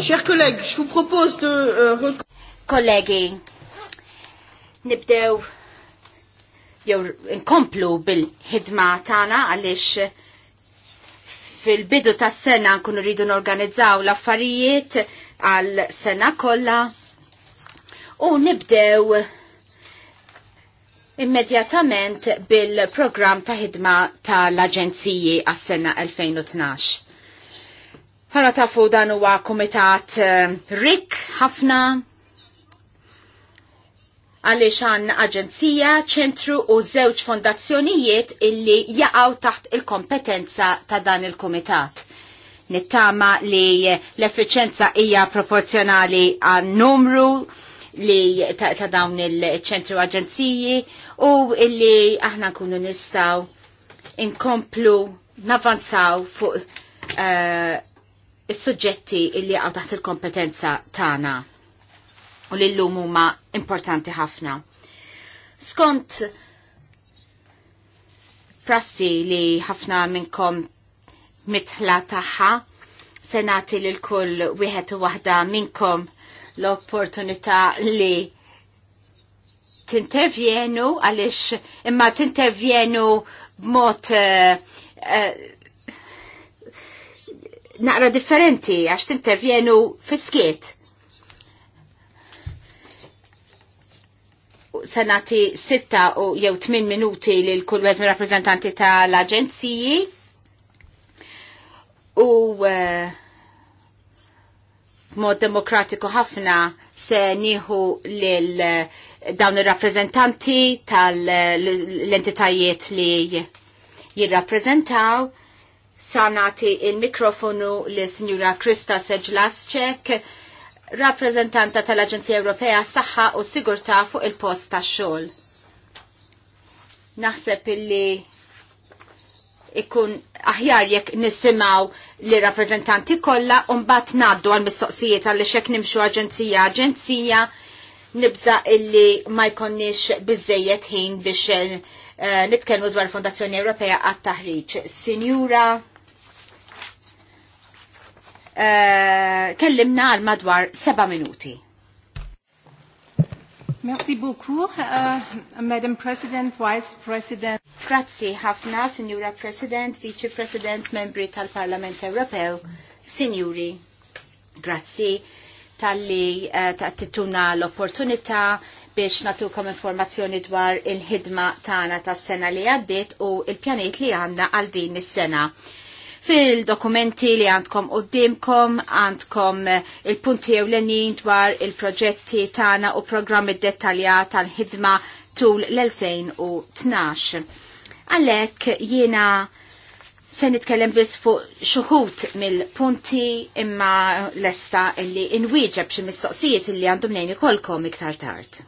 Chers collègues, je vous propose de... Euh, Kollegi, nibdew jew nkomplu bil-ħidma tagħna għaliex fil-bidu tas sena nkunu rridu norganizzaw l-affarijiet għal sena kollha u nibdew immedjatament bil-programm ta' ħidma tal-Aġenziji għas-sena 2012 Ħana tafu dan huwa kumitat eh, rik ħafna għaliex għan aġenzija, ċentru u żewġ fondazzjonijiet illi jaqgħu taħt il-kompetenza ta' dan il-kumitat nittama li l efficienza hija proporzjonali għan numru li ta', dawn il-ċentru aġenziji u illi aħna nkunu nistaw inkomplu navanzaw fuq uh, is-suġġetti illi għaw taħt il-kompetenza tagħna u li l-lum huma importanti ħafna. Skont prassi li ħafna minnkom mitħla taħħa, senati li l-kull wieħed u waħda minnkom l-opportunità li tintervjenu għalix imma tintervjenu b'mod uh, uh, naqra differenti għax tintervjenu fiskiet. Sanati sitta u jew tmin minuti li l-kull għedmi mir-rappreżentanti tal-aġenziji u uh, mod demokratiku ħafna se nieħu lil eh, dawn ir-rappreżentanti tal-entitajiet li jirrappreżentaw sanati il-mikrofonu li sinjura Krista Seġlasċek, rappresentanta tal-Aġenzija Ewropea Saħħa u Sigurta fuq il-post ta' xogħol. Naħseb illi ikun aħjar jekk nisimaw li rappresentanti kollha u mbagħad ngħaddu għall mistoqsijiet għal xek nimxu aġenzija aġenzija nibża illi ma jkonniex biżejjed ħin biex eh, nitkellmu dwar Fondazzjoni Ewropea għat-taħriġ. Sinjura Eh, kellimna għal madwar seba' minuti. Merci beaucoup, uh, Madam President, Vice President. Grazzi ħafna, Signora President, Vice President, membri tal-Parlament Ewropew, Signori. Grazzi tal-li uh, eh, tattituna l-opportunità biex natukom informazzjoni dwar il-ħidma tagħna tas-sena li għaddiet u il-pjaniet li għandna għal din is-sena. Fil-dokumenti li għandkom u dimkom, għandkom eh, il-punti l-enin dwar il-proġetti tana u programmi dettaljat tal-ħidma tul l-2012. Għallek jiena se nitkellem biss fuq xuħut mill-punti imma l-esta illi inwieġeb xi mistoqsijiet illi għandhom lejn ikolkom iktar tard.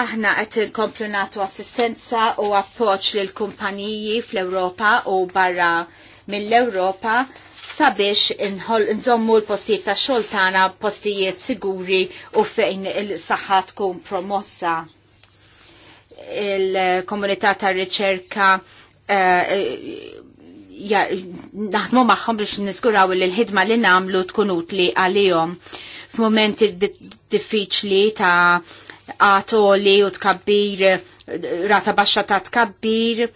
Aħna qed inkomplu nagħtu assistenza u appoġġ l kumpaniji fl-Ewropa u barra mill-Ewropa sabiex nżommu l-postijiet ta' xogħol tagħna postijiet siguri u fejn il-saħħa tkun promossa. Il-komunità tar riċerka eh, naħdmu magħhom biex niskuraw li l-ħidma li nagħmlu tkun utli għalihom f'momenti diffiċli ta' għatoli u tkabbir, rata baxa ta' tkabbir.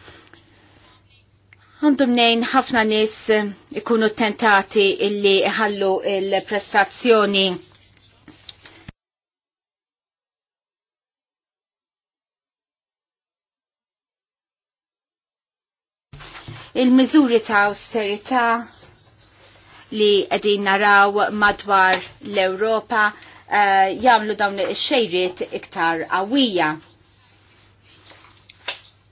Għandum nejn ħafna nis ikunu tentati illi ħallu il-prestazzjoni il-mizuri ta' austerita li għedin naraw madwar l-Europa Eh, jagħmlu dawn ix-xejriet iktar qawwija.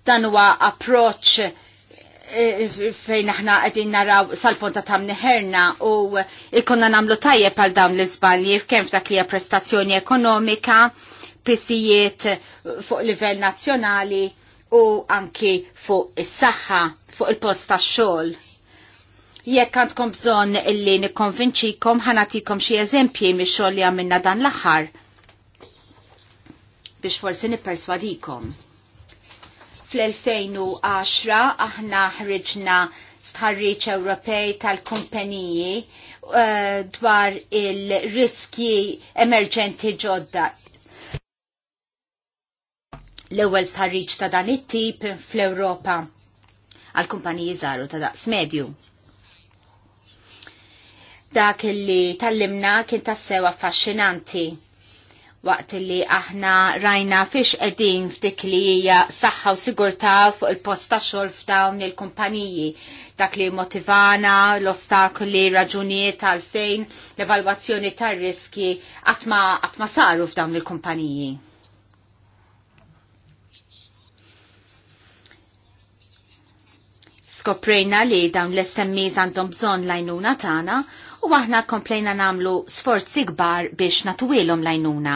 Dan huwa approċċ eh, fejn aħna qegħdin naraw sal-ponta ta' mniħerna u ikonna nagħmlu tajjeb għal dawn l-iżbalji kemm f'dak li prestazzjoni ekonomika, pisijiet fuq livell nazzjonali u anki fuq is-saħħa, fuq il-post tax-xogħol. Jekk għandkom bżonn illi nikkonvinċikom ħanatikom xi eżempji mix-xogħol li għamilna dan l-aħħar biex forsi nipperswadikom. Fl-2010 aħna ħriġna stħarriċ Ewropej tal-kumpaniji uh, dwar il-riski emerġenti ġodda l-ewwel starriċ ta' dan it-tip fl-Ewropa għal kumpaniji żaru ta' daqs medju. Dak li tallimna kien tassew affaxxinanti waqt li aħna rajna fiex edin f'dik li hija saħħa u sigurtà fuq il-post ta' xogħol f'dawn il-kumpaniji dak li motivana, l-ostakoli, raġunijiet għalfejn, l-evalwazzjoni tar-riski qatt ma saru f'dawn il-kumpaniji. Skoprejna li dawn l-SMEs għandhom bżonn lajnuna tagħna u aħna komplejna namlu sforzi kbar biex natwilhom lajnuna.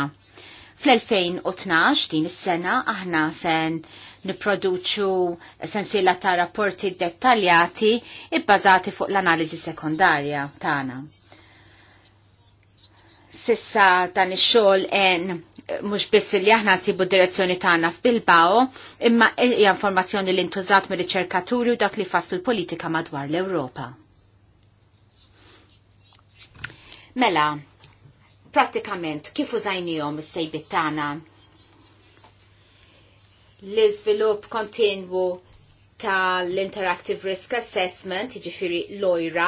Fl-2012 din is-sena aħna sen niproduċu sensiela ta' rapporti dettaljati ibbażati fuq l-analiżi sekondarja tagħna. Sissa dan ix-xogħol en mux biss li aħna nsibu direzzjoni tagħna f'Bilbao, imma hija informazzjoni li ntużat mir-riċerkaturi u dak li faslu l-politika madwar l-Ewropa. Mela, pratikament kif użajnijom is-sejbit tagħna l-iżvilupp kontinwu tal-Interactive Risk Assessment, jiġifieri Lojra,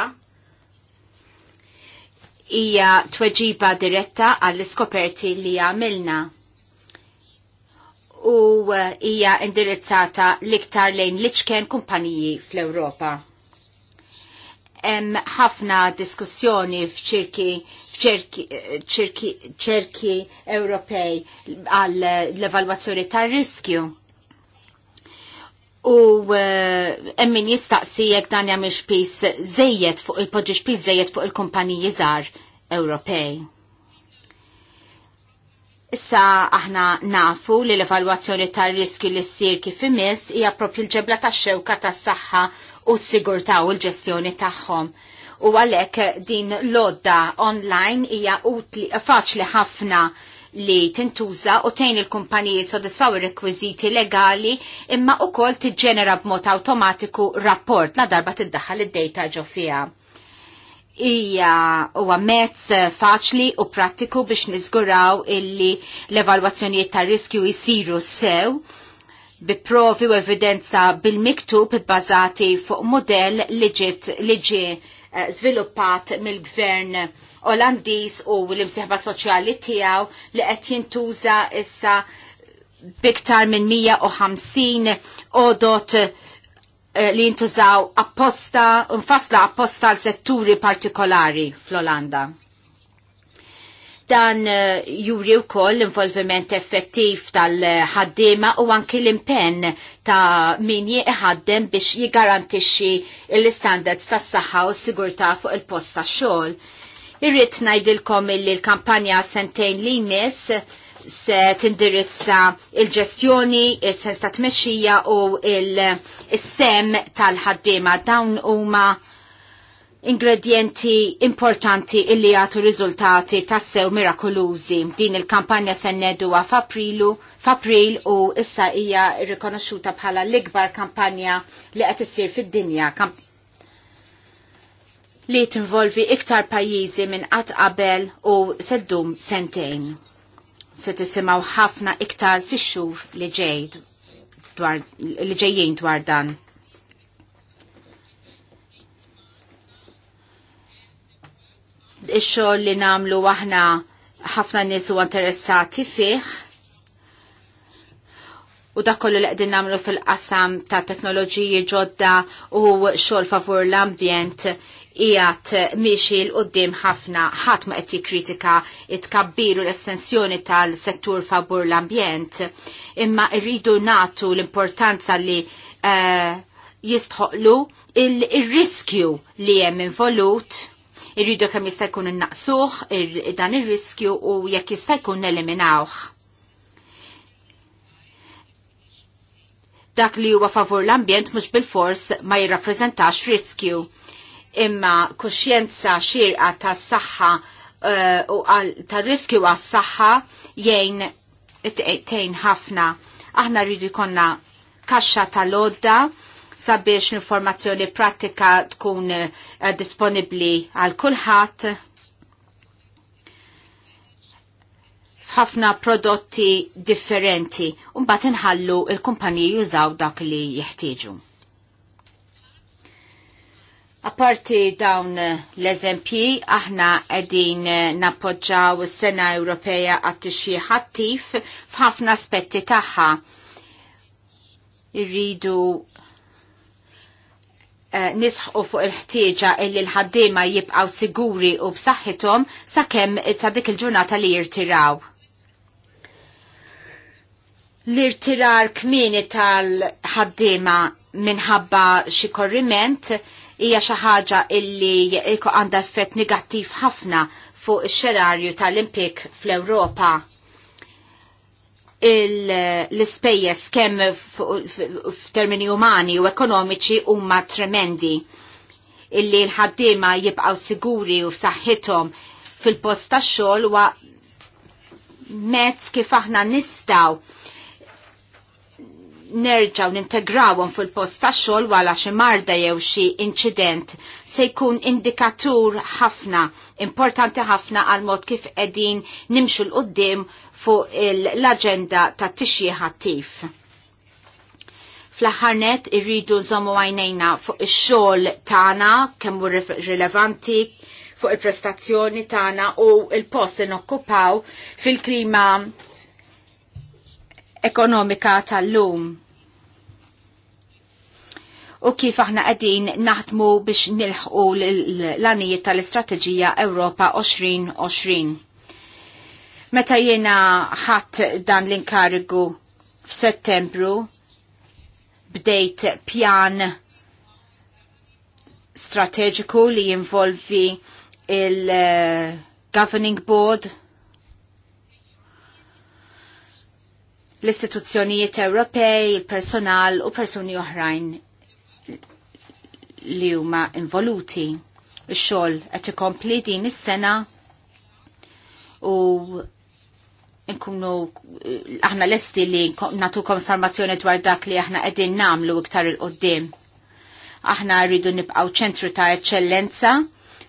ija hija tweġiba diretta għall-iskoperti li għamilna u eh, hija indirizzata l-iktar lejn liċken kumpaniji fl-Ewropa hemm ħafna diskussjoni f'ċirki ċerki Ewropej għal l-evalwazzjoni tar-riskju. U eh, emmin jistaqsi jekk dan jagħmel xpis żejjed fuq il-poġġi xpis żejjed fuq il-kumpaniji żgħar Ewropej. Issa aħna nafu li l-evalwazzjoni tal-riskju li ssir kif imiss hija proprju l-ġebla tax-xewka tas-saħħa u s-sigurtà u l-ġestjoni tagħhom. U għalhekk din lodda online hija faċli ħafna li tintuża u tejn il-kumpaniji sodisfaw ir-rekwiżiti legali imma ukoll tiġġenera b'mod awtomatiku rapport la darba tiddaħħal id-dejta ġo fiha hija huwa mezz faċli u prattiku biex niżguraw illi l-evalwazzjonijiet ta' riskju jisiru sew bi provi u evidenza bil-miktub bazati fuq modell li ġiet zviluppat ġie eh, żviluppat mill-gvern Olandiż u l-imsieħba soċjali tiegħu li qed jintuża issa biktar minn 150 odot Eh, li jintużaw apposta, unfasla apposta għal setturi partikolari fl-Olanda. Dan eh, juri u koll l-involviment effettiv tal-ħaddima u anki l-impenn ta' min jieħaddem biex jigarantixxi l-standards tas saħħa u s-sigurta fuq il posta xol. xogħol. Irrid ngħidilkom illi l-kampanja sentejn li jmiss se tindirizza il-ġestjoni, il-sens ta' tmexxija u il-sem tal-ħaddiema. Dawn huma ingredienti importanti illi għatu riżultati tassew mirakolużi. Din il-kampanja sennedu f'Aprilu, f'April u issa hija rikonoxxuta bħala l-ikbar kampanja li qed issir fid-dinja li tinvolvi iktar pajjiżi minn qatt qabel u seddum sentejn se tisimaw ħafna iktar fix li ġej dwar li ġejjin dwar dan. Ix-xogħol li nagħmlu aħna ħafna nies huwa interessati fih u dak kollu li qegħdin nagħmlu fil-qasam ta' teknoloġiji ġodda u xogħol favur l-ambjent ijat miexi l-qoddim ħafna ħat ma qed kritika it-kabbiru l-estensjoni tal-settur favur l-ambjent, imma rridu natu l-importanza li eh, jistħoqlu il-riskju li hemm involut irridu kemm jista' jkun innaqsuh dan ir-riskju u jekk jista' jkun neliminawh. Dak li huwa favur l-ambjent mhux bil-fors ma jirrappreżentax riskju imma kuxjenza xirqa tas saħħa eh, u tar riskju għas saħħa jgħin tejn ħafna. Aħna rridu jkollna kaxxa tal-odda sabiex l-informazzjoni pratika tkun eh, disponibbli għal kulħadd f'ħafna prodotti differenti u mbagħad inħallu l kumpaniji jużaw dak li jeħtieġu. Aparti dawn l-eżempji, aħna edin nappoġġaw s-sena Ewropeja għattixi ħattif f'ħafna aspetti tagħha. Irridu eh, nisħu fuq il-ħtieġa illi l-ħaddiema jibqaw siguri u b'saħħithom sakemm sa dik il-ġurnata li jirtiraw. L-irtirar kmini tal-ħaddiema minħabba xi korriment hija xi ħaġa illi għandha effett negattiv ħafna fuq ix-xerarju tal impik fl-Ewropa l-ispejjeż kemm f'termini umani u ekonomiċi huma tremendi illi l-ħaddiema jibqgħu siguri u f'saħħithom fil-post tax-xogħol wa mezz kif aħna nistgħu nerġaw nintegrawhom fil-post ta' xogħol wara xi marda jew xi inċident se jkun indikatur ħafna, importanti ħafna għal mod kif qegħdin nimxu l qudiem fuq l-aġenda ta' tixji ħattif. Fl-aħħar irridu nżommu għajnejna fuq ix-xogħol tagħna kemm hu rilevanti fuq il-prestazzjoni tagħna u il-post li nokkupaw fil-klima ekonomika tal-lum u kif aħna qegħdin naħdmu biex nilħqu l-anijiet tal-istrateġija Ewropa 2020. Meta jiena ħadd dan l-inkarigu f'Settembru bdejt pjan strateġiku li jinvolvi il-Governing Board l-istituzzjonijiet Ewropej, il-personal u persuni oħrajn li huma involuti. Ix-xogħol qed ikompli din is-sena u nkunu aħna lesti li natu konfermazzjoni dwar dak li aħna qegħdin namlu iktar il-qoddim. Aħna rridu nibqgħu ċentru ta' eċċellenza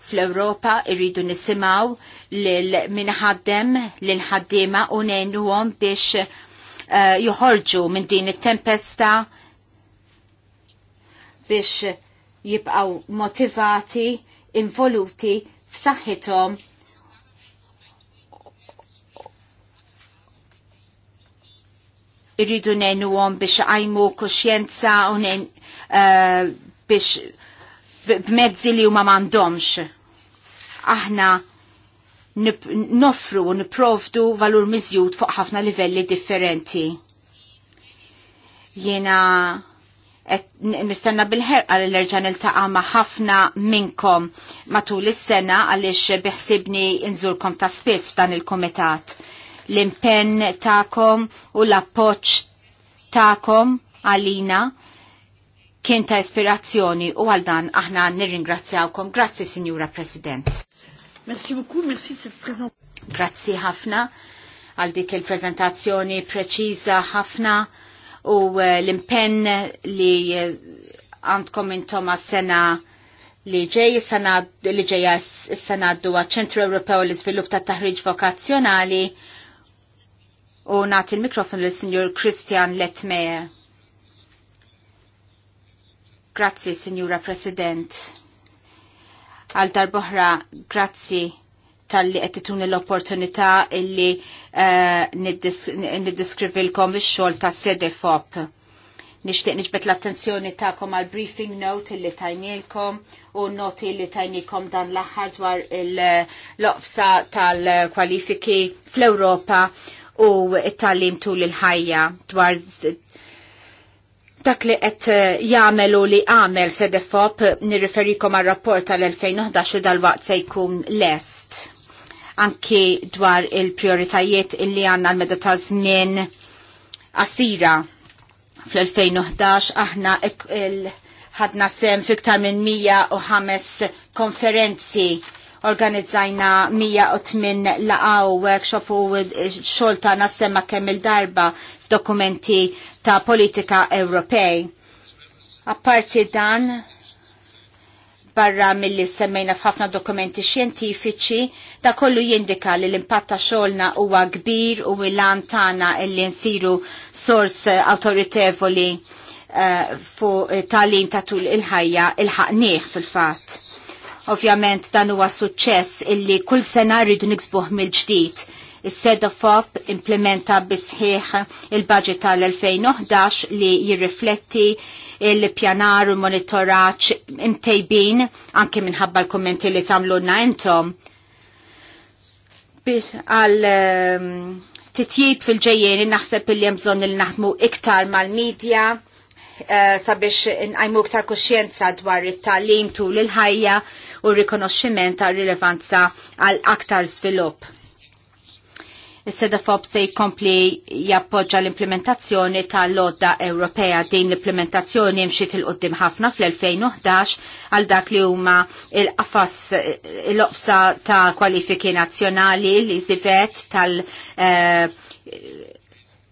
fl-Ewropa irridu nisimaw lil minħaddem lil ħaddiema u ngħinuhom biex Eh, joħorġu minn din it-tempesta biex jibqaw motivati, involuti f'saħħithom irridu nenu għom biex għajmu kuxjenza u uh, biex b'mezzi li huma m'għandhomx. Aħna noffru u niprovdu valur miżjud fuq ħafna livelli differenti. Jena nistenna bil-ħerqa li l-erġan il-taqa ma ħafna minnkom matul is-sena għaliex biħsibni nżurkom ta' spess f'dan il-komitat. L-impenn ta'kom u l-appoċ ta'kom għalina kien ta' ispirazzjoni u għal dan aħna nirringrazzjawkom. Grazzi, Signora President. Merci beaucoup, merci de cette Grazzi ħafna għal dik il-prezentazzjoni preċiża ħafna u eh, l-impenn li eh, għandkom intom sena li ġej sana li ġej sena għaddu ċentru Ewropew l-Iżvilupp ta' Taħriġ Vokazzjonali u nagħti il-mikrofon lill sinjur Christian Letmeje. Grazzi, Signora President. Għal darboħra, grazzi tal-li għettituni l-opportunità illi eh, niddiskrivilkom il-xol ta' sedefop. Nishtiq nġbet l-attenzjoni ta'kom għal briefing note illi tajnilkom u noti illi tajnilkom dan l-aħħar dwar l-oqfsa tal-kwalifiki fl-Europa u it-tallim tul il-ħajja dwar dak li qed eh, jagħmel u li għamel sedefop eh, nirriferikom għal rapport tal-2011 dal-waqt se jkun lest anki dwar il-prioritajiet illi għanna l-meda ta' żmien għasira fl-2011 aħna ħadna sem fiktar minn 105 konferenzi organizzajna 108 laqaw workshop u eh, xolta nasemma kemm il-darba f'dokumenti ta' politika Ewropej. Apparti dan, barra mill-li semmejna f'ħafna dokumenti xjentifiċi, ta' kollu jindika li l-impatt ta' xolna huwa kbir u l-an tagħna li nsiru sors autoritevoli eh, fu tal talim ta' tul il-ħajja il-ħaqnieh fil-fatt. Ovvjament dan huwa suċċess illi kull sena rridu niksbuh mill-ġdid Is-Sedofop implementa bisħieħ il-budget tal-2011 li jirrifletti il-pjanar u monitoraċ imtejbin anke minħabba l-kommenti li tamlunna intom għal ehm, titjib fil ġejjien naħseb li jemżon il naħdmu iktar mal-medja eh, sabiex inqajmu iktar kuxjenza dwar it-talim tul il-ħajja u rikonoxximent ta' rilevanza għal aktar svilupp. Is-sedafob se jkompli jappoġġa l-implementazzjoni tal-lodda Ewropea din l-implementazzjoni mxiet il-qoddim ħafna fl-2011 għal dak li huma l qafas l-oqsa ta' kwalifiki nazzjonali li zivet tal- eh,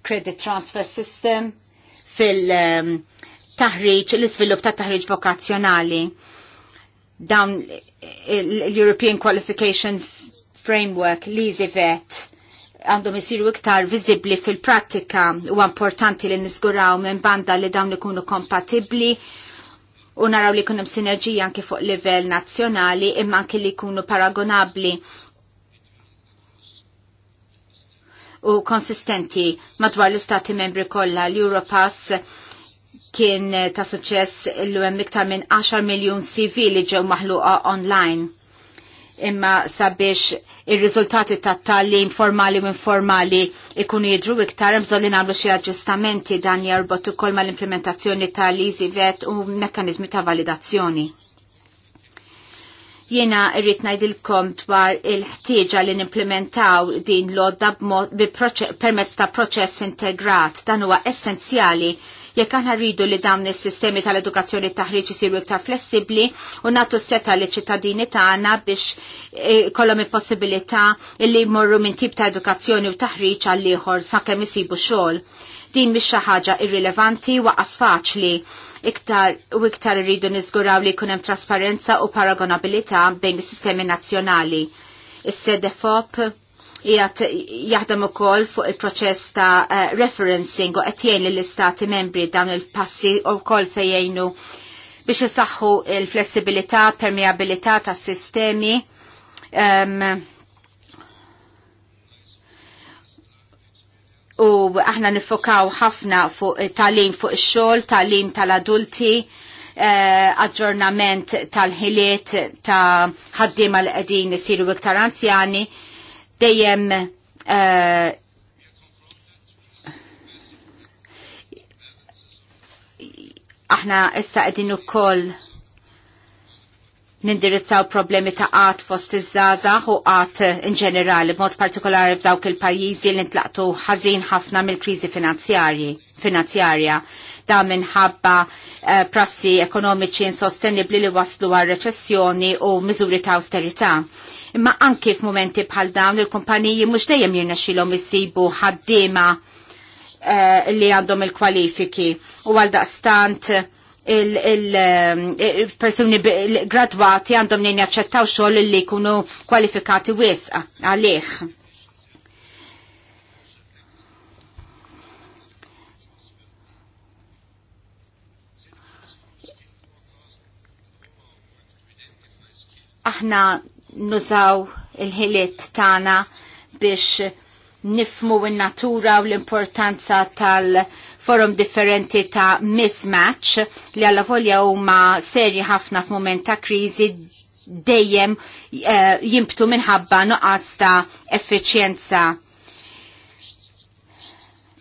Credit Transfer System fil-taħriġ, eh, l-izvilup ta' taħriġ vokazzjonali. Dawn l-European Qualification Framework li zivet għandhom isiru iktar viżibbli fil-prattika u importanti li nisguraw minn banda li dawn ikunu kompatibbli u naraw li kunem sinerġija anki fuq livell nazzjonali imma anki li jkunu paragonabli u konsistenti madwar l-istati membri kollha l-Europass kien ta' suċċess l-hemm iktar minn 10 miljun CV li ġew maħluqa online imma sabiex il-riżultati ta' tal informali formali u informali ikunu jidru iktar bżonn li nagħmlu xi aġġustamenti dan jarbot ukoll mal-implementazzjoni tal-easy vet u mekkaniżmi ta' validazzjoni. Jiena irrit ngħidilkom dwar il-ħtieġa li nimplementaw din l-odda permezz ta' proċess integrat dan huwa essenzjali Jekk aħna rridu li dawn is-sistemi tal-edukazzjoni taħriġ isiru iktar flessibbli u nagħtu seta li ċittadini tagħna biex eh, kollhom il-possibilità li jmorru minn tip ta' edukazzjoni u taħriġ għal ieħor sakemm isibu xogħol. Din mhix xi ħaġa irrilevanti waqas faċli iktar u iktar irridu niżguraw li jkun hemm trasparenza u paragonabilità bejn is-sistemi nazzjonali. Is-SEDEFOP jgħat jaħdem ukoll fuq il-proċess ta' uh, referencing u qed jgħin lill-istati membri dawn il-passi wkoll se jgħinu biex isaħħu il-flessibilità, permeabilità tas sistemi um, u aħna nifokaw ħafna fuq talim fuq ix-xogħol, talim tal-adulti, eh, aġġornament tal-ħiliet ta' ħaddiema l qegħdin isiru iktar anzjani dejjem eh, aħna issa qegħdin ukoll nindirizzaw problemi ta' għat fost iż żaza u għat in ġenerali, mod partikolari f'dawk il-pajjiżi li ntlaqtu ħażin ħafna mill-kriżi finanzjarja da minħabba eh, prassi ekonomiċi insostenibli li waslu għal reċessjoni u miżuri ta' austerità. Imma anki f'momenti bħal dawn il-kumpaniji mhux dejjem jirnexxilhom isibu ħaddiema eh, li għandhom il-kwalifiki u għal daqstant il-persuni ehm, gradwati għandhom nejn jaċċettaw xogħol li jkunu kwalifikati wisqa għalih. Aħna nużaw il-ħiliet tagħna biex nifmu in natura u l-importanza tal- forum differenti ta' mismatch li għalla volja huma serji ħafna f'mument ta' kriżi dejjem uh, jimbtu minħabba nuqqas ta' effiċjenza.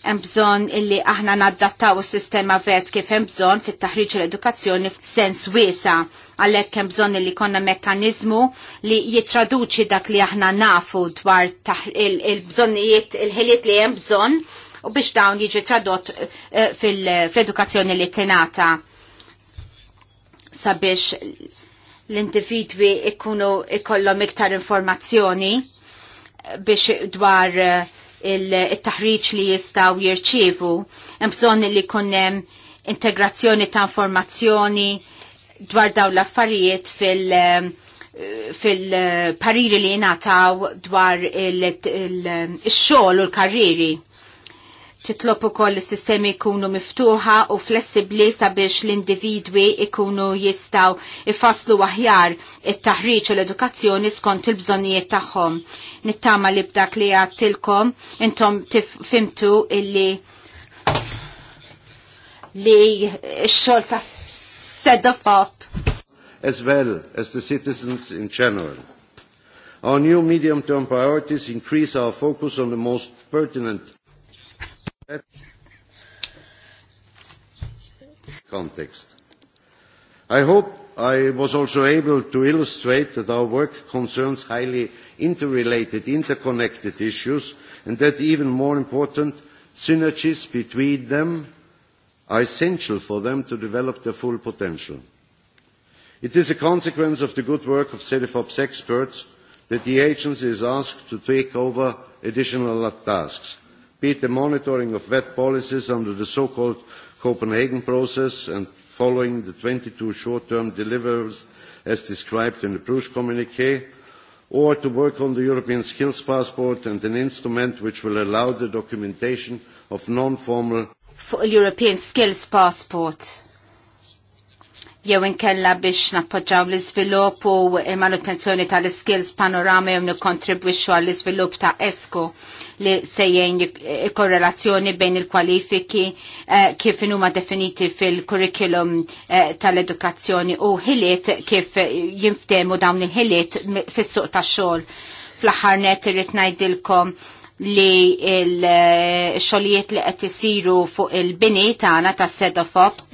Hemm bżonn illi aħna naddattaw s sistema vet kif hemm bżonn fit-taħriġ l-edukazzjoni f'sens wiesa għalhekk hemm bżonn illi konna mekkaniżmu li jitraduċi dak li aħna nafu dwar il-bżonnijiet il-ħiliet li hemm bżonn u biex dawn jiġi tradott eh, fil-edukazzjoni li tenata sabiex l-individwi ikkunu ikollhom iktar informazzjoni biex dwar eh, il-taħriċ li jistaw jirċivu. Mbżon li kunnem integrazzjoni ta' informazzjoni dwar daw l-affarijiet fil- eh, fil-pariri li jnataw dwar il-xol u l-karriri titlob ukoll is-sistemi jkunu miftuħa u flessibbli sabiex l-individwi ikunu jistgħu ifasslu aħjar it-taħriġ u l-edukazzjoni skont il-bżonnijiet tagħhom. Nittama li b'dak li għattilkom intom tifimtu illi li x-xogħol ta' sedafop. As well as the citizens in general. Our new medium-term priorities increase our focus on the most pertinent Context. I hope I was also able to illustrate that our work concerns highly interrelated, interconnected issues, and that even more important, synergies between them are essential for them to develop their full potential. It is a consequence of the good work of CEDEFOP's experts that the agency is asked to take over additional tasks be it the monitoring of vet policies under the so-called Copenhagen process and following the 22 short-term deliverables as described in the Bruges communique, or to work on the European Skills Passport and an instrument which will allow the documentation of non-formal... For European Skills Passport jew inkella biex nappoġġaw l-iżvilupp u l-manutenzjoni tal-skills panorama jew nikkontribwixxu għall-iżvilupp ta' ESCO li sejjen korrelazzjoni bejn il-kwalifiki eh, kif huma definiti fil-kurrikulum eh, tal-edukazzjoni u ħiliet kif jinftehmu dawn il-ħiliet fis-suq tax-xogħol. Fl-aħħar net irrid ngħidilkom li il-xogħlijiet eh, li qed isiru fuq il-bini tagħna tas-sedofop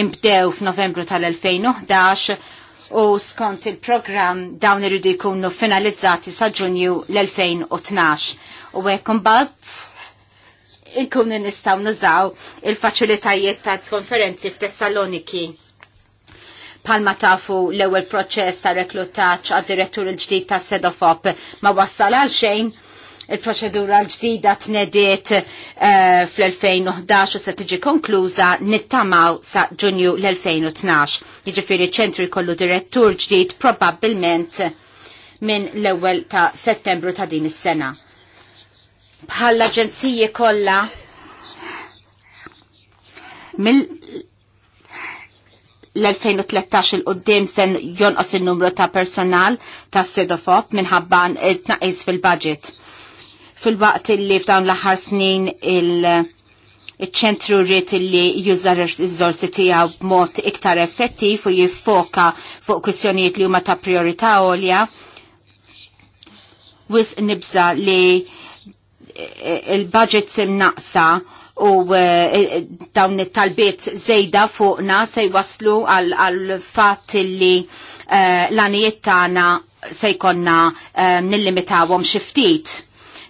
imbdew f'Novembru tal-2011 u skont il-programm dawn iridu jkunu finalizzati sa' Ġunju l-2012. U hekk imbagħad inkunu nistgħu nużaw il-faċilitajiet ta' konferenzi f'Tessaloniki. Palma tafu l-ewwel proċess ta' reklutaċ għad-direttur il-ġdid ta' Sedofop ma wassal għal xejn il-proċedura l-ġdida tnediet eh, fl-2011 u se tiġi konkluża nittamaw sa ġunju l-2012. Jiġifieri ċentru jkollu direttur ġdid probabbilment minn l-ewwel ta' Settembru ta' din is-sena. Bħal aġenziji kollha mill l-2013 il-qoddim sen jonqos il-numru ta' personal ta' Sedofop minħabba tnaqis fil-budget fil-waqt illi f'dawn l-aħħar snin il-ċentru rrit illi jużar il-rizorsi tiegħu b'mod iktar effettiv u jiffoka fuq kwistjonijiet li huma ta' priorità għolja. Wis nibża li eh, il-budget simnaqsa u eh, dawn it-talbiet zejda fuqna se jwaslu għal fatt li eh, l anijiet tagħna se jkonna nillimitawhom xi ftit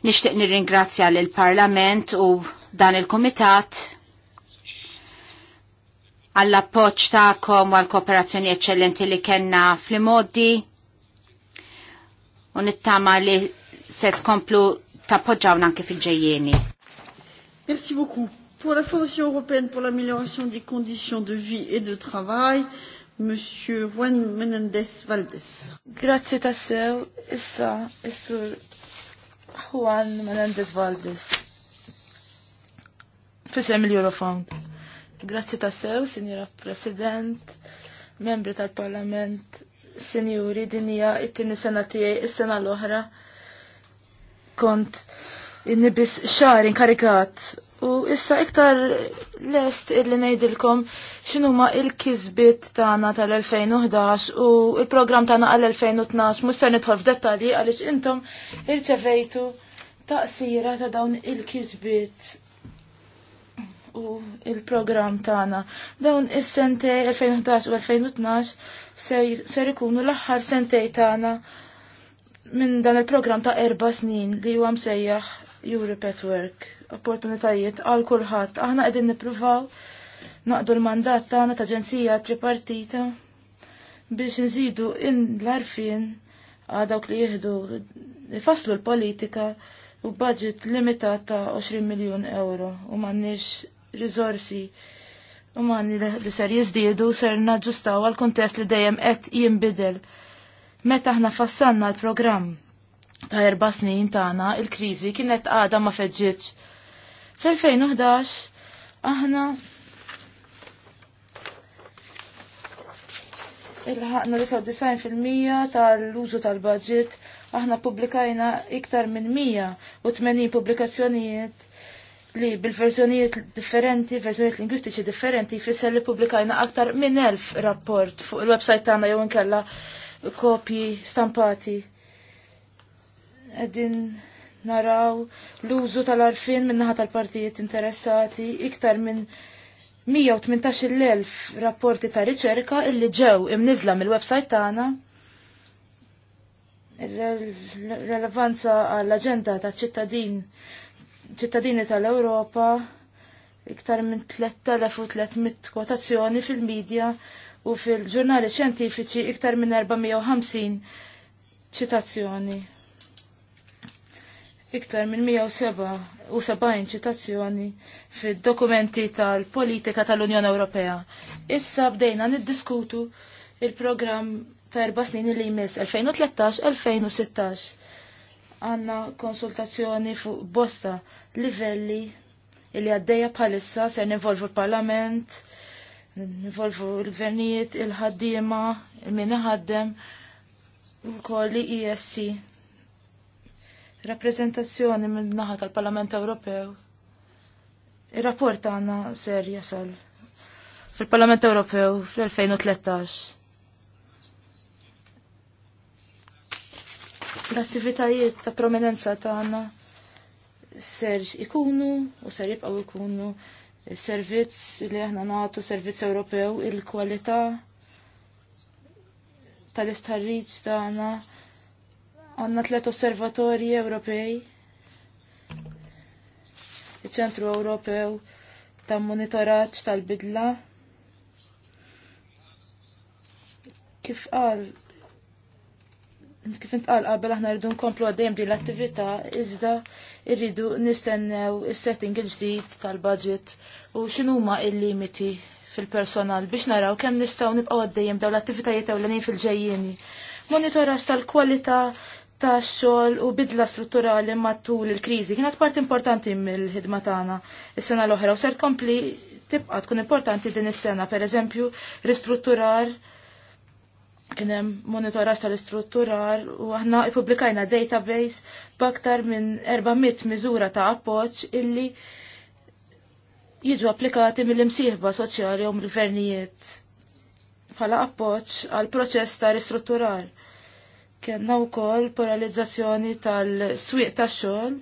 Nixtieq nirringrazzja lill parlament u dan il-Kumitat għall appoġġ tagħkom u għall kooperazzjoni eċċellenti li kellna fl-imoddi u nittama li se tkomplu tappoġġawna anke fil-ġejjeni. Merci beaucoup. Pour la Fondation européenne pour l'amélioration des conditions de vie et de travail, Monsieur Juan Menendez Valdez. Grazie tassew, issa, issur Juan Menendez Valdez. Fisem l-Eurofond. Grazzi ta' sew, Signora President, membri tal-Parlament, Sinjuri, dinija it-tini sena tiegħi is-sena l-oħra kont in-nibis xar inkarikat U issa iktar lest illi nejdilkom ma il-kizbit tana tal-2011 u il-program tana għal-2012 muster nidħol f'dettali għalix intom irċevejtu taqsira ta' dawn il-kizbit u il-program tana. Dawn is-sente 2011 u 2012 ser ikunu l-aħħar sentej tana minn dan il-program ta' erba snin li huwa msejjaħ Europe at Work, opportunitajiet għal kulħadd. Aħna qegħdin nippruvaw naqdu l-mandat tagħna ta' ġenzija tripartita biex nżidu in l-arfin għal dawk li jieħdu ifaslu l-politika u budget limitat ta' 20 miljun euro u m'għandniex riżorsi u m'għandni li ser jiżdiedu ser naġġustaw għal kuntest li dejjem qed jinbidel. Meta aħna fassanna l-programm ta' erba snin tagħna il-kriżi kienet għada ma feġġitx. Fl-2011 aħna il-ħakna 99% tal-użu tal-budget aħna publikajna iktar minn 180 publikazzjonijiet li bil-verżjonijiet differenti, verżjonijiet lingwistiċi differenti, jfisser li publikajna aktar minn 1000 rapport fuq il-websajt tagħna jew inkella kopji stampati għedin naraw l-użu tal-arfin minnaħat tal-partijiet interessati iktar minn 118.000 rapporti ta' riċerka illi ġew imnizla mill-websajt tagħna. Relevanza għall agenda ta' ċittadin ċittadini tal-Ewropa iktar minn 3300 kotazzjoni fil-medja u fil-ġurnali xjentifiċi iktar minn 450 ċitazzjoni iktar minn 177 ċitazzjoni fid-dokumenti tal-politika tal-Unjoni Ewropea. Issa bdejna niddiskutu il-programm ta' erba' snin li jmiss 2013-2016. Għanna konsultazzjoni fuq bosta livelli li għaddeja bħalissa ser nivolvu l-Parlament, nivolvu l-gvernijiet, il-ħaddiema, il-min ħaddem, u koll ISC rappresentazzjoni minn naħa tal-Parlament Ewropew. Ir-rapport għanna ser jasal fil-Parlament Ewropew fl-2013. L-attivitajiet ta' prominenza tagħna ser ikunu u ser jibqgħu ikunu servizz li aħna nagħtu servizz Ewropew il-kwalità tal-istħarriġ tagħna ta Għanna tlet osservatorji Ewropej, il-ċentru Ewropew ta' monitoraġġ tal-bidla. Kif qal kif intqal qabel aħna rridu nkomplu għaddejjem din l-attività iżda rridu nistennew is-setting il-ġdid tal-budget u x'inhuma il-limiti fil-personal biex naraw kemm nistgħu nibqgħu għaddejjem dawn l-attivitajiet ewlenin fil-ġejjieni. Monitoraġġ tal-kwalità ta' xogħol u bidla strutturali matul il-kriżi kienet part importanti mill-ħidma tagħna is-sena l-oħra u ser tkompli tibqa' tkun importanti din is-sena, pereżempju ristrutturar kien hemm monitoraġġ tal-istrutturar u aħna ippubblikajna database b'aktar minn 400 miżura ta' appoġġ illi jiġu applikati mill-imsieħba soċjali u mill-gvernijiet bħala appoġġ għal proċess ta' ristrutturar Kenna u kol paralizzazzjoni tal-swiq tax-xogħol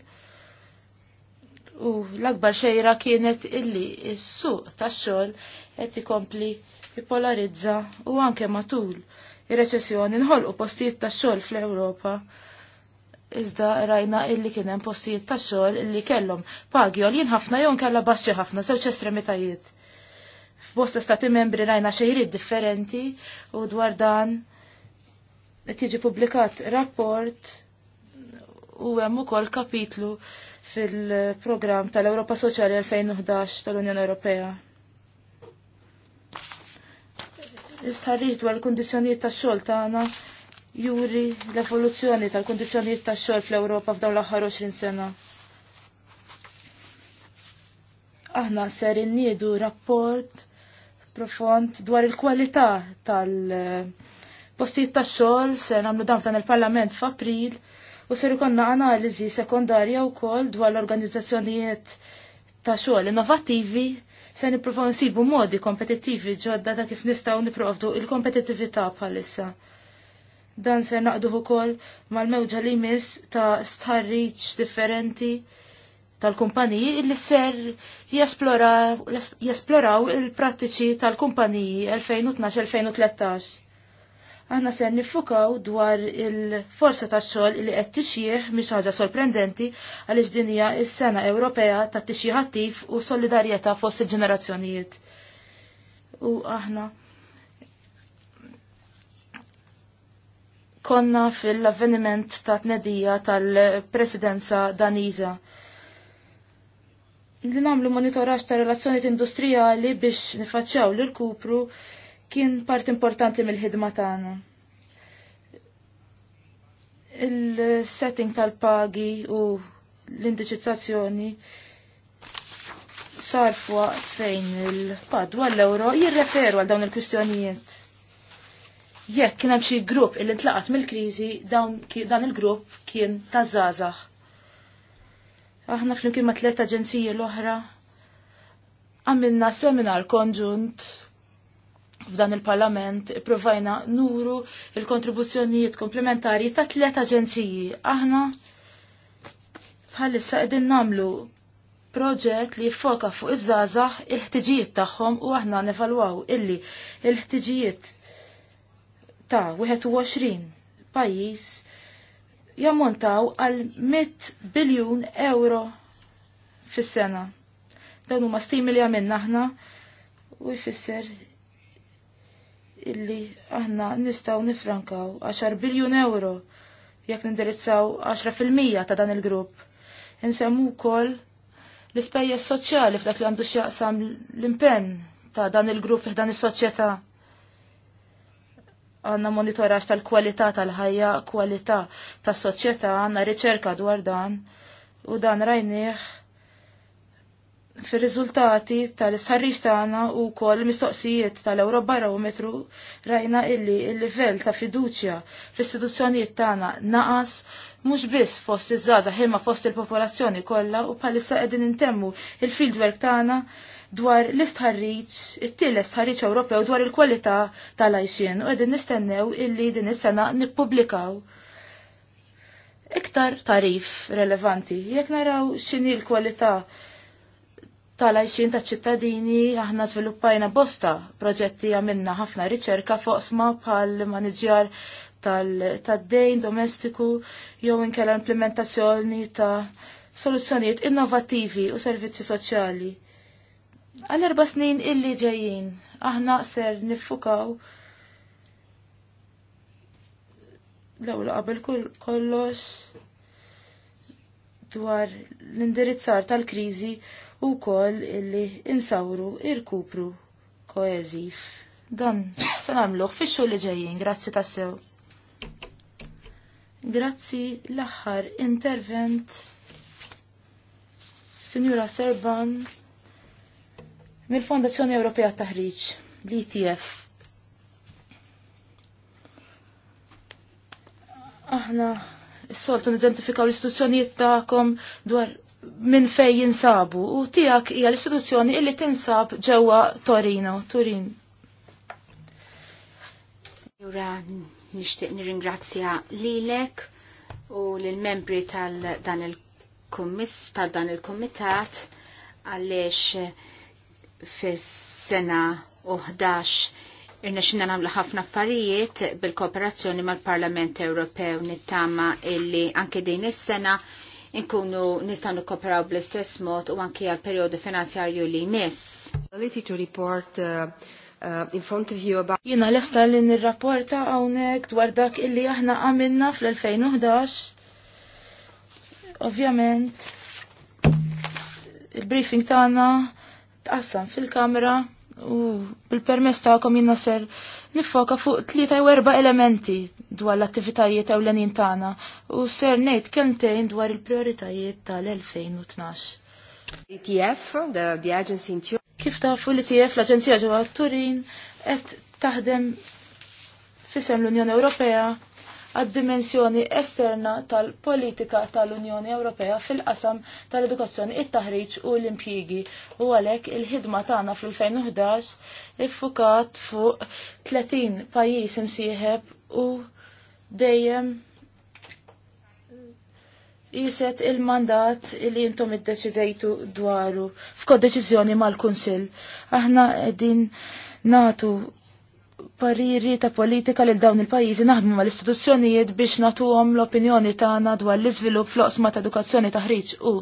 u l-akbar xejra kienet illi s-suq tax-xogħol qed ikompli jipolarizza u anke matul ir-reċessjoni nħolqu postijiet tax-xogħol fl-Ewropa. Iżda rajna illi kien hemm postijiet tax-xogħol illi kellhom pagi għolin ħafna jew kellha baxxi ħafna żewġ estremitajiet. F'bosta stati membri rajna xejrid differenti u dwar dan Tiġi publikat rapport u hemm ukoll kapitlu fil-programm tal-Ewropa Soċjali 2011 tal-Unjoni Ewropea. Istħarriġ dwar il-kundizzjonijiet tax-xogħol tagħna juri l-evoluzzjoni tal-kundizzjonijiet tax-xogħol fl-Ewropa f'dawn l-aħħar 20 sena. Aħna ser inniedu rapport profond dwar il-kwalità tal- uh, postijiet ta' xogħol se nagħmlu dan f'dan il-Parlament f'April u ser ikonna analiżi sekondarja wkoll dwar l-organizzazzjonijiet ta' xogħol innovattivi se nippruvaw nsibu modi kompetittivi ġodda ta' kif nistgħu nipprovdu il-kompetittività bħalissa. Dan se naqduh ukoll mal-mewġa li jmiss ta' starriċ differenti tal-kumpaniji illi ser jesploraw il-prattiċi tal-kumpaniji 2012-2013. Aħna se nifukaw dwar il-forsa ta' xogħol li qed tixjih mhix ħaġa sorprendenti għaliex din hija s-sena Ewropea ta' tixjih attiv u solidarjetà fost il-ġenerazzjonijiet. U aħna konna fil-avveniment ta' tnedija tal-presidenza Daniża li namlu monitoraġġ ta' relazzjoniet industrijali biex nifaċċaw l-kupru kien part importanti mill-ħidma tagħna. Il-setting tal-pagi u l-indiċizzazzjoni sar fwaqt fejn il-padwa l-euro jirreferu għal dawn il-kwistjonijiet. Jekk kien hemm xi grupp illi ntlaqat mill-kriżi dawn dan il-grupp kien taż-żgħażagħ. Aħna flimkien ma' tliet aġenziji l-oħra għamilna seminar konġunt f'dan il-Parlament provajna nuru il-kontribuzzjonijiet komplementari ta' tliet aġenziji. Aħna bħalissa qegħdin namlu proġett li jiffoka fuq iż-żgħażagħ il-ħtiġijiet tagħhom u aħna nevalwaw illi il-ħtiġijiet ta' 21 pajjiż jammontaw għal 100 biljun euro fis-sena. Dawn huma stimi li għamilna aħna u jfisser illi aħna nistaw nifrankaw 10 biljun euro jekk nindirizzaw 10% ta' dan il-grupp. Insemmu wkoll l-ispejjeż soċjali f'dak li għandu x'jaqsam l-impenn ta' dan il-grupp f'dan is-soċjetà. Għanna monitoraġġ tal-kwalità tal-ħajja, kwalità tas-soċjetà, għandna riċerka dwar dan u dan rajnieh fir-riżultati tal sarriċ tagħna u kol mistoqsijiet tal-Eurobarometru rajna illi il-livell ta' fiduċja fl-istituzzjonijiet tagħna naqas mhux biss fost iż-żgħażagħ imma fost il-popolazzjoni kollha u bħalissa qegħdin intemmu il-fieldwork tagħna dwar l-istħarriġ, it-tielet stħarriġ Ewropew dwar il-kwalità tal-għajxien u qegħdin nistennew illi din is-sena nippubblikaw iktar tarif relevanti. Jekk naraw x'inhi l-kwalità tal-għajxin ta' ċittadini aħna żviluppajna bosta proġetti għamilna ħafna riċerka foqsma bħal maniġjar tal-dejn domestiku jew inkella implementazzjoni ta' soluzzjonijiet innovattivi u servizzi soċjali. Għal erba' snin illi ġejjin aħna ser niffukaw l-ewwel qabel kollox dwar l-indirizzar tal-kriżi u kol illi insawru irkupru koeżiv. Dan, se nagħmluh fix li ġejjin, grazzi tassew. Grazzi l-aħħar intervent Sinjura Serban mill-Fondazzjoni Ewropea Taħriġ, l-ITF. Aħna s-soltu nidentifikaw l-istituzzjonijiet tagħkom dwar minn fej jinsabu u tijak hija l-istituzzjoni illi tinsab ġewwa Torino, Turin. Jura, nishtiq nirringrazzja lilek u l-membri tal-dan il-kummiss, tal-dan il-komitat għaliex fis-sena 11 Irna xinna ħafna affarijiet bil-kooperazzjoni mal-Parlament Ewropew nittama illi anke din is-sena inkunu nistgħu kooperaw bl-istess mod u anki għal perjodu finanzjarju li jmiss. Jina uh, uh, l-esta front of you about lesta li nirrapporta hawnhekk dwar dak illi aħna għamilna fl-2011. Ovvjament il-briefing tagħna tqassam fil-kamera U bil-permess ta'kom jina ser nifoka fuq tlieta u erba elementi dwar l-attivitajiet ewlenin tagħna u ser ngħid kemmtejn dwar il-prioritajiet tal-2012. ETF, the, the agency in Turin. Kif tafu l-ETF l-Aġenzija ġewwa Turin qed taħdem fisem l-Unjoni Ewropea għad-dimensjoni esterna tal-politika tal-Unjoni Ewropea fil-qasam tal-edukazzjoni, it-taħriġ u l-impjigi. U għalhekk il-ħidma tagħna fl-2011 iffukat fuq 30 pajjiż imsieħeb u dejjem jiset il-mandat li jintom id-deċidejtu dwaru f'kod deċiżjoni mal-Kunsill. Aħna qegħdin natu pariri ta' politika lil dawn il-pajjiżi naħdmu mal-istituzzjonijiet biex natuhom l-opinjoni tagħna dwar l-iżvilupp floqsma ta' edukazzjoni ta' ħriġ u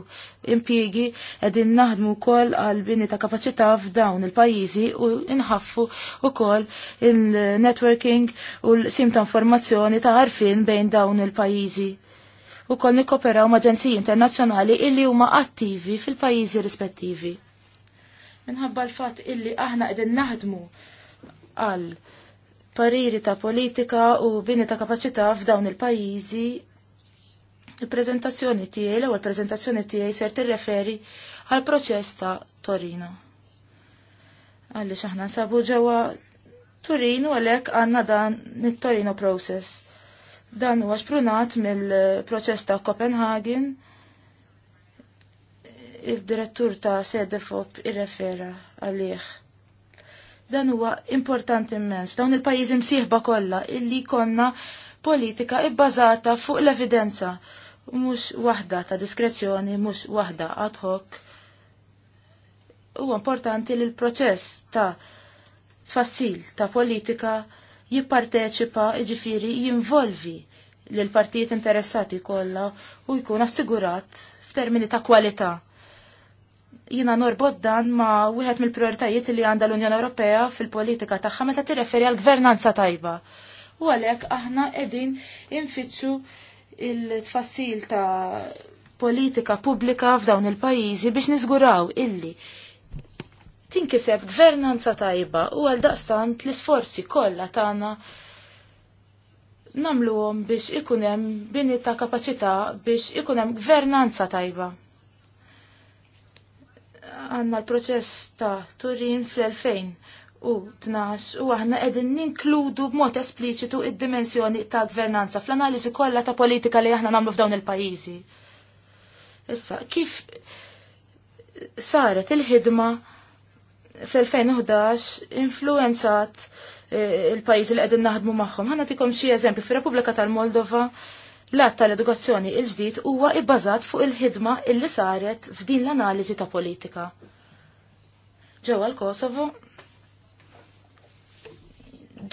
impjiegi qegħdin naħdmu wkoll għal bini ta' kapaċità f'dawn il-pajjiżi u inħaffu wkoll il-networking u l-sim ta' informazzjoni ta' għarfien bejn dawn il-pajjiżi u koll nikoperaw maġenziji internazzjonali illi huma attivi fil-pajjiżi rispettivi minħabba l-fat illi aħna qegħdin naħdmu għal pariri ta' politika u bini ta' kapacità f'dawn il-pajjiżi il-prezentazzjoni tiegħi l-ewwel prezentazzjoni tiegħi ser tirreferi għal proċess ta' Torino. Għaliex aħna nsabu ġewwa Torino għalhekk għandna dan nit-Torino process. Dan huwa xprunat mill-proċess ta' Copenhagen il-direttur ta' Sedefop irrefera għalih. Dan huwa importanti immens. Dawn il-pajjiżi msieħba kollha illi konna politika ibbażata fuq l-evidenza u mhux waħda ta' diskrezzjoni, mhux waħda ad hoc. Huwa importanti li l-proċess ta' tfassil ta' politika jipparteċipa, jiġifieri jinvolvi l-partijiet interessati kollha u jkun assigurat f'termini ta' kwalità jina norbod dan ma wieħed mill-prioritajiet li għandha l-Unjoni Ewropea fil-politika tagħha meta tirreferi għal gvernanza tajba. U għalhekk aħna qegħdin infittxu il-tfassil ta' politika pubblika f'dawn il-pajjiżi biex niżguraw illi tinkiseb gvernanza tajba u għal daqstant l-isforzi kollha tagħna namluhom biex ikun hemm bini ta' kapaċità biex ikun hemm gvernanza tajba għanna l-proċess ta' Turin fl-2000 u tnax u aħna qegħdin ninkludu b'mod espliċitu id-dimensjoni ta' gvernanza fl-analiżi kollha ta' politika li aħna nagħmlu f'dawn il-pajjiżi. Issa, kif saret il-ħidma fl-2011 influenzat eh, il-pajjiżi li qegħdin naħdmu magħhom. Għanna tikom xi eżempju fir-Repubblika tal-Moldova L-att tal-edukazzjoni il-ġdid huwa ibbażat fuq il-ħidma illi saret f'din l-analiżi ta' politika. Ġewwa l-Kosovo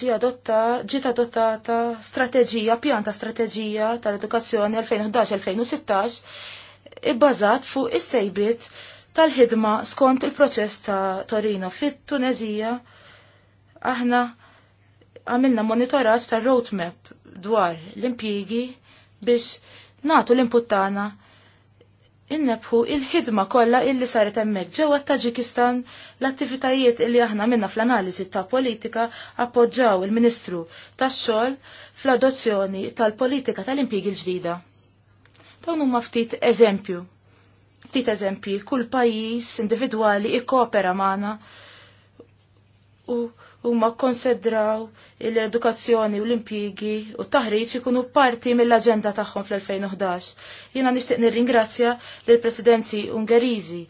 ġi adotta, ġiet adottata strateġija, pjanta strateġija tal-edukazzjoni 2011-2016 ibbażat fuq is-sejbiet tal-ħidma skont il-proċess ta' Torino fit-Tunezija. Aħna għamilna monitoraġġ tal roadmap dwar l-impjigi biex natu l-input tagħna innebħu il-ħidma kollha illi saret hemmhekk ġewwa Taġikistan l-attivitajiet illi aħna minna fl-analiżi ta' politika appoġġaw il-Ministru tax-xogħol fl-adozzjoni tal-politika tal-impjiegi l-ġdida. Dawn huma ftit eżempju. Ftit eżempji, kull pajjiż individwali ikkopera magħna u huma konsedraw l-edukazzjoni u l-impjigi u t-taħriġ ikunu parti mill-aġenda tagħhom fl-2011. Jiena nixtieq nirringrazzja lill presidenzi Ungeriżi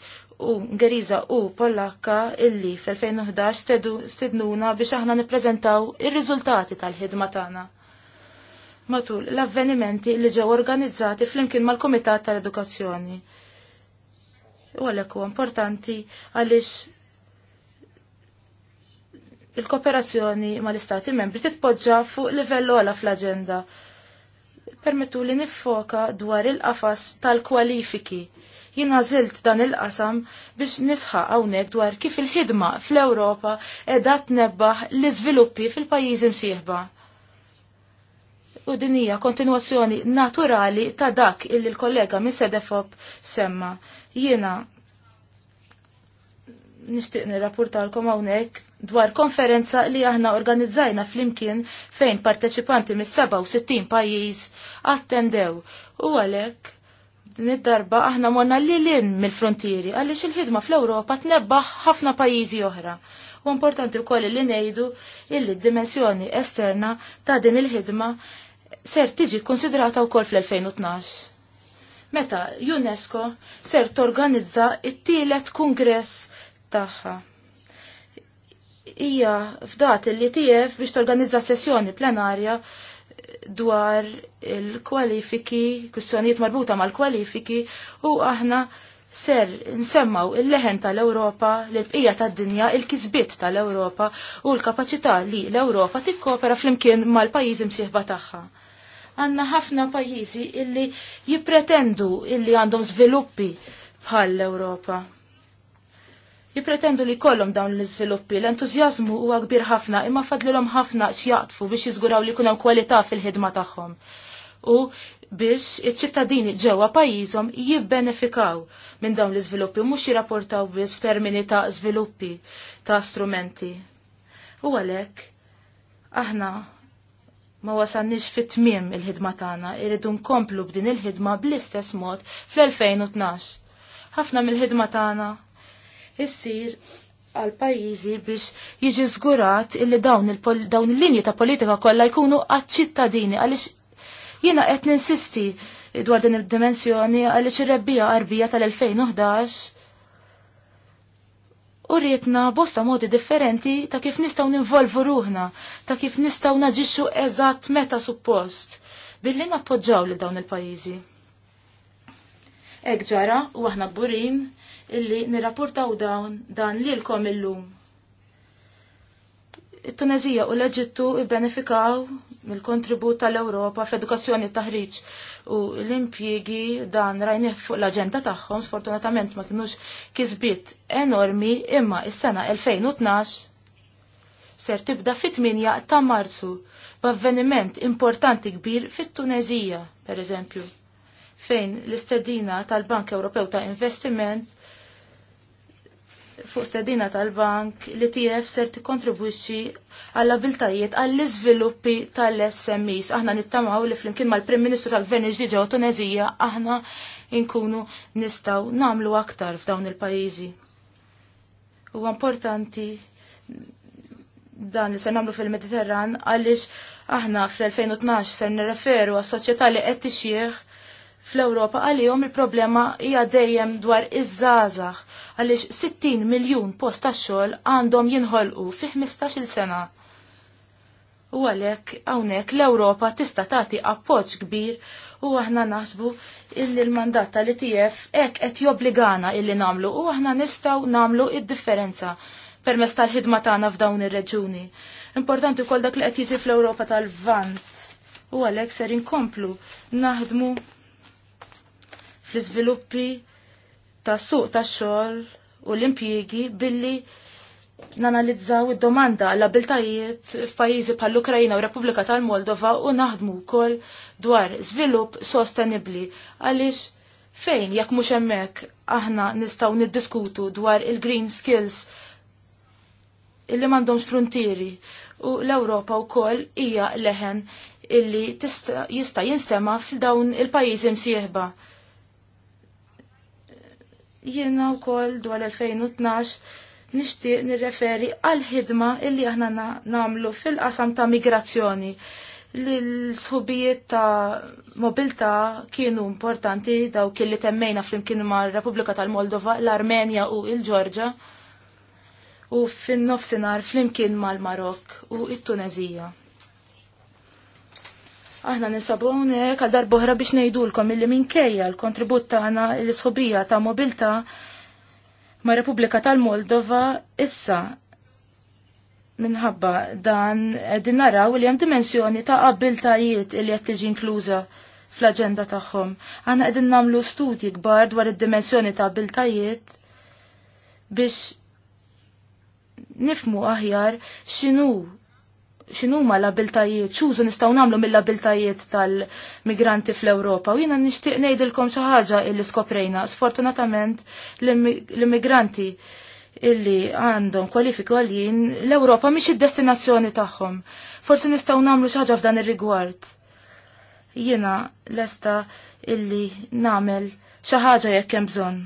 u Ngeriza u Pollakka illi fl-2011 stednuna biex aħna nippreżentaw ir-riżultati tal-ħidma tagħna. Matul l-avvenimenti li ġew organizzati flimkien mal-Kumitat tal-Edukazzjoni. U għalhekk huwa importanti għaliex il-kooperazzjoni mal-Istati membri titpoġġa fuq livell ola fl-aġenda. Permettu li nifoka dwar il-qafas tal-kwalifiki. Jina zilt dan il-qasam biex nisħaq hawnhekk dwar kif il-ħidma fl-Ewropa edha tnebbaħ l iżviluppi fil-pajjiżi msieħba. U din hija kontinwazzjoni naturali ta' dak illi l-kollega minn Sedefop semma. Jiena nishtiq nirrapportalkom hawnhekk dwar konferenza li aħna organizzajna flimkien fejn parteċipanti mis-67 pajjiż attendew u għalhekk din id-darba aħna morna lilin mill-frontieri għaliex il-ħidma fl-Ewropa tnebbaħ ħafna pajjiżi oħra. U importanti wkoll li ngħidu illi d-dimensjoni esterna ta' din il-ħidma ser tiġi konsiderata wkoll fl-2012. Meta UNESCO ser torganizza it-tielet kongress tagħha. Hija f'dat li tiegħek biex torganizza sessjoni plenarja dwar il-kwalifiki, kwistjonijiet marbuta mal-kwalifiki u aħna ser nsemmaw il-leħen tal-Europa, l-bqija tad-dinja, il-kisbit tal-Europa u l-kapacità li l-Europa tikkopera flimkien mal-pajjiżi msieħba tagħha. Għanna ħafna pajjiżi illi jippretendu illi għandhom sviluppi bħal l-Europa jipretendu li kollom dawn l-izviluppi, l-entuzjazmu huwa kbir ħafna, imma fadlilhom ħafna x'jaqtfu biex jiżguraw li jkun hemm kwalità fil-ħidma tagħhom. U biex iċ-ċittadini ġewwa pajjiżhom jibbenefikaw minn dawn l-iżviluppi mhux jirrapportaw biss f'termini ta' żviluppi ta' strumenti. U għalhekk aħna ma wasalniex fit-tmiem il-ħidma tagħna, irridu nkomplu b'din il-ħidma bl-istess mod fl-2012. Ħafna mill-ħidma tagħna issir għal pajjiżi biex jiġi żgurat illi dawn il-linji ta' politika kollha jkunu għaċ-ċittadini għaliex jiena qed ninsisti dwar din id-dimensjoni għaliex ir-rebbija qarbija tal-2011 u rietna bosta modi differenti ta' kif nistgħu ninvolvu ruħna, ta' kif nistgħu naġixxu eżatt meta suppost billi nappoġġaw lil dawn il-pajjiżi. Ek ġara u aħna burin illi nirrapportaw dawn dan lilkom illum. It-Tunezija u l-Eġittu benefikaw mill-kontribut tal-Ewropa f'edukazzjoni taħriġ u l-impjiegi dan rajni fuq l-aġenda tagħhom sfortunatament ma kinux kisbiet enormi imma is-sena 2012 ser tibda fit-8 ta' Marzu b'avveniment importanti kbir fit-Tunezija, per eżempju, fejn l-istedina tal-Bank Ewropew ta' Investiment fuq stedina tal-bank li tijef ser tikkontribwixxi għall-abiltajiet għall-iżviluppi tal-SMEs. Aħna nittamaw li flimkien mal-Prim Ministru tal venerġi ġew Tunezija aħna nkunu nistgħu nagħmlu aktar f'dawn il-pajjiżi. Huwa importanti dan li ser namlu fil-Mediterran għaliex aħna fl-2012 ser nirreferu għas soċjetà li qed tixjieħ fl-Ewropa għalihom il-problema hija dejjem dwar iż-żgħażagħ għaliex 60 miljun post tax-xogħol għandhom jinħolqu fi 15-il sena. U għalhekk hawnhekk l-Ewropa tista' tagħti appoġġ kbir u aħna naħsbu illi l-mandat tal-ITF hekk qed jobbligana illi nagħmlu u aħna nistgħu nagħmlu id-differenza permezz tal-ħidma tagħna f'dawn ir-reġuni. Importanti wkoll dak li qed jiġi fl-Ewropa tal-Vant u għalhekk ser inkomplu naħdmu fl-iżviluppi ta' suq ta' xogħol u l-impjiegi billi nanalizzaw id-domanda għal abiltajiet f'pajjiżi bħall ukrajina u Repubblika tal-Moldova u naħdmu wkoll dwar żvilupp sostenibbli għaliex fejn jekk mhux hemmhekk aħna nistgħu niddiskutu dwar il-green skills illi m'għandhomx frontieri u l-Ewropa wkoll hija leħen illi jista' jinstema f'dawn il-pajjiżi msieħba jiena wkoll dwar 2012 nixtieq nirreferi għal ħidma illi aħna nagħmlu fil-qasam ta' migrazzjoni li l-sħubijiet ta' mobilta kienu importanti daw kelli temmejna flimkien ma' Repubblika tal-Moldova, l-Armenja u il-Ġorġa u fin-nofsinhar flimkien mal-Marok u it-Tunezija. Aħna nisabu hawnhekk għal darbohra biex ngħidulkom illi minkejja l-kontribut tagħna l-isħobija ta' mobilta ma' Repubblika tal-Moldova issa minħabba dan din naraw li hemm dimensjoni ta' qabiltajiet li qed tiġi inkluża fl-aġenda tagħhom. Aħna qegħdin nagħmlu studji kbar dwar id-dimensjoni ta' qabiltajiet biex nifmu aħjar x'inhu x'inhuma l-abiltajiet, x'użu nistgħu nagħmlu mill-abiltajiet tal-migranti fl-Ewropa. U jiena nixtieq ngħidilkom xi ħaġa illi skoprejna. Sfortunatament l-immigranti illi għandhom kwalifiku għaljin l-Ewropa mhix id-destinazzjoni tagħhom. Forsi nistgħu nagħmlu xi ħaġa f'dan ir-rigward. Jiena lesta illi nagħmel xi ħaġa jekk hemm bżonn.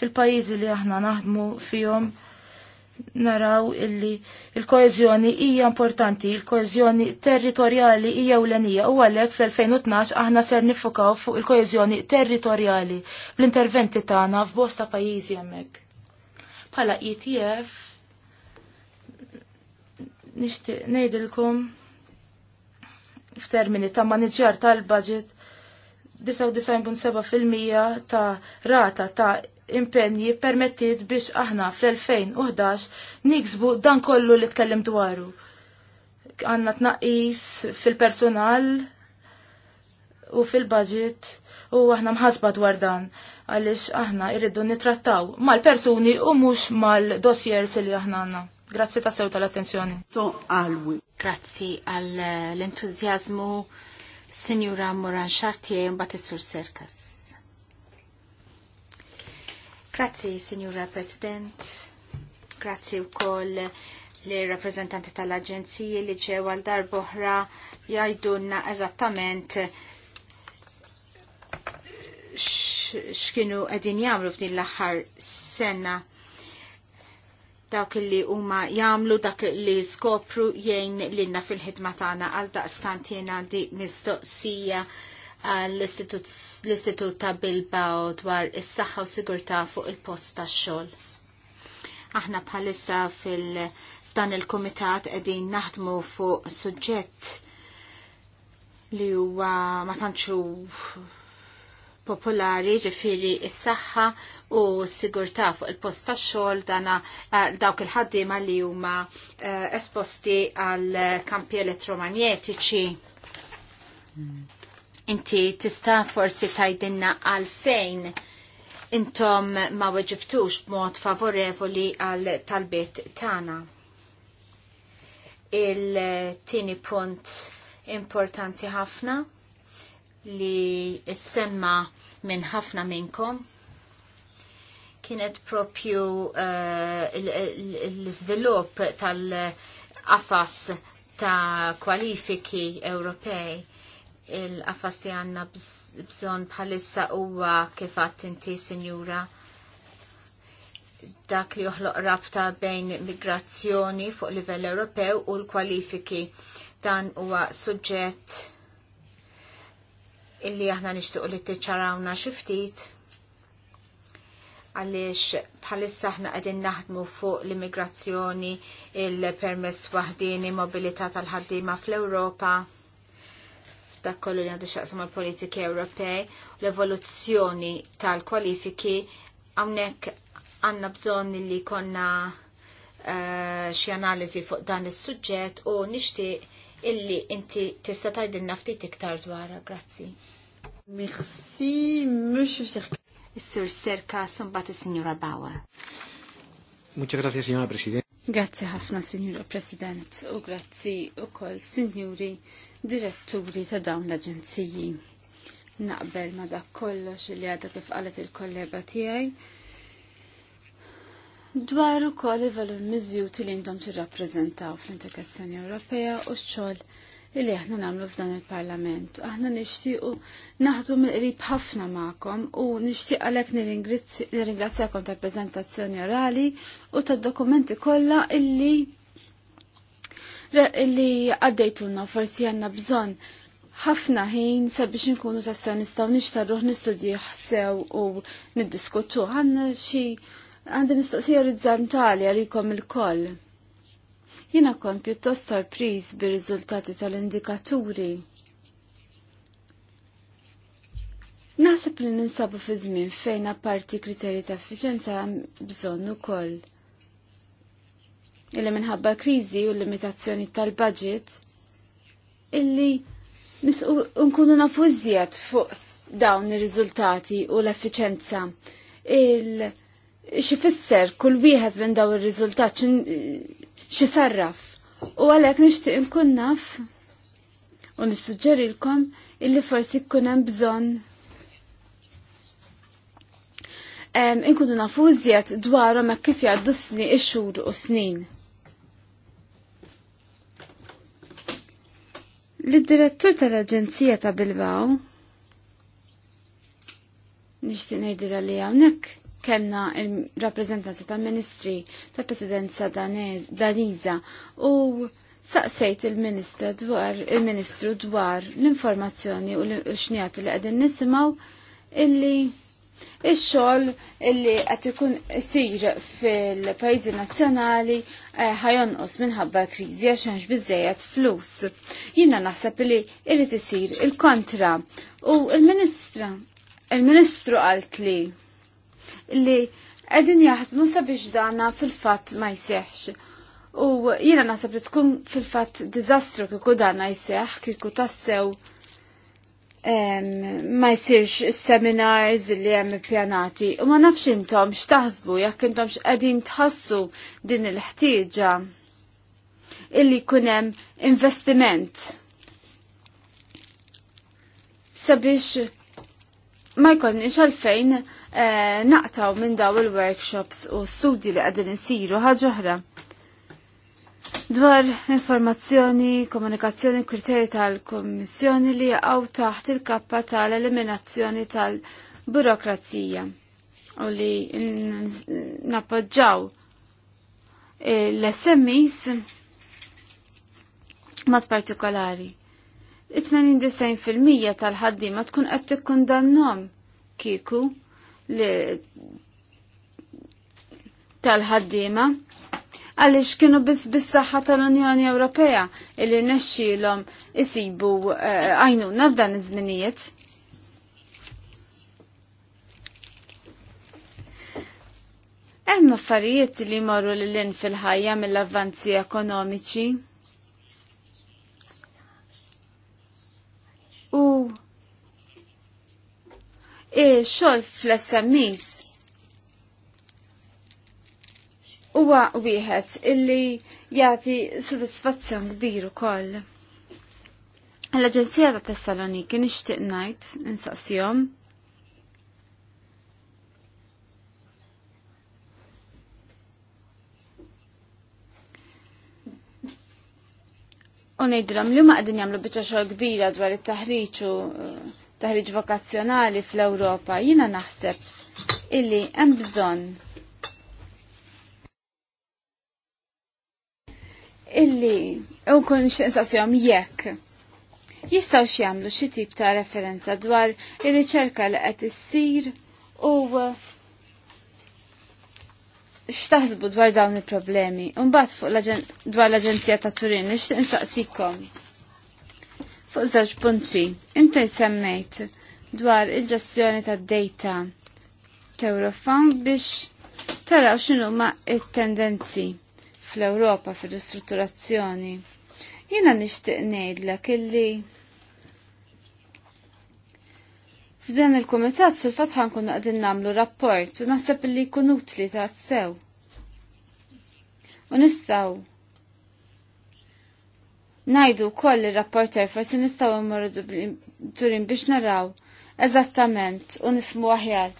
Fil-pajjiżi li aħna naħdmu fihom naraw illi il-koezjoni hija importanti, il-koezjoni territorjali hija ewlenija u għalhekk fl-2012 aħna ser nifokaw fuq il-koezjoni territorjali bl-interventi tagħna f'bosta pajjiżi hemmhekk. Bħala ETF nixtieq ngħidilkom f'termini ta' maniġjar tal-budget 99.7% ta' rata ta' impenji permettit biex aħna fl-2011 niksbu dan kollu li tkellim dwaru. Għanna tnaqis fil-personal u fil-budget u aħna mħasba dwar dan għalix aħna irridu nitrattaw mal-persuni u mux mal-dossiers li aħna għanna. Grazzi ta' sew tal-attenzjoni. To għalwi. Grazzi għall-entuzjazmu Signora Moran Chartier un Sur Serkas. Grazzi, Signora President. Grazzi u koll li rappresentanti tal-Aġenziji li ġew għal darboħra jajdunna eżattament x'kienu qegħdin jagħmlu f'din l-aħħar sena dawk li huma jagħmlu dak li skopru jgħin lilna fil-ħidma tagħna għal daqstant jiena di mistoqsija l-Istitut ta' Bilbao dwar is-saħħa u sigurtà fuq il-post tax-xogħol. Aħna bħalissa fil- f'dan il-komitat qegħdin naħdmu fuq suġġett li huwa ma tantxu popolari ġifiri is-saħħa u s-sigurtà fuq il-post tax-xogħol dana eh, dawk il-ħaddiema li huma eh, esposti għal kampi elettromagnetiċi. Mm. Inti tista' forsi tajdinna għalfejn intom ma weġibtux mod favorevoli għal talbiet tagħna. il tini punt importanti ħafna li semma minn ħafna minnkom kienet propju eh, l svilup tal-qafas ta' kwalifiki Ewropej il-qafas li għanna bżon bħalissa huwa kif inti, sinjura, dak li joħloq rabta bejn migrazzjoni fuq livell Ewropew u l-kwalifiki. Dan huwa suġġett illi aħna nixtuq li tiċċarawna xi ftit għaliex bħalissa aħna qegħdin naħdmu fuq l-immigrazzjoni, il-permess waħdini, mobilità tal-ħaddiema fl-Ewropa ta' kollu li għandu xaqsam mal-politiki Ewropej, l-evoluzzjoni tal-kwalifiki, għamnek għanna bżon li konna eh, xie analizi fuq dan is suġġett u nishti illi inti tista tajdilna ftit iktar dwarha, grazzi. Merci, Monsieur Serka. Is-Sur Serka, sumbat signora Bawa. Muchas gracias, Signora Presidente. Grazzi ħafna, Signora President, u grazzi u kol, Signori Diretturi ta' dawn l-Aġenziji. Naqbel ma dak kollox li għadha kif qalet il-kollega tiegħi. Dwar ukoll il-valur miżjut li intom tirrappreżentaw fl-integrazzjoni Ewropea u x-xogħol Illi aħna nagħmlu f'dan il-Parlament. Aħna nixtiequ naħdu mill-qrib ħafna magħkom u nixtieq għalhekk nirringrazzjakom tal-preżentazzjoni orali u tad-dokumenti kollha illi illi għaddejtulna forsi għandna bżonn ħafna ħin sabiex nkunu tassew nistgħu nixtarruh nistudju sew u niddiskutu. Għandna xi għandi mistoqsija orizzontali għalikom il-koll. Jina kon pjuttost sorpriż bir-riżultati tal-indikaturi. Naħseb li ninsabu fi żmien fejn apparti kriterji ta' effiċenza bżonn ukoll. Illi minħabba kriżi u limitazzjoni tal-budget illi nkunu nafu iżjed fuq dawn ir-riżultati u l-effiċenza. Il xifisser kull wieħed minn daw ir-riżultat xisarraf. U għalek nishtiq nkun naf u nissuġġerilkom illi forsi jkun hemm bżonn inkunu nafu iżjed dwarhom hekk kif jgħaddu sni ix-xhur u snin. Lid-direttur tal-Aġenzija ta' Bilbao nixtieq ngħidilha li hawnhekk kellna il-rappresentanza tal-Ministri tal-Presidenza Daniza u saqsejt il-Ministru dwar il-Ministru dwar l-informazzjoni u l-xnijat li qegħdin nisimgħu illi il xogħol illi qed ikun isir fil-pajjiżi nazzjonali eh, ħajonqos minħabba kriżi għax m'hemmx biżejjed flus. Jiena naħseb li irid isir il-kontra u il-Ministra il-Ministru għalt li li għedin jaħdmu sabiex dana fil-fat ma jseħx. U jina nasab li tkun fil-fat dizastru kiku dana jseħ, kiku tassew ma jsirx seminars li hemm pjanati. U ma nafx intom x'taħsbu jekk intom x'qegħdin tħassu din il-ħtieġa illi kunem investiment sabiex ma jkollniex għalfejn fejn Eh, naqtaw minn daw il-workshops u studji li għadin insiru ħagġoħra. Dwar informazzjoni, komunikazzjoni, kriterji tal-Kommissjoni li għaw taħt il-kappa tal-eliminazzjoni tal-burokrazija u li nappoġġaw l-SMIs mat partikolari. 89% tal-ħaddima tkun qed tikkun kieku. kiku tal-ħaddima għalix kienu bis bis-saħħa tal-Unjoni Ewropea illi nexxilhom isibu eh, għajnuna uh, f'dan iż-żminijiet. Hemm affarijiet li jmorru lil fil-ħajja mill-avvanzi ekonomiċi. U xogħol fl-SMEs huwa wieħed illi jagħti sodisfazzjon kbir ukoll. L-Aġenzija ta' Tessaloniki nixtieq ngħid insaqsihom u ngħidulhom li ma qegħdin jagħmlu biċċa xogħol kbira dwar it taħriġ u taħriġ vokazzjonali fl-Ewropa, jina naħseb illi hemm bżonn illi u kun xinsazzjom jekk. Jistaw jagħmlu xi tip ta' referenza dwar ir-riċerka li qed issir u x'taħsbu dwar dawn il-problemi. mbagħad fuq dwar l-Aġenzija ta' Turin nixtieq fuq żewġ punti. Inti semmejt dwar il-ġestjoni tad-data Eurofond biex taraw x'inhu ma it-tendenzi fl-Ewropa fil-ristrutturazzjoni. Jiena nixtieq ngħidlek illi F'dan il-kumitat fil-fatt ħankun qegħdin nagħmlu rapport u naħseb illi jkun utli ta' sew. U nistgħu Najdu koll il-rapporter forsi nistaw immorru turin biex naraw eżattament u nifmu aħjar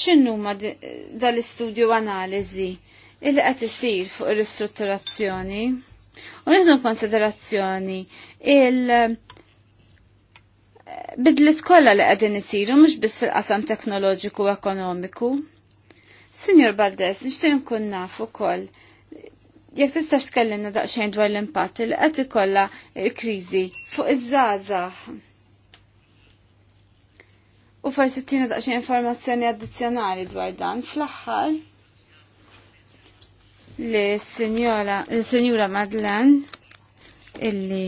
xinnu ma dal-istudju analiżi il qed isir fuq ir-ristrutturazzjoni. U nieħdu konsiderazzjoni il- bidlis kolla li qegħdin isiru mux bis fil-qasam teknoloġiku u ekonomiku. Signor Bardes, nishtin kun naf u koll jek tistax tkellimna daqsxejn dwar l-impatt li qed ikollha l-kriżi fuq iż-żgħażagħ. U forsi tina daqsxejn informazzjoni addizzjonali dwar dan fl-aħħar li s sinjura Madlen illi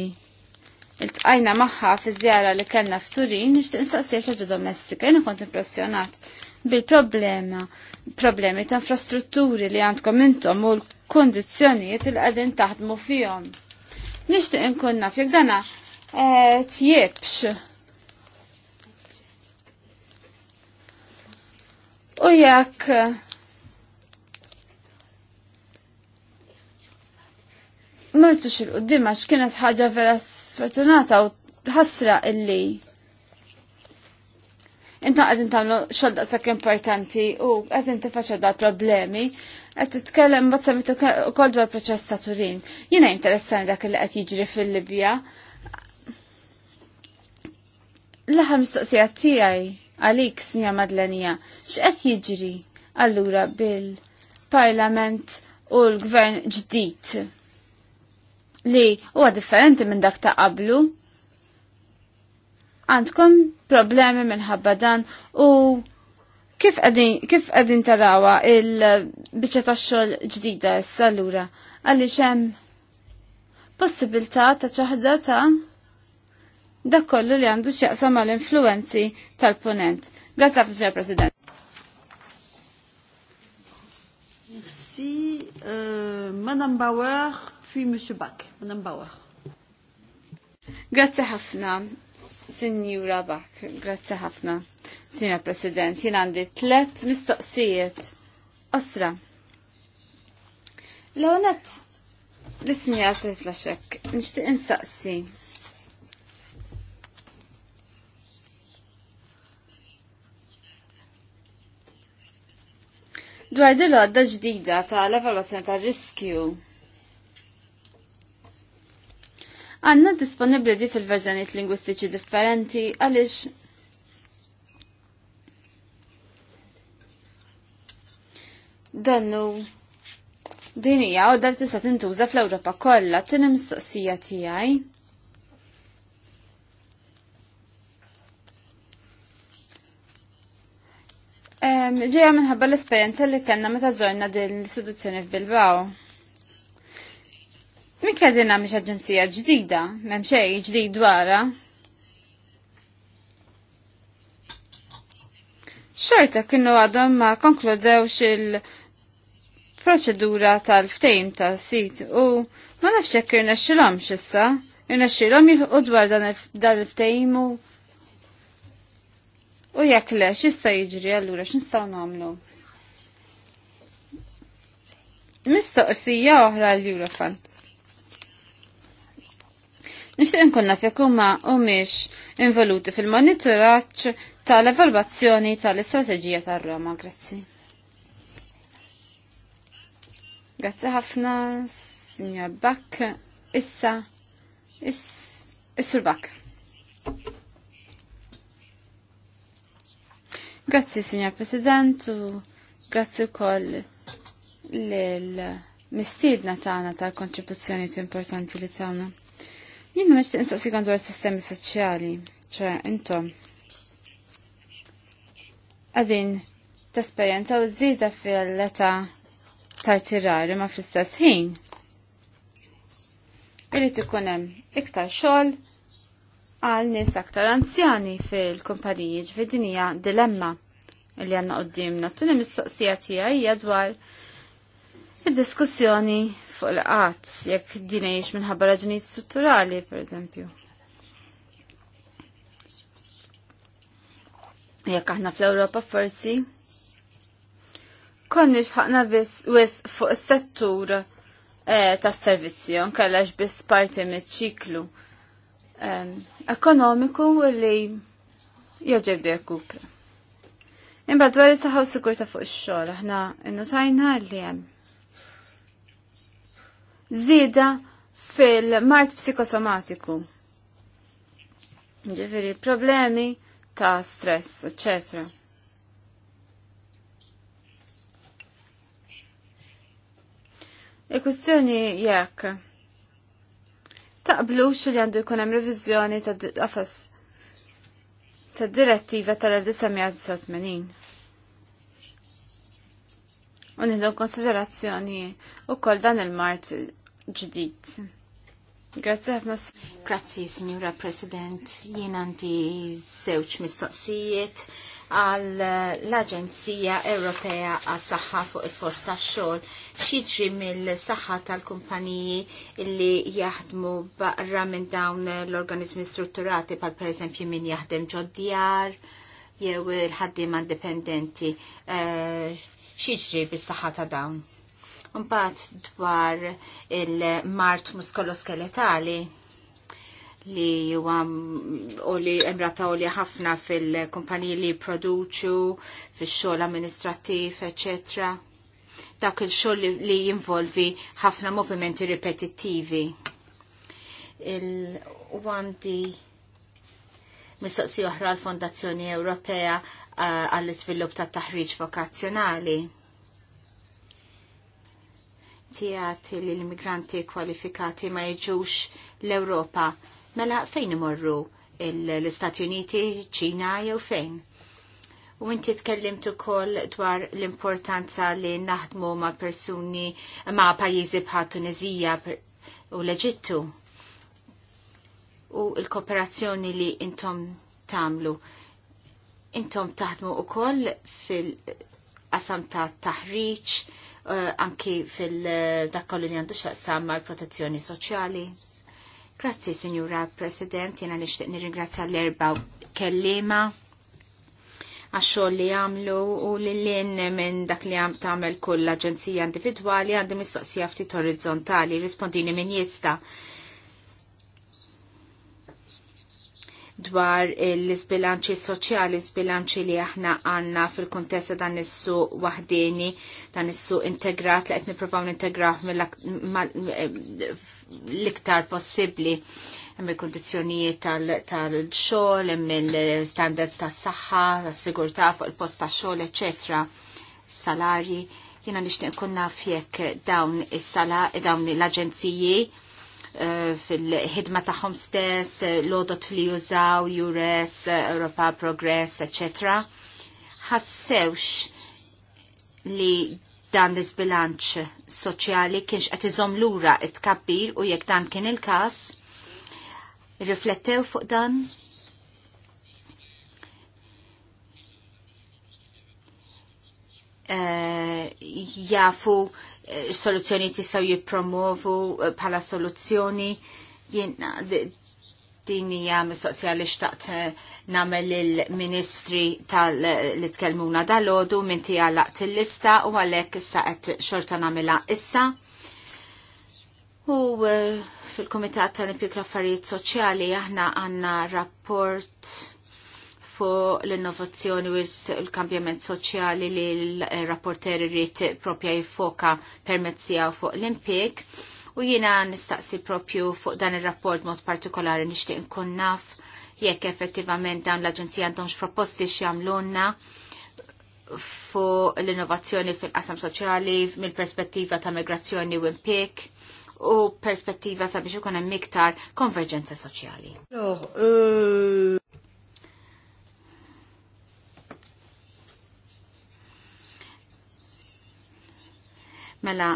il-tqajna magħha fi żjara li kellna f'Turin nixtieq insaqsija xi domestika jiena kont impressjonat bil-problema problemi ta' infrastrutturi li għandkom intom u l kondizjonijiet il qegħdin taħdmu fihom. Nixtieq inkun naf jekk dana eh, tjiebx. U jekk Martux il-qoddim x'kienet kienet ħaġa vera sfortunata u ħasra illi inta għadin tamlu xogħol sak importanti u għadin tifaċa da problemi qed titkellem mbagħad semmitu wkoll dwar proċess ta' Turin. Jiena interessani dak li qed jiġri fil-Libja. L-aħħar mistoqsija tiegħi għalik, Sinja Madlenija, x'qed jiġri allura bil-Parlament u l-Gvern ġdid li huwa differenti minn dak ta' qablu. Għandkom problemi minħabba dan u Kif qegħdin kif qegħdin tarawa il bicċa tax-xogħol ġdida s-salura? Għalli xem possibilta ta' ċaħda ta' da' kollu li għandu xieqsa ma' l influenzi tal-ponent. Grazzi ħafna, Signor President. Merci, euh, Madame Bauer, puis Monsieur Bach. Madame Bauer. Grazie ħafna. Sinjura Bak, grazzi ħafna. Sinjura President, jien għandi tlet mistoqsijiet. Osra. L-għonet, l-sinjura sejt laxek, nishtiq insaqsi. Dwar dil għadda ġdida ta' l-evaluazzjoni ta' riskju għanna disponibli di fil-verżjoniet lingwistiċi differenti għaliex dannu dinija u dar tista' tintuża fl-Ewropa kollha tin mistoqsija tiegħi. Ġeja minħabba l-esperienza li kellna meta żorna din l-istituzzjoni f'Bilbao. Mikke dinna miex aġenzija ġdida, m'hemm xejn ġdid dwarha. Xorta kienu għadhom ma konkludewx il-proċedura tal-ftejm tal-sit u ma nafx jekk irnexxilhom x'issa, irnexxilhom jilħu dwar dan il-ftejm u u jekk le x'ista jiġri allura x'nistgħu nagħmlu. Mistoqsija oħra l-Eurofund. Nixtieq nkunna naf jekk huma involuti fil monitoraċ tal-evalvazzjoni tal istrategija tar-Roma. Grazzi. Grazzi ħafna, Signor Bak, Issa, issur Bak. Grazzi, Signor President, u grazzi wkoll l-mistidna tagħna tal-kontribuzzjoni importanti li t-għana. Jina nishtiq insaqsi għandu sistemi soċjali, ċe intom. Għadin, t-esperienza u zida fil-leta tartirari ma fl-istess ħin. Irrit ikunem iktar xol għal nis aktar anzjani fil-kumpaniji ġvidinija dilemma li għanna għoddimna. Tuni mistoqsija tija dwar id-diskussjoni fuq l qatz jekk din hijiex minħabba raġunijiet strutturali, pereżempju. Jekk aħna fl-Ewropa forsi konni xħakna wis fuq is-settur eh, tas servizzi nkellax biss parti miċ-ċiklu ekonomiku li jerġeb dekupra. Imbagħad dwar is-saħħa s fuq ix-xogħol aħna innotajna li hemm zida fil-mart psikosomatiku. Ġifiri, problemi ta' stress, eccetera. Il-kwistjoni e jekk taqblux li għandu jkun hemm reviżjoni ta' qafas tad direttiva tal-1989 u konsiderazzjoni konsiderazzjoni wkoll dan il-mart ġdid. Grazzi ħafna. Grazzi, Signora President. Jien għandi żewġ mistoqsijiet għall aġenzija Ewropea għas saħħa fuq il post tax-xogħol xiġri mill-saħħa tal-kumpaniji li jaħdmu barra minn dawn l-organizmi strutturati pal pereżempju min jaħdem ġoddjar jew il ħaddiema indipendenti. Uh, xieġri bis-saħħa ta' dawn. Mbagħad dwar il-mart muskoloskeletali li huwa u li imrataw li ħafna fil-kumpaniji li produċu, fix-xogħol amministrattiv, eċetera. Dak il-xogħol li jinvolvi ħafna movimenti ripetittivi. Il-għandi mistoqsi oħra l-Fondazzjoni Ewropea Eh, għall-iżvilupp tat taħriġ vokazzjonali. Tijat li l-immigranti kwalifikati ma jiġux l-Ewropa. Mela fejn imorru l-Istati Uniti, ċina jew fejn? U inti tkellimt ukoll dwar l-importanza li naħdmu ma' persuni ma' pajjiżi bħal Tunizija u l-Eġittu u l-kooperazzjoni li intom tamlu Intom taħdmu u koll fil-qasam ta' taħriċ, uh, eh, anki fil-dakollu eh, li għandu xaqsam ma' protezzjoni soċjali. Grazzi, Signora President, jena nishtiq nirringrazzja l-erba kellima għaxxol li għamlu u li l-in minn dak li għam tamel kull aġenzija individuali għandim mistoqsija ftit orizzontali, rispondini minn jista' dwar l isbilanċi soċjali, l l-isbilanċi li aħna għanna fil-kontesta dan nissu wahdini, dan nissu integrat li provaw n-integraħ eh, l-iktar possibli hemm il-kondizjonijiet tal-xogħol, hemm il-standards tas-saħħa, tas-sigurtà fuq il-post tax-xogħol, eċetera, salari, Jiena nixtieq nkun naf dawn is-sala dawn l-aġenziji Eh, fil-ħidma tagħhom stess, eh, l-odot li jużaw, Jures, eh, Europa Progress, etc. Ħassewx li dan l-izbilanċ soċjali kienx qed iżom lura it-kabbir u jekk dan kien il-każ, riflettew fuq dan? Uh, jafu Eh, soluzzjoni tisaw jipromovu pala eh, soluzzjoni jina din hija mistoqsija li xtaqt eh, namel il-ministri tal-itkelmuna dal-ħodu minn tija laqt il-lista u għalek issa qed xorta namela issa. U fil-Komitat tal-Impjek l-Affarijiet Soċjali aħna għanna rapport fuq l-innovazzjoni u l-kambjament soċjali li l rapporteri rrit propja jifoka permezzija fuq l impik U jiena nistaqsi propju fuq dan ir-rapport mod partikolari nixtieq nkun naf jekk effettivament dan l-Aġenzija għandhomx proposti x'jagħmlunna fuq l-innovazzjoni fil-qasam soċjali mill-perspettiva ta' migrazzjoni u impik, u perspettiva sabiex ikun hemm iktar konverġenza soċjali. Euh, Mela,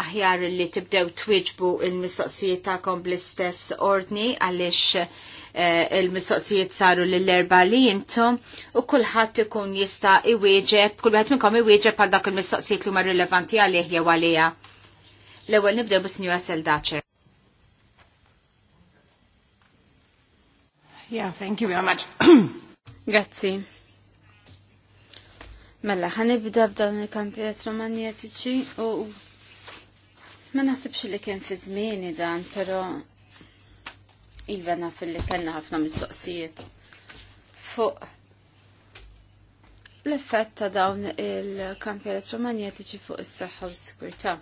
aħjar li tibdew twiġbu il-mistoqsijiet ta'kom bl-istess ordni għaliex eh, il-mistoqsijiet saru l-erba li jintom u kullħat ikun jista iwieġeb, kullħat minnkom iwieġeb għal dak il-mistoqsijiet li huma rilevanti għalih jew għalija. L-ewwel nibdew bis-Sinjura Seldaċer. Yeah, thank you very much. Grazzi. Mella, ibda b'dawn il-kampijat romanjetiċi u ma naħsibx li kien fi żmieni dan, però iva naf li kellna ħafna mistoqsijiet fuq l-effett ta' dawn il-kampi elettromagnetiċi fuq is-saħħa u s-sikurtà.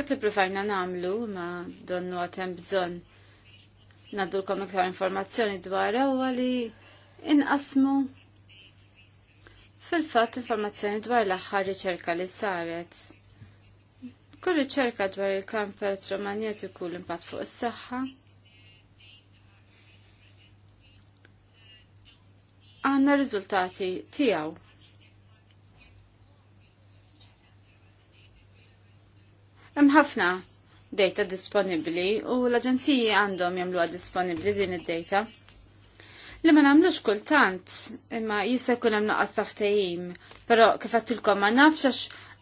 Dak li provajna nagħmlu ma donnu għatem bżonn ngħaddulkom iktar informazzjoni dwar huwa li inqasmu fil-fatt informazzjoni dwar l-aħħar riċerka li saret. Kull riċerka dwar il-kamp elettromagnetiku l-impatt fuq is-saħħa. Għanna riżultati tiegħu. Hemm ħafna data disponibbli u l-aġenziji għandhom jagħmluha disponibbli din id-data li ma nagħmlux kultant imma jista' jkun hemm noqas taftehim, però kif għattilkom ma nafx għax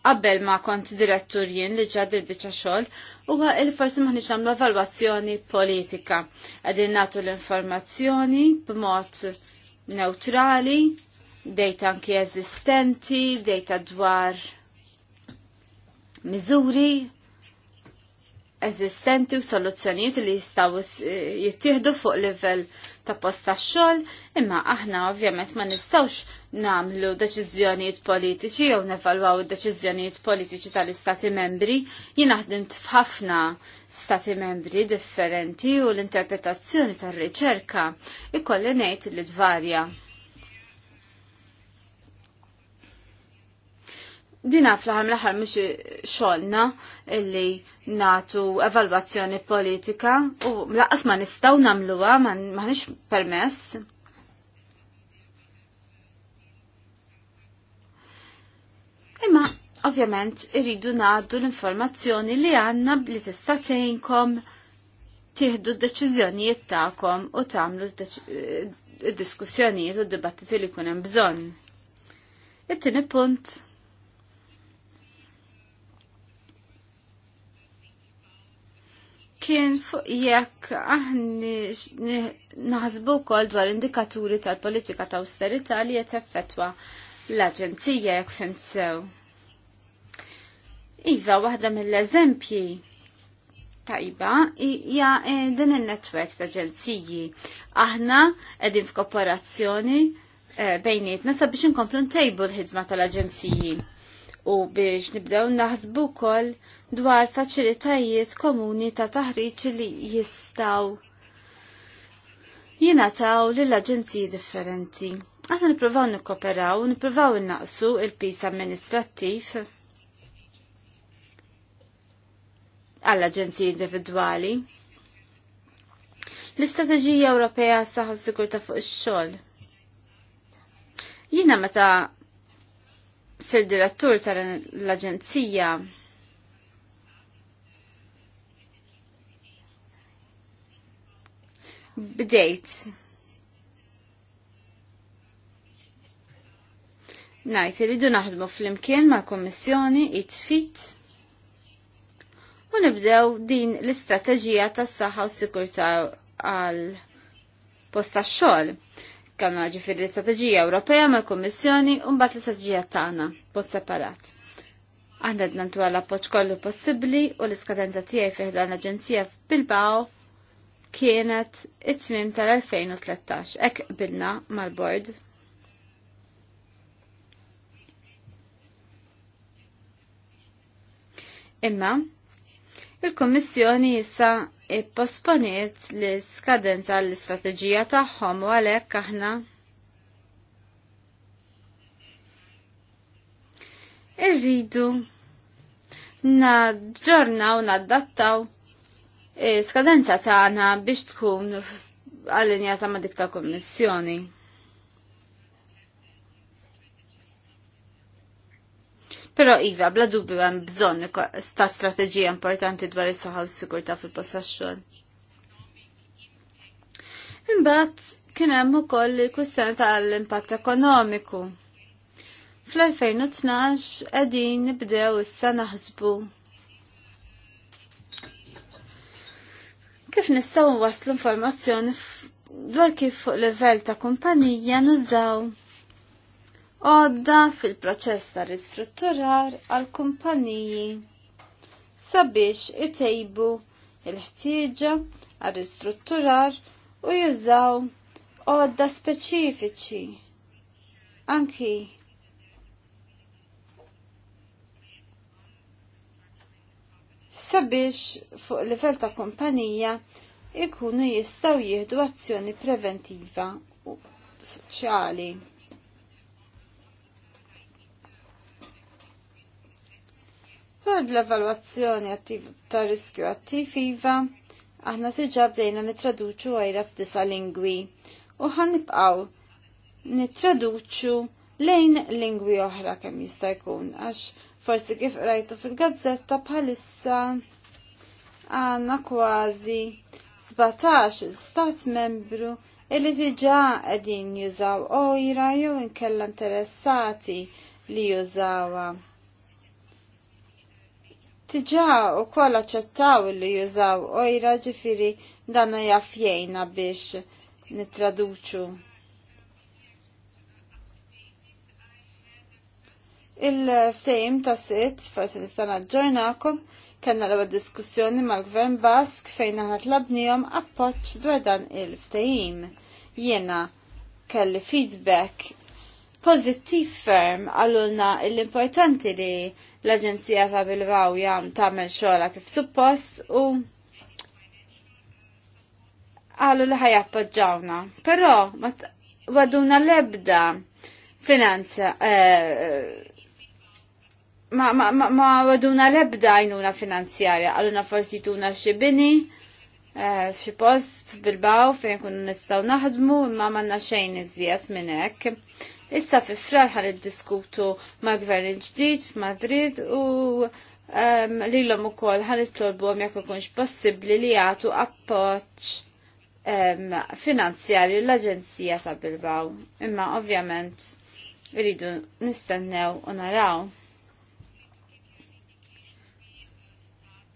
qabel ma kont direttur jien li ġad il-biċċa xogħol huwa il forsi ma ħniex nagħmlu evalwazzjoni politika. Qegħdin nagħtu l-informazzjoni b'mod neutrali, dejta anki eżistenti, dejta dwar miżuri eżistenti u soluzzjonijiet li jistaw jittieħdu fuq livell ta' post tax-xogħol, imma aħna ovvjament ma nistgħux nagħmlu deċiżjonijiet politiċi jew nevalwaw id-deċiżjonijiet politiċi tal-istati membri. Jien ħdimt f'ħafna stati membri differenti u l-interpretazzjoni tar-riċerka ikolli ngħid li tvarja. Dina fl-ħar mill-ħar mux xolna illi natu evalwazzjoni politika u laqas ma nistaw namluwa ma nix permess. Imma ovvjament irridu naddu l-informazzjoni li għanna li tista' tgħinkom tieħdu d-deċiżjonijiet tagħkom u tagħmlu d-diskussjonijiet u d-dibattiti li kunem hemm bżonn. It-tieni punt kien fuq jekk aħni naħsbu kol dwar indikaturi tal-politika ta' austerita li effettwa l-Aġenzija jekk finsew. Iva, waħda mill-eżempji tajba hija eh, din il-netwerk ta' ġelziji. Aħna qegħdin f'kooperazzjoni eh, bejnietna sabiex inkomplu ntejbu l-ħidma tal-aġenziji u biex nibdew naħsbu kol dwar faċilitajiet komuni ta' taħriġ li jistaw jinataw lill-aġenziji differenti. Aħna nipprovaw nikkoperaw, nipprovaw innaqsu il-pis amministrattiv għall-aġenziji individwali. L-Istrateġija Ewropea saħu sigurta fuq ix-xogħol. Jiena meta sir direttur tal-Aġenzija bdejt Najt li du naħdmu fl-imkien ma' kommissjoni it-fit u nibdew din l-istrateġija tas saħħa u sikurta għal posta xogħol. Kanna ġifiri l-istrateġija Ewropea ma' l-Kommissjoni un bat l-istrateġija tagħna b'mod separat. Aħna d-nantu għalla poċ kollu possibli u l-iskadenza tiegħi fih dan l-Aġenzija f'Bilbao kienet it-tmim tal-2013. Ek bilna mal-bord. Imma, il-Kommissjoni issa ipposponiet l-skadenza l-istrateġija tagħhom u għalhekk aħna irridu naġġornaw, naddattaw skadenza tagħna biex tkun għal-injata ma' dik ta' kommissjoni. Però Iva, bla dubju hemm bżonn ta' strateġija importanti dwar is-saħħa u s-sigurtà fil possession Imbagħad kien hemm ukoll il-kwistjoni tal-impatt ekonomiku. Fl-2012 qegħdin nibdew issa naħsbu kif nistgħu waslu informazzjoni dwar kif fuq livell ta' kumpanija nużaw Odda fil-proċess ta' ristrutturar għal kumpaniji sabiex itejbu il-ħtieġa għal ristrutturar u jużaw odda speċifiċi anki sabiex fuq livell ta' kumpanija ikunu jistaw jieħdu azzjoni preventiva u soċjali. Sfar l-evalwazzjoni attiv ta' riskju attiv iva, aħna diġà bdejna nitraduċu għajra f'disa lingwi u ħanibqaw nitraduċu lejn lingwi oħra kemm jista' jkun għax forsi kif rajtu fil-gazzetta bħalissa għanna kważi 17 stat membru illi diġa għedin jużaw ojra jew inkella interessati li jużawa. Tiġa u koll aċċettaw li jużaw ojra ġifiri danna jaffjejna biex nitraduċu. il fsejm ta' sitt, forse nistana ġornakom, kena l diskussjoni mal-Gvern Bask fejn aħna tlabnijom appoċ dwar dan il-ftejim. Jena kelli feedback pozittiv ferm għallulna l-importanti li l-Aġenzija ta' Bilbao jam tagħmel xogħla kif suppost u għallu li ħajappoġġawna. Però ma waduna l-ebda finanza eh, ma, ma, ma, ma waduna l-ebda għajnuna finanzjarja, għaluna forsi tuna xibini, f'xi eh, post bilbaw fejn kun nistgħu naħdmu imma m'għandna xejn iżjed minn hekk. Issa fi frar ħan id-diskutu ma' gvern ġdid f'Madrid u um, li l-om u kol ħan it-tolbu għom jek ikunx possibli li jgħatu appoċ um, ehm, finanzjarju l-Aġenzija ta' Bilbaw. Imma ovvjament rridu nistennew u naraw.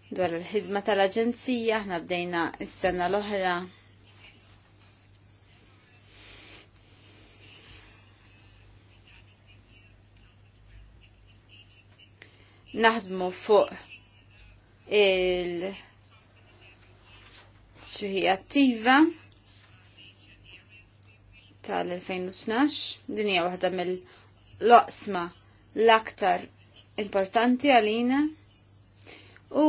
Dwar il-ħidma tal-Aġenzija ħna bdejna s-sena l-oħra naħdmu fuq il ċuħi attiva tal-2012 din hija waħda mill-loqsma l-aktar importanti għalina u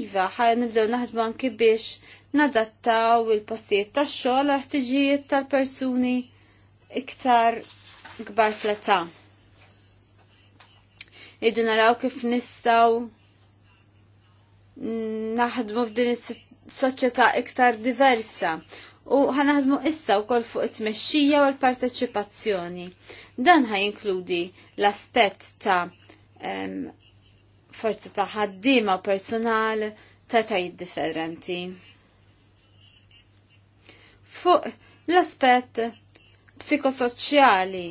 iva ħaj nibdew naħdmu anki biex nadattaw il-postijiet tax-xogħol ħtiġijiet tal-persuni iktar kbar fl-età. Idu naraw kif nistaw naħdmu f'din is-soċjetà iktar diversa u ħanaħdmu issa u kol fuq it-mexxija u l-parteċipazzjoni. Dan ħajinkludi l-aspett ta' um, forza ta' ħaddiema u personal ta' tajt differenti. Fuq l-aspett psikosoċjali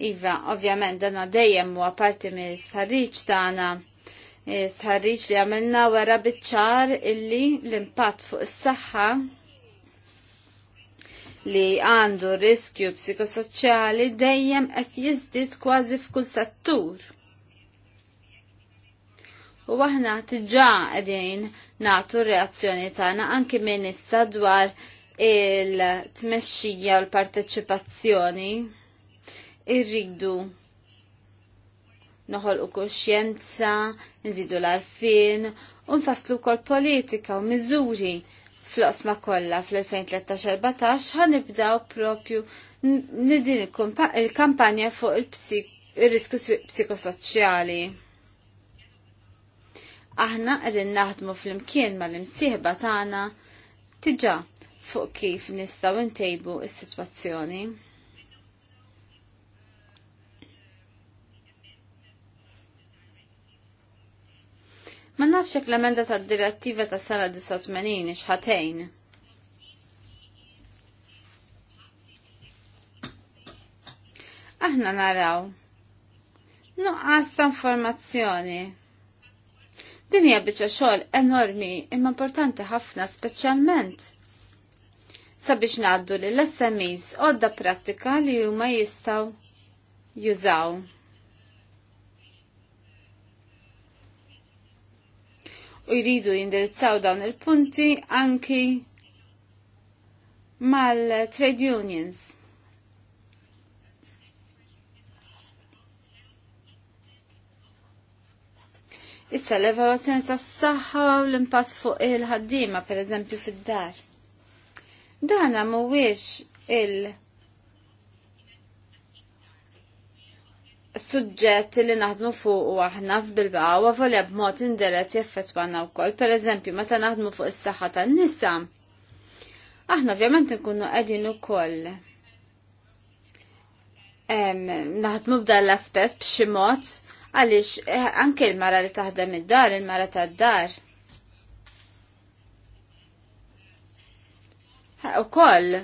Iva, ovvjament dana dejjem huwa parti mill-sħarriġ tagħna sħarriġ li għamilna wara biċċar illi l-impatt fuq is-saħħa li għandu riskju psikosoċjali dejjem qed jiżdied kważi f'kull settur. U aħna tiġà qegħdin nagħtu reazzjoni tagħna anke minn issa dwar il-tmexxija u l-parteċipazzjoni irridu noħol u kuxjenza, nżidu l-arfin, unfaslu kol politika u miżuri fl-osma kolla fl-2013-14 ħanibdaw propju nidin il-kampanja fuq il-risku psikosoċjali. Aħna għedin naħdmu fl-imkien mal-imsieħba tagħna tiġa fuq kif nistaw intejbu is-sitwazzjoni. Ma nafx hekk l-emenda tad-direttiva ta' sena 89 x'ħatejn. Aħna naraw. Nuqqas ta' informazzjoni. Din hija biċċa xogħol enormi imma importanti ħafna speċjalment sabiex ngħaddu l SMEs għodda prattika li huma jistgħu jużaw. u jridu jindirizzaw dawn il-punti anki mal-trade unions. Issa l-evaluazzjoni tas saħħa u l-impatt fuq il-ħaddiema, per eżempju, fid-dar. Dana mhuwiex il- suġġett li naħdmu fuq u aħna f'Bilbao u volja b'mod indirett jaffettwana wkoll. Pereżempju, meta naħdmu fuq is-saħħa tan-nisa. Aħna ovvjament nkunu qegħdin ukoll. Naħdmu b'dan l-aspett b'xi mod għaliex eh, anke l-mara li taħdem id-dar, il-mara tad-dar. U koll,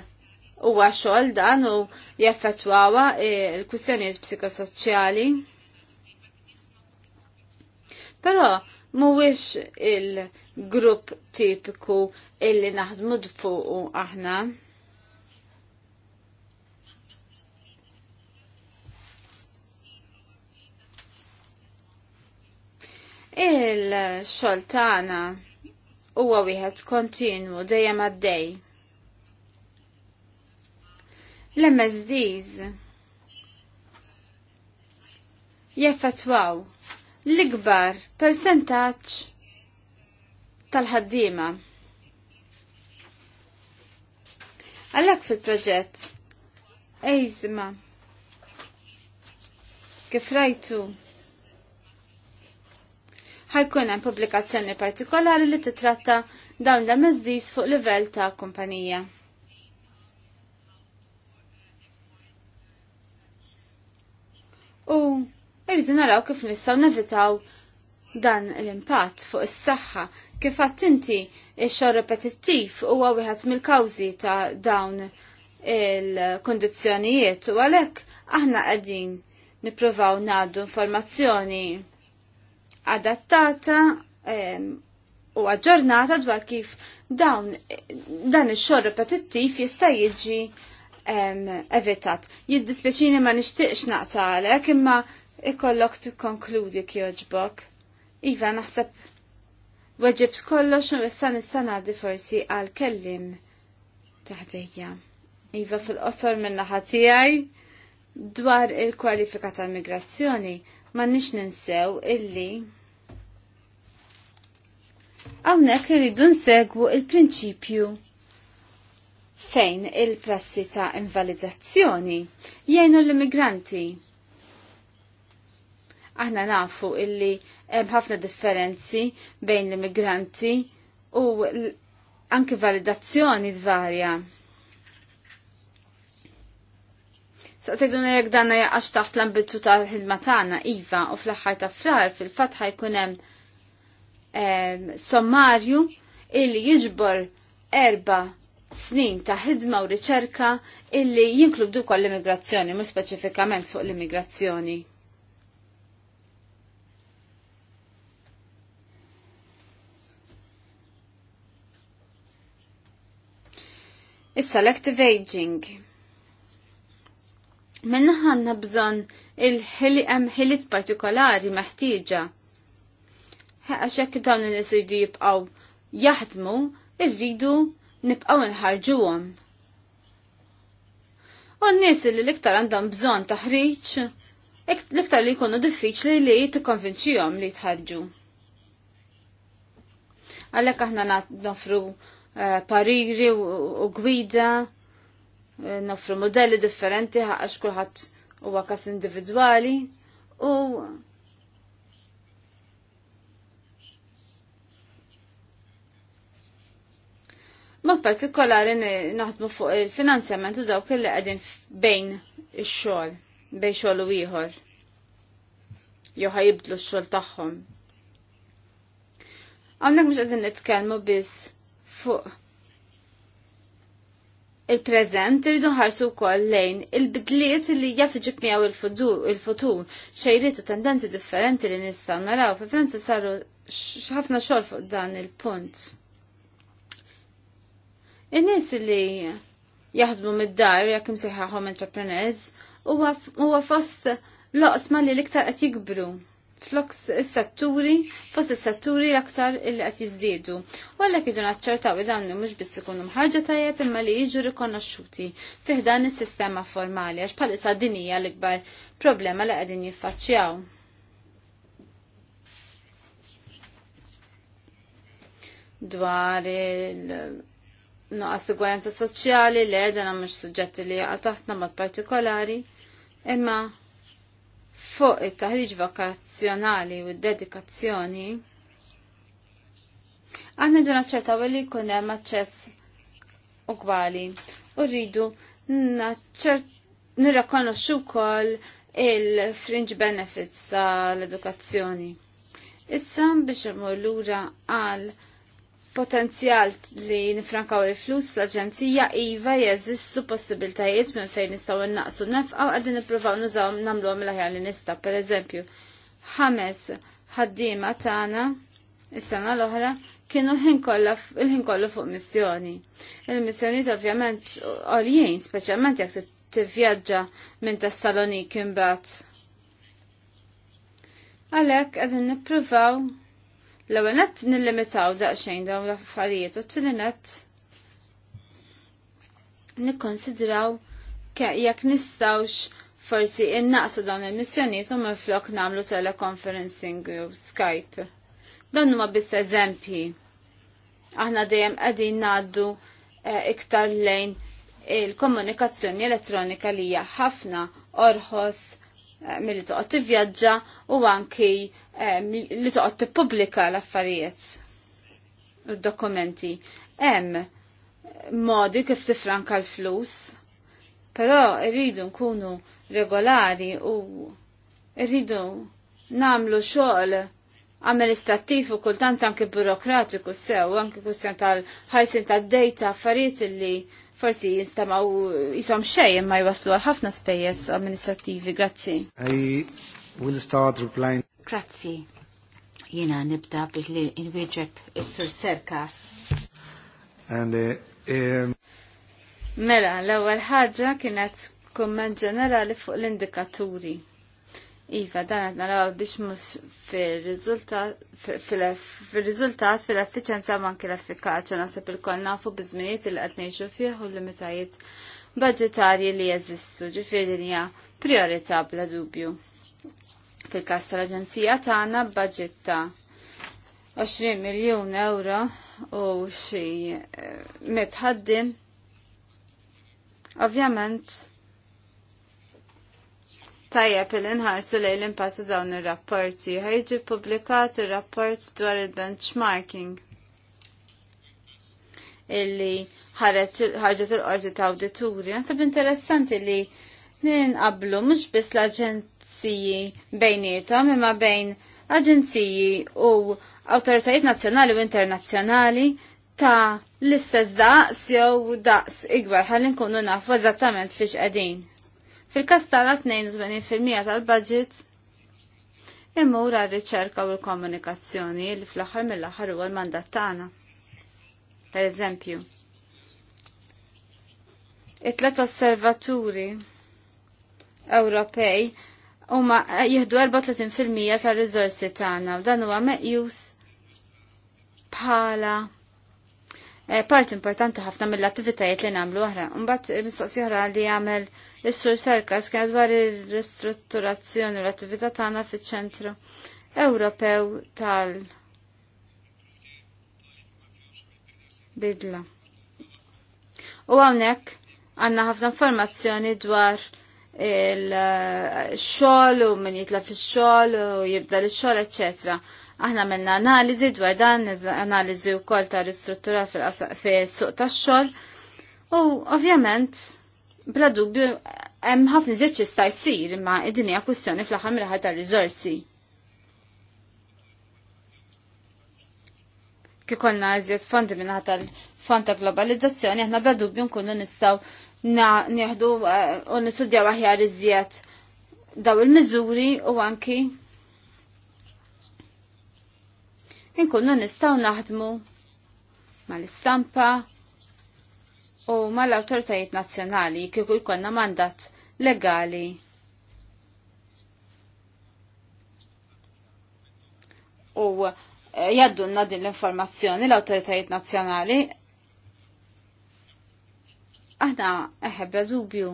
huwa xogħol dan u jaffettwawa eh, l-kwistjonijiet psikosoċjali. Però mhuwiex il-grupp tipiku illi naħdmu fuq aħna. Il-xoltana huwa wieħed kontinu dejjem għaddej l-MSDs jeffetwaw l-ikbar percentaċ tal-ħaddima. Għallak fil-proġett, ejzma, kif rajtu, ħajkun hemm pubblikazzjoni partikolari li titratta dawn l-MSDs fuq livell ta' kumpanija. u irridu naraw kif nistgħu nevitaw dan l-impatt fuq is-saħħa kif għatt inti x-xogħol repetittiv huwa wieħed mill-kawżi ta' dawn il-kondizzjonijiet u għalhekk aħna qegħdin nippruvaw ngħaddu informazzjoni adattata u aġġornata dwar kif dawn dan ix-xogħol repetittiv jista' jiġi evitat. Jiddispeċini ma nixtieqx naqta għalek imma ikollok tikkonkludi kjoġbok. Iva naħseb weġib kollox u issa nista' di forsi għal kellim taħdejja. Iva fil-qosor minna naħa tiegħi dwar il-kwalifika tal-migrazzjoni ma nix ninsew illi għawnek irridu nsegwu il-prinċipju fejn il-prassi ta' invalidazzjoni jgħinu l-immigranti. Aħna nafu illi hemm ħafna differenzi bejn l-immigranti u anke validazzjoni tvarja. Saqsejdu jekk danna jaqax taħt l-ambizzu ta' ħilma tagħna iva u fl-aħħar ta' frar fil-fatħa jkun hemm sommarju illi jiġbor erba' snin ta' ħidma u riċerka illi jinkludu kol l-immigrazzjoni, mu specifikament fuq l-immigrazzjoni. Is-selective aging. Minna ħanna bżon il-ħili hemm ħilit partikolari meħtieġa. Ħaqax jekk dawn in-nies jibqgħu jaħdmu, irridu nibqgħu nħarġuhom. U n-nies li l-iktar għandhom bżonn taħriġ, l-iktar li jkunu diffiċli li tikkonvinċihom li jitħarġu. Għalhekk aħna nofru eh, pariri u gwida, eh, nofru modelli differenti għax kulħadd huwa każ individwali u ma partikolari naħdmu fuq il-finanzjament u dawk li qegħdin bejn ix-xogħol, bejn xogħol u ieħor. Jew ħajibdlu x-xogħol tagħhom. mux mhux qegħdin nitkellmu biss fuq il-prezent rridu ħarsu wkoll lejn il-bidliet li jaf iġib il-futur, xejriet u tendenzi differenti li nistgħu naraw fi Franza saru ħafna xol fuq dan il-punt. In-nies li jaħdmu mid-dar jekk imsejħaħhom entrepreneurs huwa fost loqsma li l-iktar qed jikbru flokks is-setturi, fost is-setturi l-aktar il qed jiżdiedu. U għalhekk naċċertaw id dawn mhux biss ikunu mħarġa tajjeb imma li jiġu rikonoxxuti fih dan is-sistema formali għax bħalissa din hija l-ikbar problema li qegħdin jiffaċċjaw. Dwar il- noqas igwajanza soċjali li għedna mux suġġetti li jaqa' taħtna mod partikolari, imma fuq it-taħriġ vokazzjonali u d-dedikazzjoni għandna ġena u li jkun hemm aċċess ugwali u rridu nirrakonoxxu wkoll il-fringe benefits tal-edukazzjoni. Issa biex imur lura għal potenzjal li nifrankaw il-flus fl-Aġenzija iva jeżistu possibiltajiet minn fejn nistgħu innaqsu nefqaw għadin nippruvaw nużaw nagħmluhom għamil ħajja li nista' pereżempju. Ħames ħaddiema tagħna is-sena l-oħra kienu l-ħin kollu fuq missjoni. Il-missjoniet ovvjament għoljien, speċjalment jekk tivvjaġġa minn Tessaloniki imbagħad. Għalhekk qegħdin nippruvaw L-ewwel nett nillimitaw daqsxejn dawn l-affarijiet u t-tieni nett nikkonsidraw jekk nistgħux forsi innaqsu dawn il-missjonijiet u minflok nagħmlu teleconferencing u Skype. Dan huma biss eżempji. Aħna dejjem qegħdin ngħaddu e, iktar lejn il-komunikazzjoni elettronika li hija ħafna orħos e, milli toqgħod tivvjaġġa u anki Eh, li toqgħod tippubblika l-affarijiet u d-dokumenti. Hemm modi kif tifranka l-flus, però rridu nkunu regolari u rridu namlu xogħol amministrattiv u kultant anke burokratiku sew, anke kustjon tal-ħajsin tad-dejta affarijiet li forsi jinstamaw jisom xej imma jwaslu għal ħafna spejjeż amministrattivi. Grazzi. I will start replying. Grazzi. Jena nibda li inwieġeb is-sur Serkas. Uh, um, mela, l-ewwel ħaġa kienet kumment ġenerali fuq l-indikaturi. Iva, dan qed l biex mux fil-rizultat, fil-efficienza manki l-effikaċa, nasib il-koll nafu bizminiet il qed fieħ u l-limitajiet budgetarji li jazistu, ġifiri priorita bla dubju. Fil-kas tal-Aġenzija tagħna budget ta' 20 miljun euro u xi eh, mitħaddim. Ovvjament, Tajjeb il-inħarsu lejn l-impatt dawn ir-rapporti ħajġi ppubblikat ir-rapport dwar il-benchmarking illi ħarġet il-qorti ta' awditurja. Sab interessanti li ninqablu mhux biss l-aġent aġenziji bejnietom imma bejn aġenziji u awtoritajiet nazzjonali u internazzjonali ta' l-istess daqs jew daqs ikbar ħalli nkunu nafu eżattament fiex qegħdin. Fil-każ tal-82% tal-budget imur għar-riċerka u l-komunikazzjoni li fl-aħħar mill-aħħar huwa l-mandat tagħna. Per eżempju, it-tlet osservaturi Ewropej Uma eh, jieħdu 34% tar rizorsi tagħna u dan huwa meqjus bħala eh, part importanti ħafna mill-attivitajiet li nagħmlu aħna. Mbagħad mistoqsija li jagħmel is-sur kien dwar ir-ristrutturazzjoni u l-attività tagħna fiċ-ċentru Ewropew tal- bidla. U għawnek għanna ħafna informazzjoni dwar il-xol u min jitla fi xol u jibda l-xol, etc. Aħna minna analizi dwar dan, analizi u kol ta' ristruttura fil-suq ta' xol. U ovvjament, bla dubju, hemm ħafna ziċ jista' jsir imma id-dinja kwistjoni fl-aħħar raħat ta' rizorsi. Kikonna iżjed fondi minn tal-fond ta' globalizzazzjoni, aħna bla dubju nkunu nistgħu na nieħdu eh, u nistudjaw aħjar iżjed daw il-miżuri u anki inkunu nistaw naħdmu mal-istampa u mal-autoritajiet nazzjonali kieku jkollna mandat legali. U eh, jaddunna din l-informazzjoni l-autoritajiet nazzjonali Aħna eħebba dubju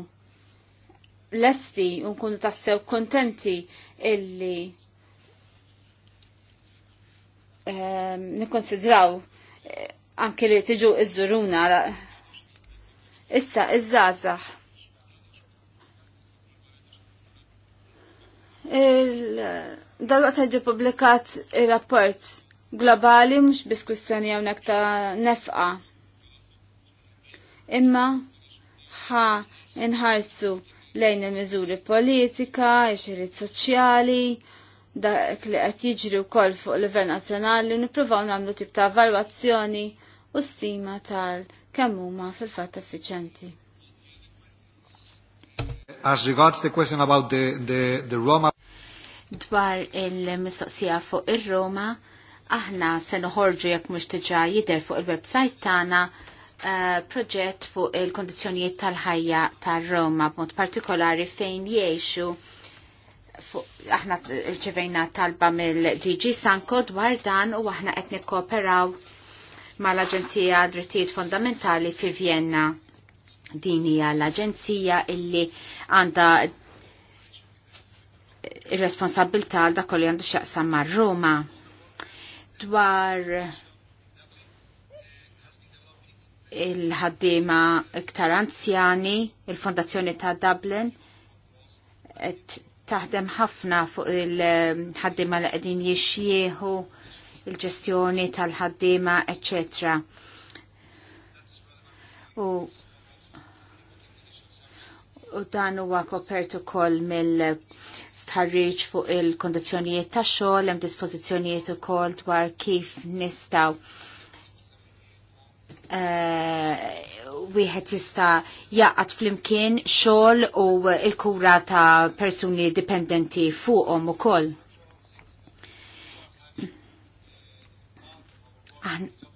lesti unkunu tassew kontenti illi ehm, nikonsidraw eh, anke li tiġu iż-żuruna issa iż-żazax. Dal-waqt ħeġu publikat il-rapport globali mux biskussjoni għonek ta' nefqa. Imma ħa inħarsu lejn il-miżuri politika, ix-xirid soċjali, dak li qed jiġri wkoll fuq livell nazzjonali nippruvaw nagħmlu tip ta' evalwazzjoni u stima tal kemm huma fil-fatt effiċenti. As regards the question about the, the, the Roma dwar il-mistoqsija fuq ir-Roma, aħna se noħorġu jekk mhux diġà jidher fuq il-website tagħna Eh, proġett fuq il-kondizjonijiet tal-ħajja tar-Roma b'mod partikolari fejn jiexu aħna rċivejna talba mill-DG Sanko dwar dan u aħna qed nikkooperaw mal-Aġenzija Drittijiet Fondamentali fi Vienna. Din hija l-Aġenzija illi għandha ir-responsabilità għal dak kollu għandu x'jaqsam mar-Roma dwar il-ħaddima iktar anzjani, il-Fondazzjoni ta' Dublin, taħdem ħafna fuq il-ħaddima li qegħdin jixjieħu il-ġestjoni tal-ħaddima, etc. U, u dan huwa kopertu ukoll mill stħarriġ fuq il-kondizzjonijiet tax xogħol hemm dispożizzjonijiet ukoll dwar kif nistgħu Eh, wieħed jista' jaqgħad flimkien xogħol u l-kura ta' persuni dipendenti fuqhom ukoll.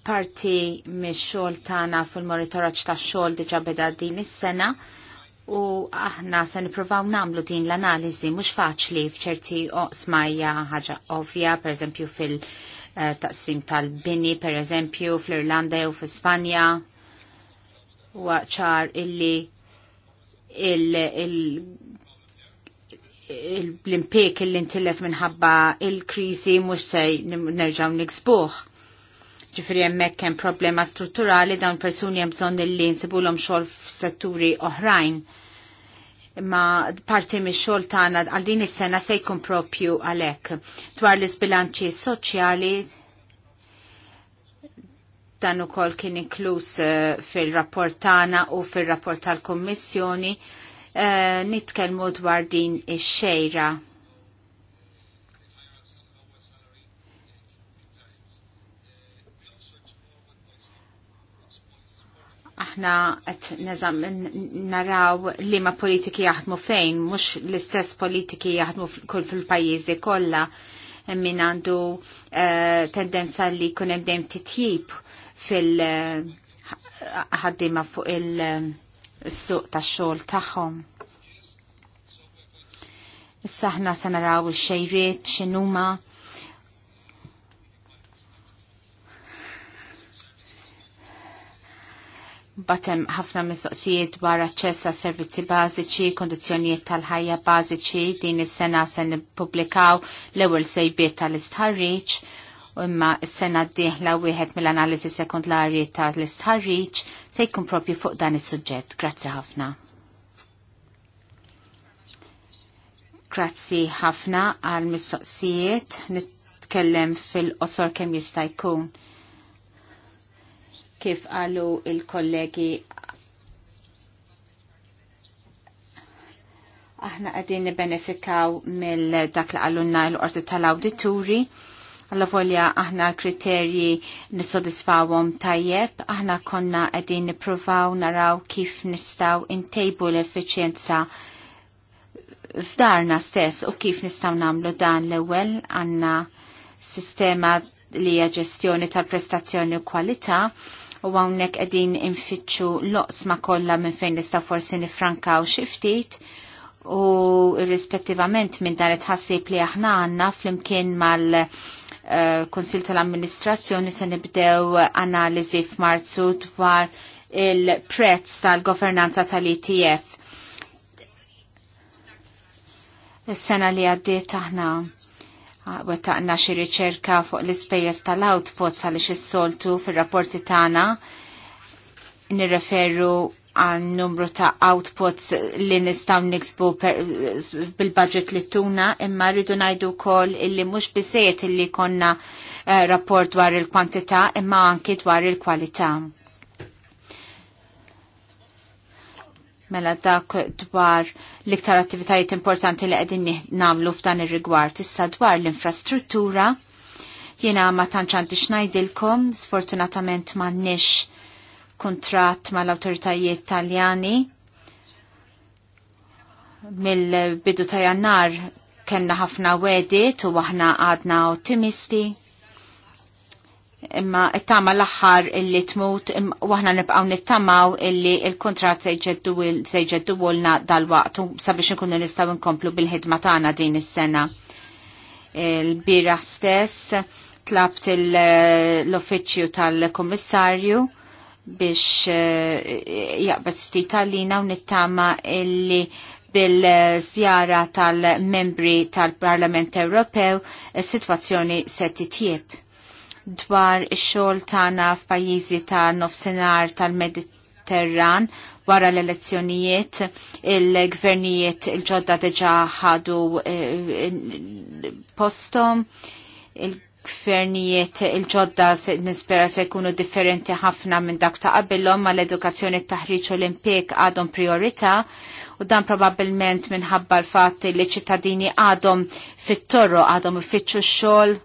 Parti mix-xogħol tagħna fil-monitoraġġ tax-xogħol diġà beda din is-sena u aħna se nippruvaw nagħmlu din l-analiżi mhux faċli f'ċerti oqsma hija ħaġa ovvja, pereżempju fil- Eh, taqsim tal-bini per eżempju fl-Irlanda u fl-Ispanja ċar illi l-impik illi ntilef minħabba il-krizi mux se nerġaw niksbuħ. Ġifri jemmek kem problema strutturali dawn persuni jemżon illi nsibulom xol f-setturi oħrajn imma parti mix xogħol tagħna għal din is-sena se jkun propju għalhekk. Dwar l-isbilanċi soċjali dan ukoll kien inkluż eh, fir-rapport tagħna u fir-rapport tal-Kummissjoni eh, nitkellmu dwar din ix-xejra aħna qed neżam naraw li ma politiki jaħdmu fejn, mhux l-istess politiki jaħdmu kull fil-pajjiżi kollha min għandu uh, tendenza li jkun hemm dejjem titjib fil- eh, ħaddima fuq il-suq eh, tax-xogħol tagħhom. Issa aħna se naraw ix-xejriet x'inhuma batem ħafna mistoqsijiet dwar aċċess għas servizzi bażiċi, kondizzjonijiet tal-ħajja bażiċi, din is-sena se nippubblikaw l-ewwel sejbiet tal-istħarriġ, imma s-sena d-dieħla wieħed mill-analiżi sekundarji tal-istħarriġ se jkun propju fuq dan is-suġġett. Grazzi ħafna. Grazzi ħafna għal mistoqsijiet, nitkellem fil-qosor kemm jista' jkun kif għalu il-kollegi aħna għedin nibenefikaw mill-dak li għallunna l-orti tal-awdituri għalla volja aħna kriterji nissodisfawom tajjeb, aħna konna għedin niprofaw naraw kif nistaw intejbu l-effiċjenza f'darna stess u kif nistaw namlu dan l-ewel għanna sistema li hija ġestjoni tal-prestazzjoni u kwalità u għawnek edin infittxu loqsma kolla minn fejn nista forsi nifranka u xiftit u rispettivament minn dan it-ħassib li aħna għanna fl-imkien mal eh, konsil tal-amministrazzjoni se nibdew analizi f'Marzu dwar il-prezz tal-governanza tal-ETF. Is-sena li għaddiet aħna Ah, wettaqna xi riċerka fuq l-ispejjeż tal-output għaliex is-soltu fir-rapporti tagħna nirreferu għal numru ta' outputs li nistgħu niksbu bil-budget li tuna imma rridu ngħidu wkoll illi mhux bisejt illi konna eh, rapport dwar il-kwantità imma anki dwar il-kwalità. Mela dak dwar l-iktar attivitajiet importanti li qegħdin nagħmlu f'dan ir-rigward issa dwar l-infrastruttura. Jiena ma tantx għandi xnajdilkom, sfortunatament m'għandniex kuntratt mal-awtoritajiet Taljani mill-bidu ta' jannar kellna ħafna wedi u aħna għadna ottimisti imma it-tama l-axħar illi tmut waħna nibqaw nittamaw illi il-kontrat sejġeddu għolna dal-waqtu sabiex nkunu nistaw nkomplu bil-ħidma tagħna din is-sena. Il-bira stess tlabt l-uffiċċju tal-Kummissarju biex eh, jaqbas ftit tal-lina u nittama illi bil-żjara tal-membri tal-Parlament Ewropew is-sitwazzjoni se titjieb dwar ix-xogħol tagħna f'pajjiżi ta' nofsinhar tal-Mediterran wara l-elezzjonijiet il-gvernijiet il-ġodda deġa ħadu eh, postom il-gvernijiet il-ġodda nispera se jkunu differenti ħafna minn dak ta' qabilhom ma l-edukazzjoni taħriġ u l għadhom priorità u dan probabbilment minħabba l-fatt li ċittadini għadhom fit-torro għadhom ifittxu x-xogħol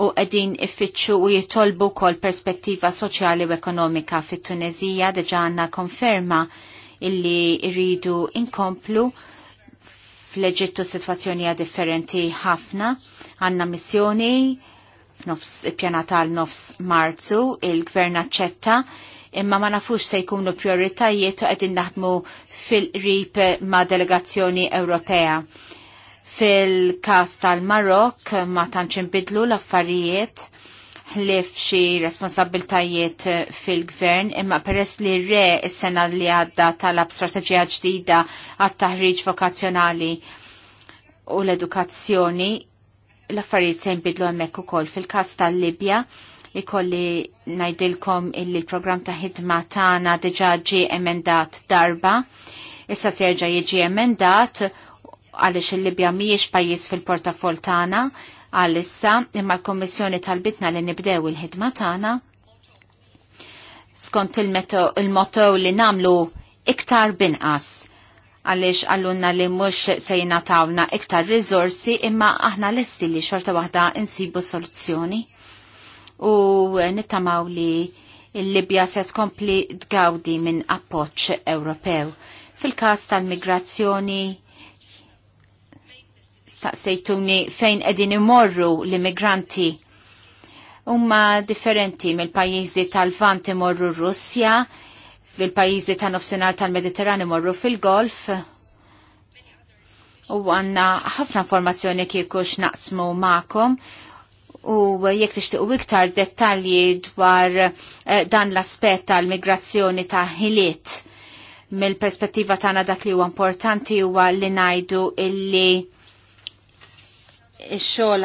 u qegħdin iffittxu u jitolbu wkoll perspettiva soċjali u ekonomika fit-Tunezija deġanna għandna konferma illi rridu inkomplu fl-Eġittu situazzjoni differenti ħafna. Għanna missjoni f'nofs pjanata nofs marzu, il-gvern aċċetta imma ma nafux se jkunu prioritajiet u qegħdin naħdmu fil-rip ma' delegazzjoni Ewropea Fil-kas tal-Marok ma tantx inbidlu l-affarijiet li f'xi responsabiltajiet fil-gvern imma peress li re s sena li għadda tal-ab strategija ġdida għat-taħriġ vokazzjonali u l-edukazzjoni l-affarijiet se jinbidlu hemmhekk ukoll fil-każ tal-Libja ikolli najdilkom illi l-program ta' ħidma tagħna diġà ġie emendat darba. Issa serġa' jiġi emendat għaliex il-Libja mhijiex pajjiż fil-portafol tagħna għalissa imma l-Kommissjoni talbitna li nibdew il-ħidma tagħna skont il-motto il li namlu iktar binqas għaliex għallunna li mux se tawna iktar rizorsi imma aħna l-esti li xorta waħda insibu soluzzjoni u nittamaw li il-Libja se tkompli tgawdi minn appoċ Ewropew. Fil-kas tal-migrazzjoni staqsejtuni fejn edin imorru l-immigranti umma differenti mill-pajizi tal-Vant imorru Russja, fil-pajizi ta' nofsinhar tal-Mediterran imorru fil-Golf. U għanna ħafna informazzjoni kieku x'naqsmu ma'kom u jekk tixtiqu iktar dettalji dwar eh, dan l-aspett tal-migrazzjoni ta' ħiliet mill-perspettiva tagħna dak li huwa importanti huwa li ngħidu illi il-xol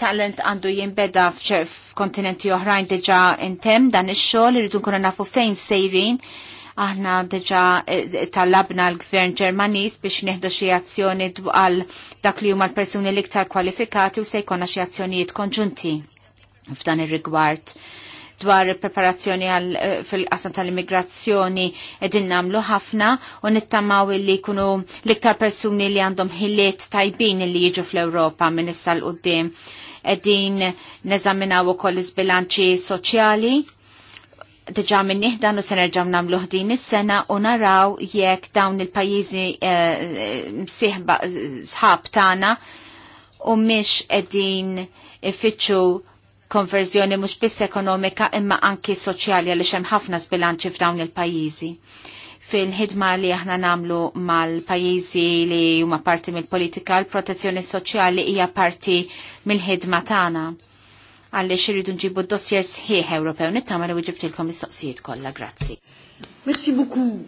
talent għandu jimbeda f'kontinenti oħrajn deġa intem dan il-xol irridu nkunu nafu fejn sejrin aħna deġa eh, tal-labna l-gvern ġermanis biex neħdu xie azzjoni għal dak li huma l-persuni liktar kwalifikati u se jkollna xi azzjonijiet konġunti f'dan ir-rigward dwar preparazzjoni għal eh, fil-qasam tal-immigrazzjoni edin namlu ħafna u nittamaw li kunu liktar persuni li għandhom ħiliet tajbin li jiġu fl-Europa minn issa l-qoddim edin neżaminaw ukoll iż-bilanċi soċjali Deġa minn nihdan u senerġaw namlu ħdin is-sena u naraw jekk dawn il-pajjiżi eh, eh, sħab tagħna u mhix qegħdin ifittxu konverżjoni mhux biss ekonomika imma anki soċjali għaliex hemm ħafna sbilanċi f'dawn il-pajjiżi fil-ħidma li aħna namlu mal-pajizi li huma parti mill-politika, l-protezzjoni soċjali hija parti mill-ħidma tagħna. Għaliex irridu nġibu d-dossier sħiħ Ewropew nittama li is mistoqsijiet kollha, grazzi. Merci beaucoup.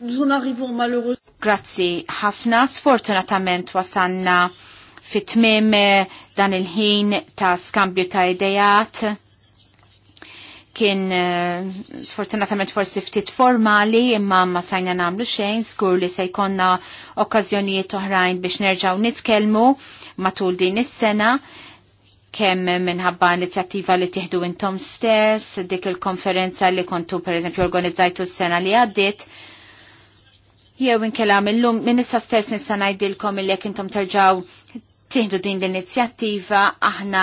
Nous arrivons Grazzi ħafna, sfortunatament wasanna fit-tmiem dan il-ħin ta' skambju ta' idejat kien eh, sfortunatament forsi ftit formali imma ma sajna namlu xejn skur li se jkonna okkażjonijiet oħrajn biex nerġgħu nitkellmu matul din is-sena kemm minħabba inizjattiva li tieħdu intom stess, dik il-konferenza li kontu pereżempju organizzajtu s-sena li għaddit, jew inkella mill-lum minn issa stess nista' ngħidilkom illek jekk intom terġgħu tieħdu din l-inizjattiva aħna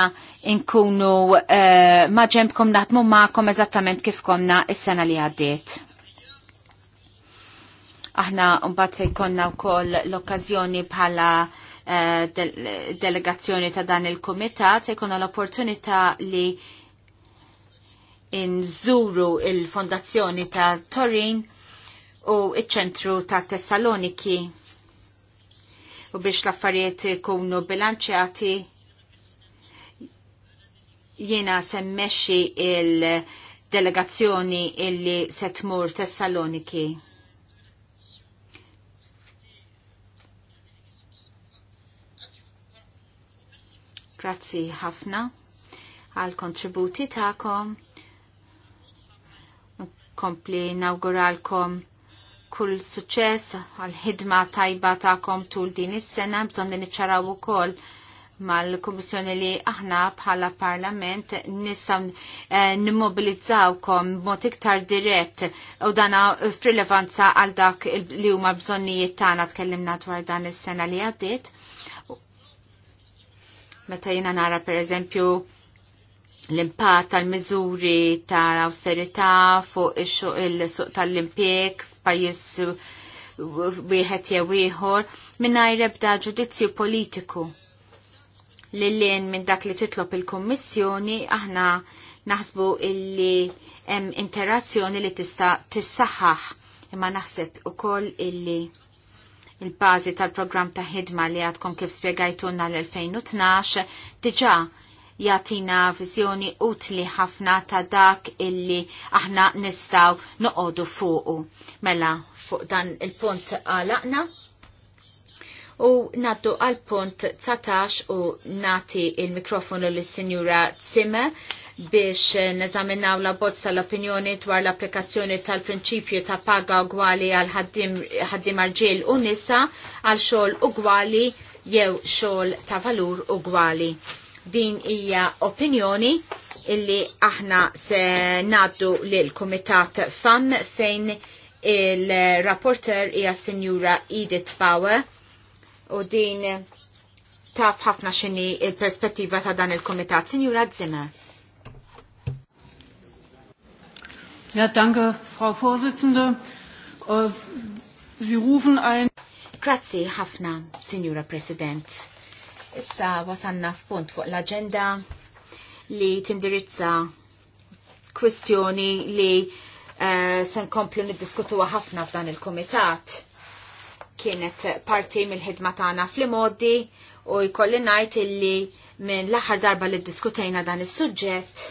inkunu uh, eh, maġembkom naħdmu ma'kom eżattament kif komna s sena li għaddiet. Aħna mbagħad se jkollna wkoll l-okkażjoni bħala uh, eh, de delegazzjoni ta' dan il-kumitat se jkollna l-opportunità li nżuru il-fondazzjoni ta' Torin u iċ-ċentru ta' Tessaloniki u biex l-affarijiet ikunu bilanċjati jiena semmexxi il-delegazzjoni illi se tmur Tessaloniki. Grazzi ħafna għal kontributi ta'kom. Kompli nawguralkom kull suċċess għal-ħidma tajba ta'kom tul din is-sena bżonn li niċċaraw ukoll mal-Kummissjoni li aħna bħala Parlament nistgħu eh, nimmobilizzawkom b'mod iktar dirett u dana f'rilevanza għal dak li huma bżonnijiet tagħna tkellimna dwar dan is-sena li għaddiet. Meta jiena nara pereżempju l-impatt tal-miżuri tal-austerità fuq il-suq tal-impjeg pajis wieħed jew ieħor mingħajr ebda ġudizzju politiku. Lilien minn dak li titlob il-Kummissjoni aħna naħsbu illi hemm interazzjoni li tista' tissaħħaħ imma naħseb ukoll illi il-bażi tal-programm ta' ħidma li għadkom kif spjegajtunna l-2012 diġà jatina viżjoni utli ħafna ta' dak illi aħna nistaw noqodu fuqu. Mela, fuq dan il-punt għalaqna u naddu għal punt 19 u nati il-mikrofonu l-Sinjura Zimmer biex neżaminaw la bozza l-opinjoni dwar l-applikazzjoni tal-prinċipju ta' paga ugwali għal ħaddim arġil u nisa għal xogħol ugwali jew xogħol ta' valur ugwali. Din hija opinjoni illi aħna se naddu lil kumitat fan fejn il-rapporter hija Sinjura Edith Bauer u din taf ħafna xini il-perspettiva ta' dan il-komitat. Signora Zimmer. Ja, danke, Frau Vorsitzende. Äh, Sie rufen ein... Grazie ħafna, Signora President. Issa wasanna f'punt fuq l-agenda li tindirizza kwistjoni li uh, eh, sen komplu niddiskutuwa ħafna f'dan il-komitat. Kienet parti mill-ħidma tagħna fl-modi u jkolli ngħid illi minn l-aħħar darba li ddiskutejna dan is-suġġett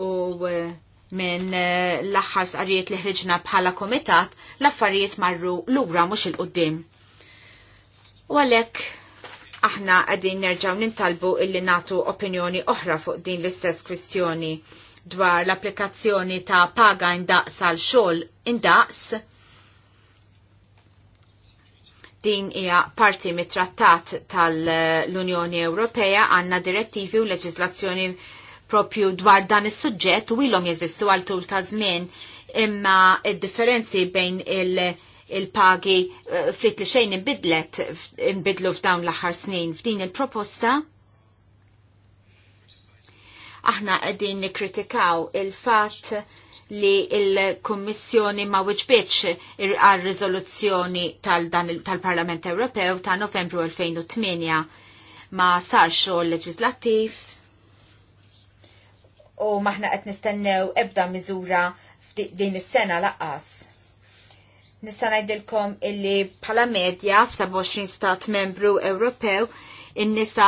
u eh, minn eh, l-aħħar sqarijiet li ħriġna bħala komitat l-affarijiet marru lura mhux il-qudiem U għalek aħna għadin nerġaw nintalbu illi natu opinjoni oħra fuq din l-istess kwistjoni dwar l-applikazzjoni ta' paga indaqs għal xogħol indaqs. Din hija parti mit-trattat tal-Unjoni Ewropea għandna direttivi u leġislazzjoni propju dwar dan is-suġġett u ilhom jeżistu għal tul ta' żmien imma id-differenzi bejn il- il-pagi eh, flit li xejn imbidlet imbidlu f'dawn l-aħħar snin f'din il-proposta. Aħna qegħdin nikkritikaw il-fatt li il-Kommissjoni ma wiġbitx għal riżoluzzjoni tal-Parlament Ewropew ta' Novembru 2008 ma sar xogħol leġislattiv u maħna qed nistennew ebda miżura f'din is-sena laqqas Nista' ngħidilkom illi bħala medja f'27 stat membru Ewropew in-nisa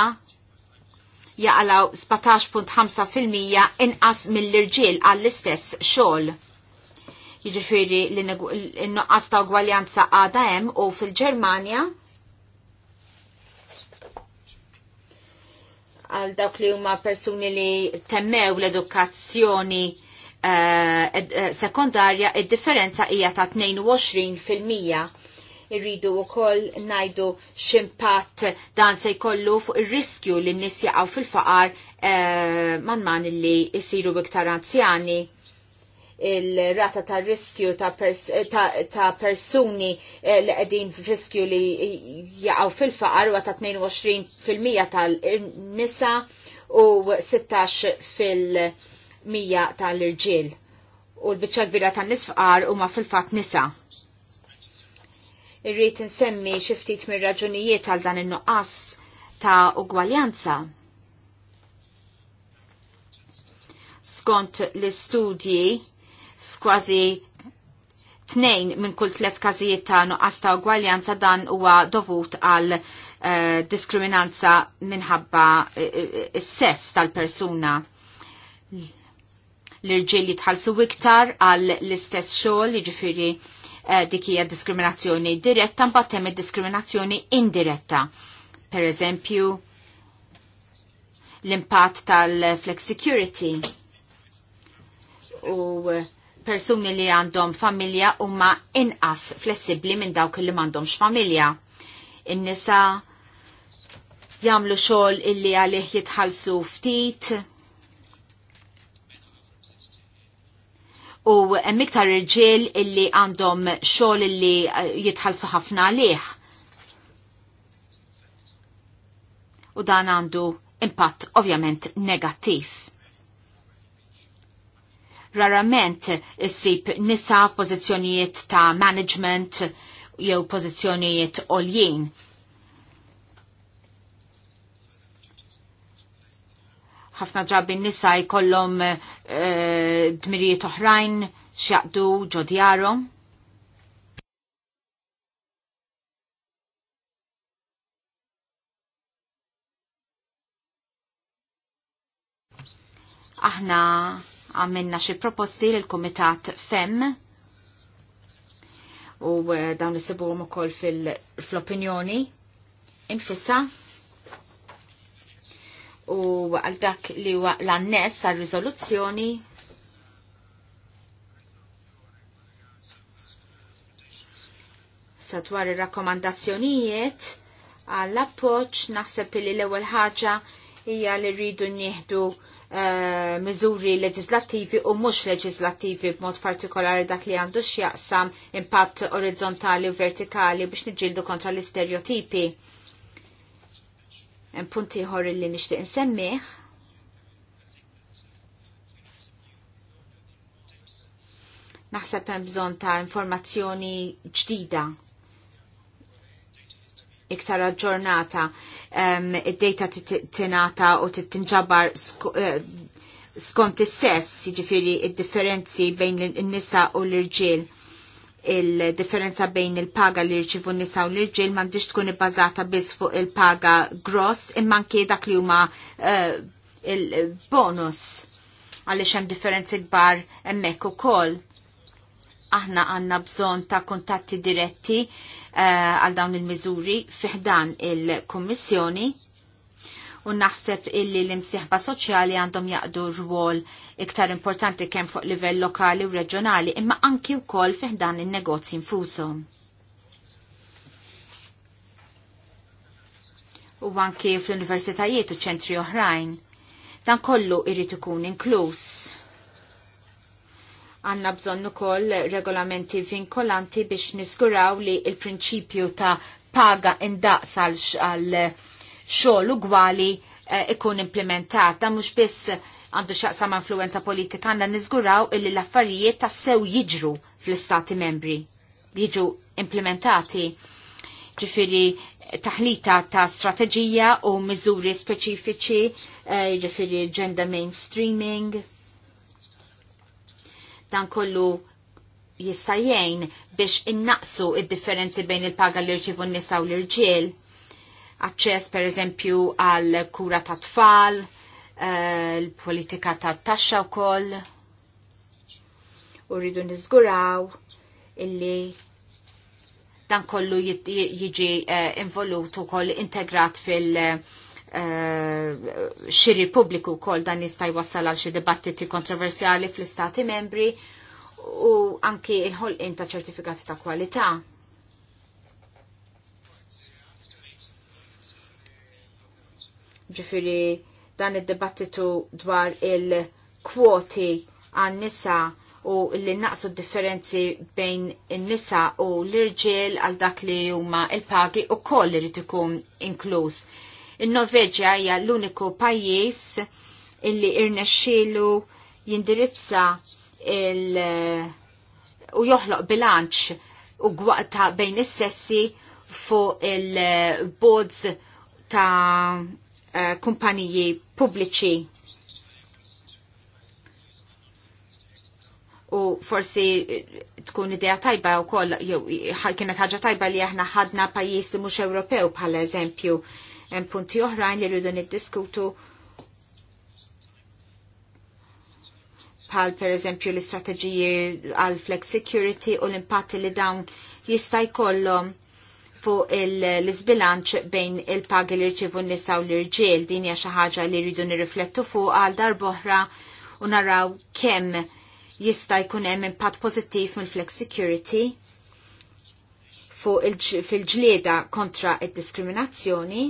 jaqalaw 17.5% inqas mill-irġiel għall-istess xogħol. Jiġifieri l-nuqqas ta' gwaljanza għadha hemm u fil-Ġermanja għal dawk li huma persuni li temmew l-edukazzjoni Eh, eh, sekondarja id-differenza hija ta' 22% irridu u koll najdu ximpat dan se jkollu fuq il-riskju li n-nis jaqaw fil-faqar eh, man man li jisiru iktar anzjani il-rata ta' riskju ta', pers ta, ta persuni eh, li għedin riskju li jaqaw fil-faqar u ta' 22% tal-nisa u 16 fil- mija tal-irġiel u l-bicċa kbira tan-nisfqar huma fil-fatt nisa. Irrid insemmi xi ftit mir-raġunijiet għal dan in-nuqqas ta' ugwaljanza. Skont l-istudji f'kważi tnejn minn kull tliet każijiet ta' nuqqas ta' ugwaljanza dan huwa dovut għal uh, diskriminanza minħabba is-sess eh, eh, tal-persuna l-irġiel jitħallsu iktar għal l-istess xogħol, jiġifieri eh, dik hija diskriminazzjoni diretta mbagħad hemm id-diskriminazzjoni indiretta. Per eżempju, l-impatt tal-flex security u persuni li għandhom familja huma inqas flessibbli minn dawk li m'għandhomx familja. In-nisa jagħmlu xogħol illi għalih jitħallsu ftit u hemm iktar irġiel illi għandhom xogħol illi eh, jitħallsu ħafna għalih. U dan għandu impatt ovvjament negattiv. Rarament issib nisa f'pożizzjonijiet ta' management jew pożizzjonijiet oljien. ħafna drabi nisa jkollhom eh, Eh, dmirijiet oħrajn xjaqdu ġodjarom. Aħna għamilna xi proposti l kumitat FEM u eh, dawn li u ukoll fil-opinjoni infissa u għal dak li l-anness għal riżoluzzjoni satwar ir-rakkomandazzjonijiet għall appoġġ naħseb li l-ewwel ħaġa hija li rridu nieħdu uh, miżuri leġislattivi u mhux leġislattivi b'mod partikolari dak li għandu x'jaqsam impatt orizzontali u vertikali biex niġġieldu kontra l-istereotipi punti ħor li nishtiq nsemmih. Naħseb hemm bżonn ta' informazzjoni ġdida iktar aġġornata id-data tingħata u tinġabar eh, skont is-sess, jiġifieri id-differenzi bejn in-nisa u l-irġiel il-differenza bejn il-paga li rċivu nisa u l-irġil għandix tkun ibbażata biss fuq il-paga gross imman dak li huma uh, il-bonus għaliex hemm differenzi kbar hemmhekk ukoll. Aħna għandna bżonn ta' kuntatti diretti eh, għal uh, dawn il-miżuri fiħdan il-Kummissjoni u naħseb illi l-imsieħba soċjali għandhom jaqdu rwol iktar importanti kemm fuq livell lokali u reġjonali imma anki wkoll fih dan in-negozji infushom. U anki fl-universitajiet u ċentri oħrajn. Dan kollu irrid ikun inkluż għanna bżonnu koll regolamenti vinkolanti biex nisguraw li il-prinċipju ta' paga indaqs għal xogħol ugwali eh, ikun implementat. mhux biss għandu xaqsa ma' influenza politika għandna niżguraw illi l-affarijiet ta' sew jiġru fl-istati membri. Jiġu implementati ġifiri taħlita ta' strategija u miżuri speċifiċi, eh, ġifiri gender mainstreaming. Dan kollu jista' jgħin biex innaqsu id-differenzi bejn il-paga li rċivu n-nisa u l-irġiel aċċess per eżempju għal kura ta' tfal, eh, l-politika ta' taxxa u koll. U rridu nizguraw illi dan kollu jiġi eh, involut u koll integrat fil- eh, xiri pubbliku kol dan jista' jwassal għal xi dibattiti kontroversjali fl-istati membri u anki il-ħolqin ta' ċertifikati ta' kwalità ġifiri dan id-dibattitu dwar il-kwoti għan nisa u li naqsu differenzi bejn in-nisa u l-irġiel għal dak li huma il-pagi u koll irid ikun inkluż. In-Norveġja hija l-uniku pajjiż illi irnexxielu jindirizza il- u joħloq bilanċ u gwaqta bejn is-sessi fuq il bods ta' Eh, kumpaniji pubbliċi u forsi eh, tkun idea tajba u koll, kienet ħaġa tajba li aħna ħadna pajis li mux Ewropew bħala eżempju, hemm punti oħrajn li rridu niddiskutu bħal per eżempju l-istrateġiji għal flex security u l-impatti li dawn jista' jkollhom fuq l-isbilanċ bejn il-pagi li rċivu n-nisa u l-irġiel. Din hija xi ħaġa li rridu nirriflettu fuq għal darboħra u naraw kemm jista' jkun hemm impatt pożittiv mill-flex security fil-ġlieda kontra id-diskriminazzjoni.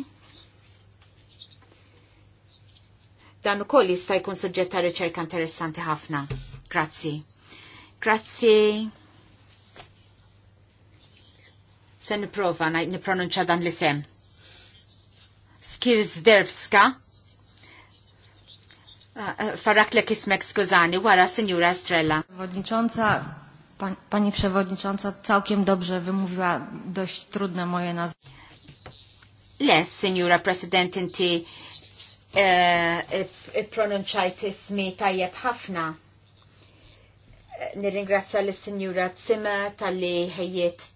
Dan ukoll jista' jkun suġġett ta' riċerka interessanti ħafna. Grazzi. Grazzi. Se niprofa nipronunċa dan l-isem. Derfska. Ah, ah, farrak l ismek skużani, wara Signora Estrella. Przewodnicząca, Pani Przewodnicząca całkiem dobrze wymówiła dość trudne moje nazwy. Le, Signora President, inti eh, pronunċajt ismi tajjeb ħafna. Eh, nirringrazzja l-Signora Zimmer tal-li ħejjiet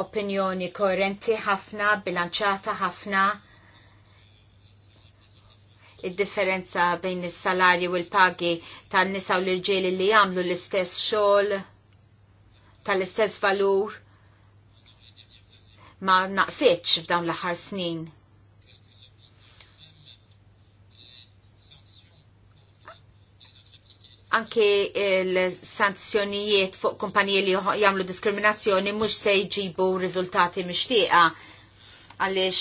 opinjoni koerenti ħafna, bilanċata ħafna. Id-differenza bejn is-salarji u l-pagi tan-nisa u l-irġieli li jagħmlu l-istess xogħol tal-istess valur ma naqsitx f'dawn l-aħħar snin. anke l-sanzjonijiet fuq kumpaniji li jagħmlu diskriminazzjoni mhux se jġibu riżultati mixtieqa għaliex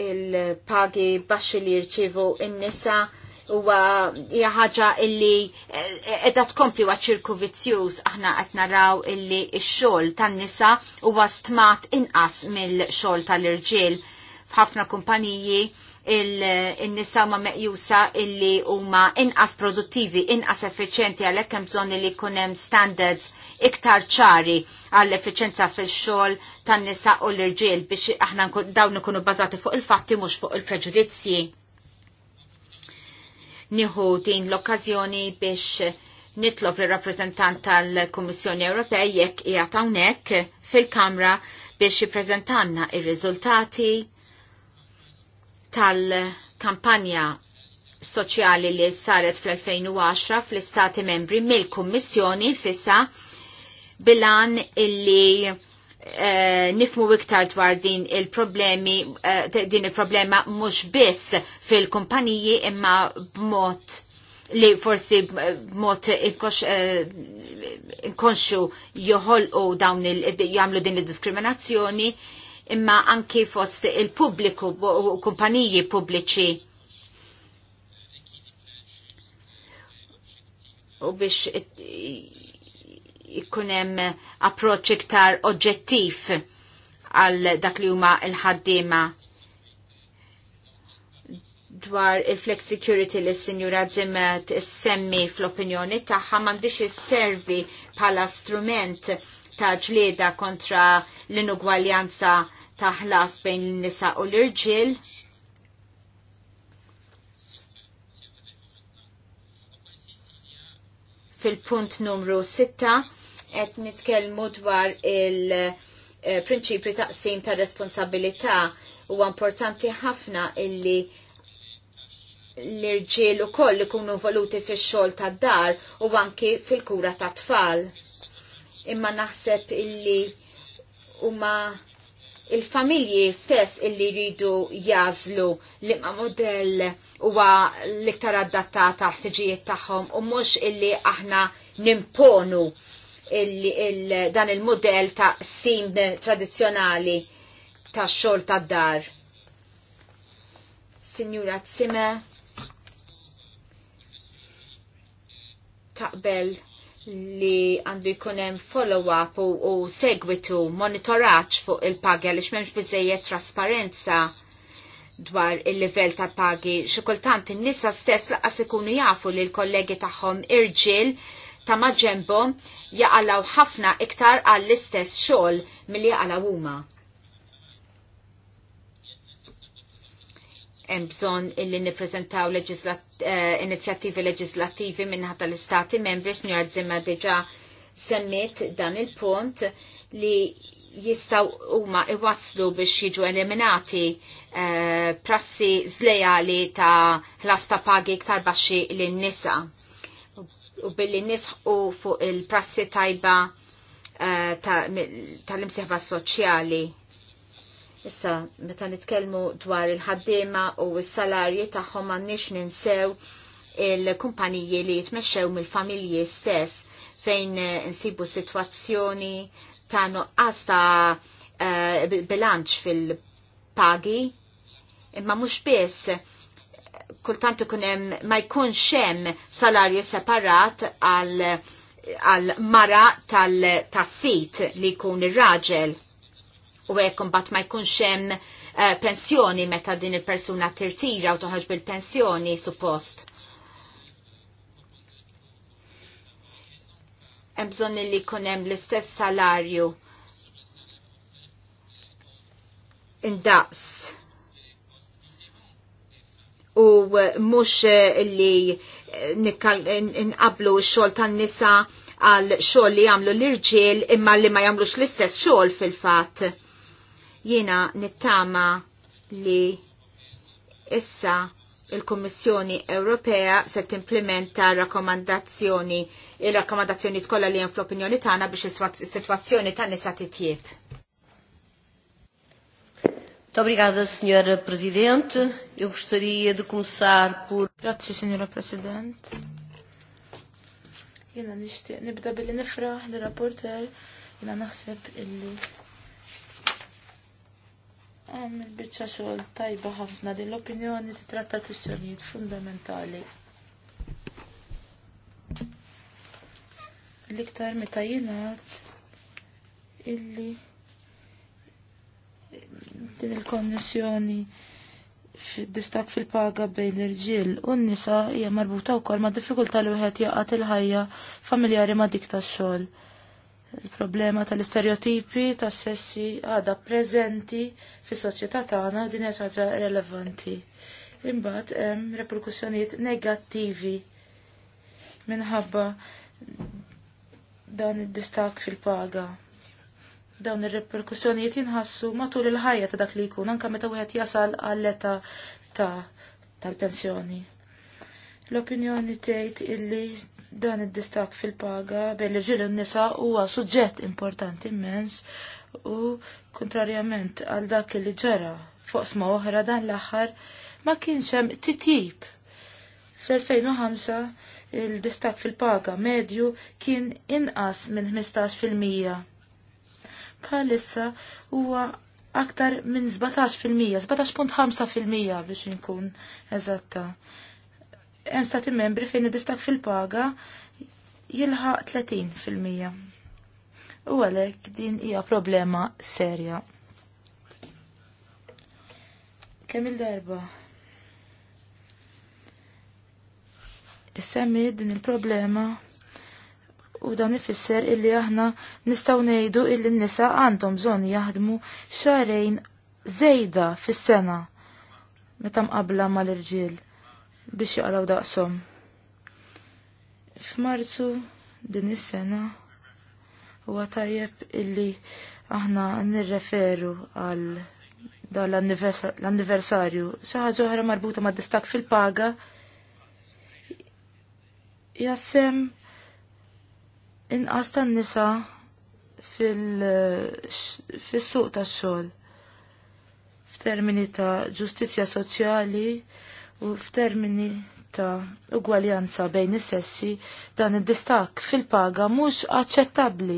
il-pagi baxxi li jirċivu in-nisa huwa hija ħaġa illi qiegħda eh, eh, tkompli wa ċirku vizzjuż aħna qed naraw illi x-xogħol tan-nisa huwa stmat inqas mill-xogħol tal-irġiel f'ħafna kumpaniji il-nisa ma meqjusa illi huma inqas produttivi, inqas effiċenti għalhekk hemm bżonn li jkun hemm standards iktar ċari għall effiċenza fil-xogħol tan-nisa u l-irġiel biex aħna dawn ikunu bbażati fuq il-fatti mhux fuq il-preġudizzji. Nieħu din l-okkażjoni biex nitlob il-rappresentant tal kummissjoni Ewropea jekk hija hawnhekk fil-Kamra biex jippreżentanna ir-riżultati tal-kampanja soċjali li saret fl-2010 fl-Istati membri mill-Kummissjoni fissa bilan illi eh, nifmu iktar dwar din il-problemi eh, din il-problema mhux biss fil-kumpaniji imma b'mod li forsi eh, mot eh, inkonxu joħolqu dawn il-jamlu din id diskriminazzjoni imma anki fost il-pubbliku u kumpaniji pubbliċi. U biex ikunem approċ iktar oġġettiv għal dak li huma l-ħaddiema dwar il-flex security li s-sinjura Zimmet semmi fl-opinjoni taħħa mandiċ servi pala strument ta' ġlieda kontra l-inugwaljanza taħlas bejn nisa u l-irġil. Fil-punt numru 6 qed nitkellmu dwar il-prinċipju eh, taqsim ta' responsabilità huwa importanti ħafna illi l-irġiel u koll ikunu voluti fix xogħol tad dar u anki fil-kura tat tfal. Imma naħseb illi huma il-familji stess illi jridu jazlu li ma modell huwa l-iktar adattata taħtiġijiet tagħhom u mhux illi aħna nimponu dan il-modell ta' sim tradizzjonali ta' xogħol ta' dar. Signora Zime taqbel li għandu jkunem follow-up u, u segwitu, monitoraċ fuq il-pagi għalix memx bizzejiet trasparenza dwar il-level ta' pagi. Xikultant in-nisa stess laqas ikunu jafu li l-kollegi tagħhom irġil ta' Maġembo jaqalaw ħafna iktar għall-istess xogħol milli jaqalaw huma. hemm bżonn illi nippreżentaw eh, inizjattivi leġislattivi minnaħa tal-istati membri, Sinjora Zimma diġà semmit dan il-punt li jistaw huma iwaslu biex jiġu eliminati uh, prassi zlejali ta' ħlasta pagi iktar baxxi lin-nisa u billi nisħu fuq il-prassi tajba eh, tal imsiħba soċjali Issa, meta nitkellmu dwar il-ħaddiema u s-salarji tagħhom m'għandniex ninsew il-kumpaniji li jitmexxew mill-familji stess fejn eh, insibu sitwazzjoni ta' nuqqas ta' eh, bilanċ fil-pagi imma mhux biss kultant ikun hemm ma jkunx hemm salarju separat għal għal mara tal-sit li jkun ir-raġel u hekk imbagħad ma jkunx hemm eh, pensjoni meta din il-persuna tirtira u toħħġ bil-pensjoni suppost. Hemm bżonn li jkun hemm l-istess salarju indaqs u mux eh, li eh, nqablu xol tan nisa għal xol li jamlu l-irġiel imma li ma jamlux l-istess xol fil-fat. Jiena nittama li issa il-Kommissjoni Ewropea se timplementa rakkomandazzjoni il-rakkomandazzjoni tkolla li hemm fl-opinjoni tagħna biex is-sitwazzjoni tan nisa titjieb. obrigada, Sra. Presidente. Eu gostaria de começar por... Grazie, Sra. Presidente. Jena nishtiq nibda billi nifraħ li rapporter jena naħseb illi Għam il-bicċa xogħol tajba ħafna din l-opinjoni titratta kwistjonijiet fundamentali. L-iktar meta jingħad illi din il-konnessjoni distak fil-paga bejn l-irġiel u n-nisa hija marbuta wkoll ma' diffikultà li wieħed jaqgħat il-ħajja familjari ma' dik tax-xogħol il-problema tal-istereotipi, tas-sessi għada prezenti fis-soċjetà tagħna u din hija ħaġa relevanti. Imbagħad hemm reperkussjonijiet negattivi minħabba dan id-distak fil-paga. Dawn ir-reperkussjonijiet jinħassu matul il-ħajja ta' dak li jkun anke meta wieħed jasal għall-età ta' tal-pensjoni. L-opinjoni tgħid illi Dan id-distak fil-paga bejn l-irġiel u n-nisa huwa suġġett importanti immens u kontrarjament għal dak li ġara fuq sma oħra dan l-aħħar ma kienx hemm titjib. Fl-2005 il-distak fil-paga medju kien inqas minn 15%. Bħalissa huwa aktar minn 17%, 17.5% biex inkun eżatta hemm stati membri fejn id-distak fil-paga jilħaq 30%. fil-mija. U għalhekk din hija problema serja. Kemm il-darba? Issemmi din il-problema u dan ifisser illi aħna nistaw nejdu illi n-nisa għandhom bżon jaħdmu xarejn zejda fis-sena meta mqabla mal-irġiel biex jaqraw daqshom. F'Marzu din is-sena huwa tajjeb illi aħna nirreferu għal dan l-anniversarju. Xi ħaġa oħra marbuta ma' distak fil-paga jassem inqas tan-nisa fil-suq tax-xogħol f'termini ta' ġustizzja soċjali u f'termini ta' ugwaljanza bejn is-sessi dan id-distak fil-paga mhux aċċettabbli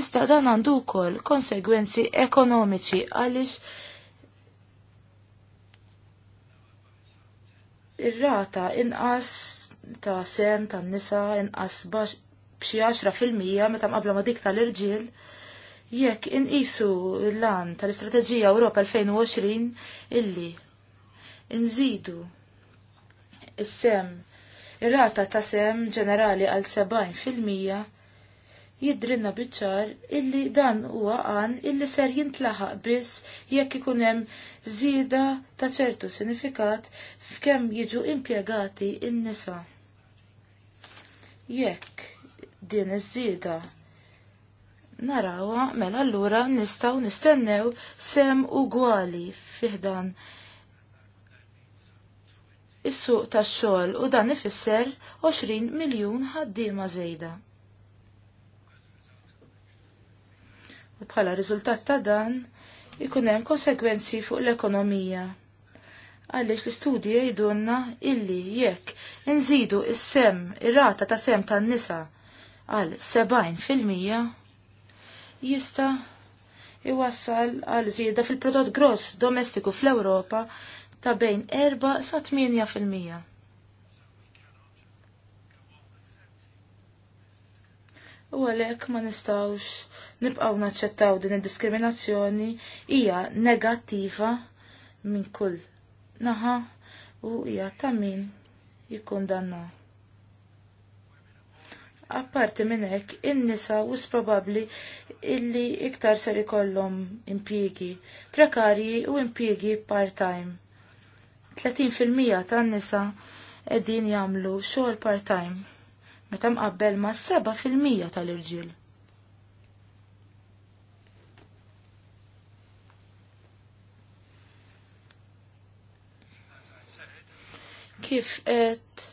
iżda dan għandu wkoll konsegwenzi ekonomiċi għaliex ir-rata inqas ta' sem tan nisa inqas b'xi 10% meta mqabla ma' dik tal-irġiel jekk inqisu l-lan tal-Istrateġija Ewropa 2020 illi nżidu is-sem. Ir-rata ta' sem ġenerali għal 70% fil-mija jidrinna biċċar illi dan huwa għan illi ser jintlaħaq biss jekk ikun hemm żieda ta' ċertu sinifikat f'kemm jiġu impjegati n nisa Jekk din iż-żieda narawa mela allura nistgħu nistennew sem ugwali fiħdan is-suq tax-xogħol u dan ifisser 20 miljun ħaddiema żejda. U bħala riżultat ta' dan ikun hemm konsekwenzi fuq l-ekonomija. Għaliex l-istudji jgħidulna illi jekk inżidu is-sem ir-rata ta' sem tan-nisa għal 70 fil-mija jista' iwassal għal żieda fil-prodott gross domestiku fl-Ewropa ta' bejn 4 sa 8%. fil-mija. U għalek ma nistawx nibqaw naċċettaw din id-diskriminazzjoni hija negattiva minn kull naħa u hija ta' min jikkundanna. Apparti minn hekk, in-nisa u probabbli illi iktar ser ikollhom impjiegi prekarji u impjiegi part-time 30% tan-nisa qegħdin jagħmlu xogħol part-time meta mqabbel ma' 7% tal-irġiel. Kif qed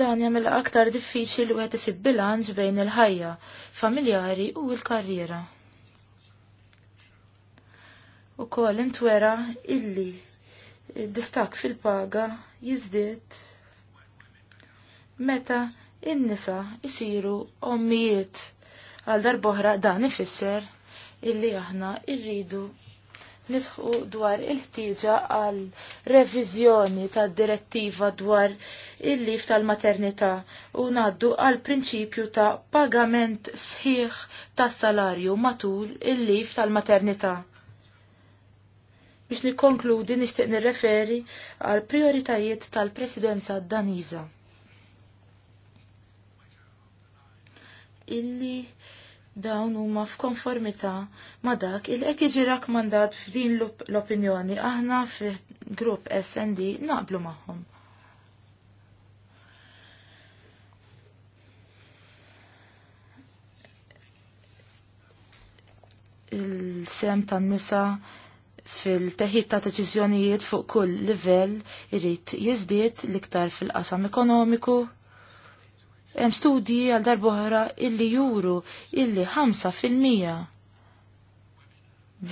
dan jagħmel aktar diffiċli wieħed isib bilanċ bejn il-ħajja familjari u l-karriera u kol intwera illi distak fil-paga jizdiet meta in-nisa isiru ommijiet għal darboħra dan ifisser illi aħna irridu nisħu dwar il-ħtieġa għal reviżjoni tad direttiva dwar il-lif tal-maternità u naddu għal prinċipju ta' pagament sħiħ tas salarju matul il-lif tal-maternità. Biex nikkonkludi nixtieq nirreferi għal prioritajiet tal-Presidenza Daniża. Illi dawn huma f'konformità ma' dak il qed jiġi rakkomandat f'din l-opinjoni aħna fil-grupp SND naqblu magħhom. il-sem tan nisa fil-teħid ta' deċiżjonijiet fuq kull livell irrid jiżdied l-iktar fil-qasam ekonomiku. Hemm studji għal darbohra illi juru illi 5%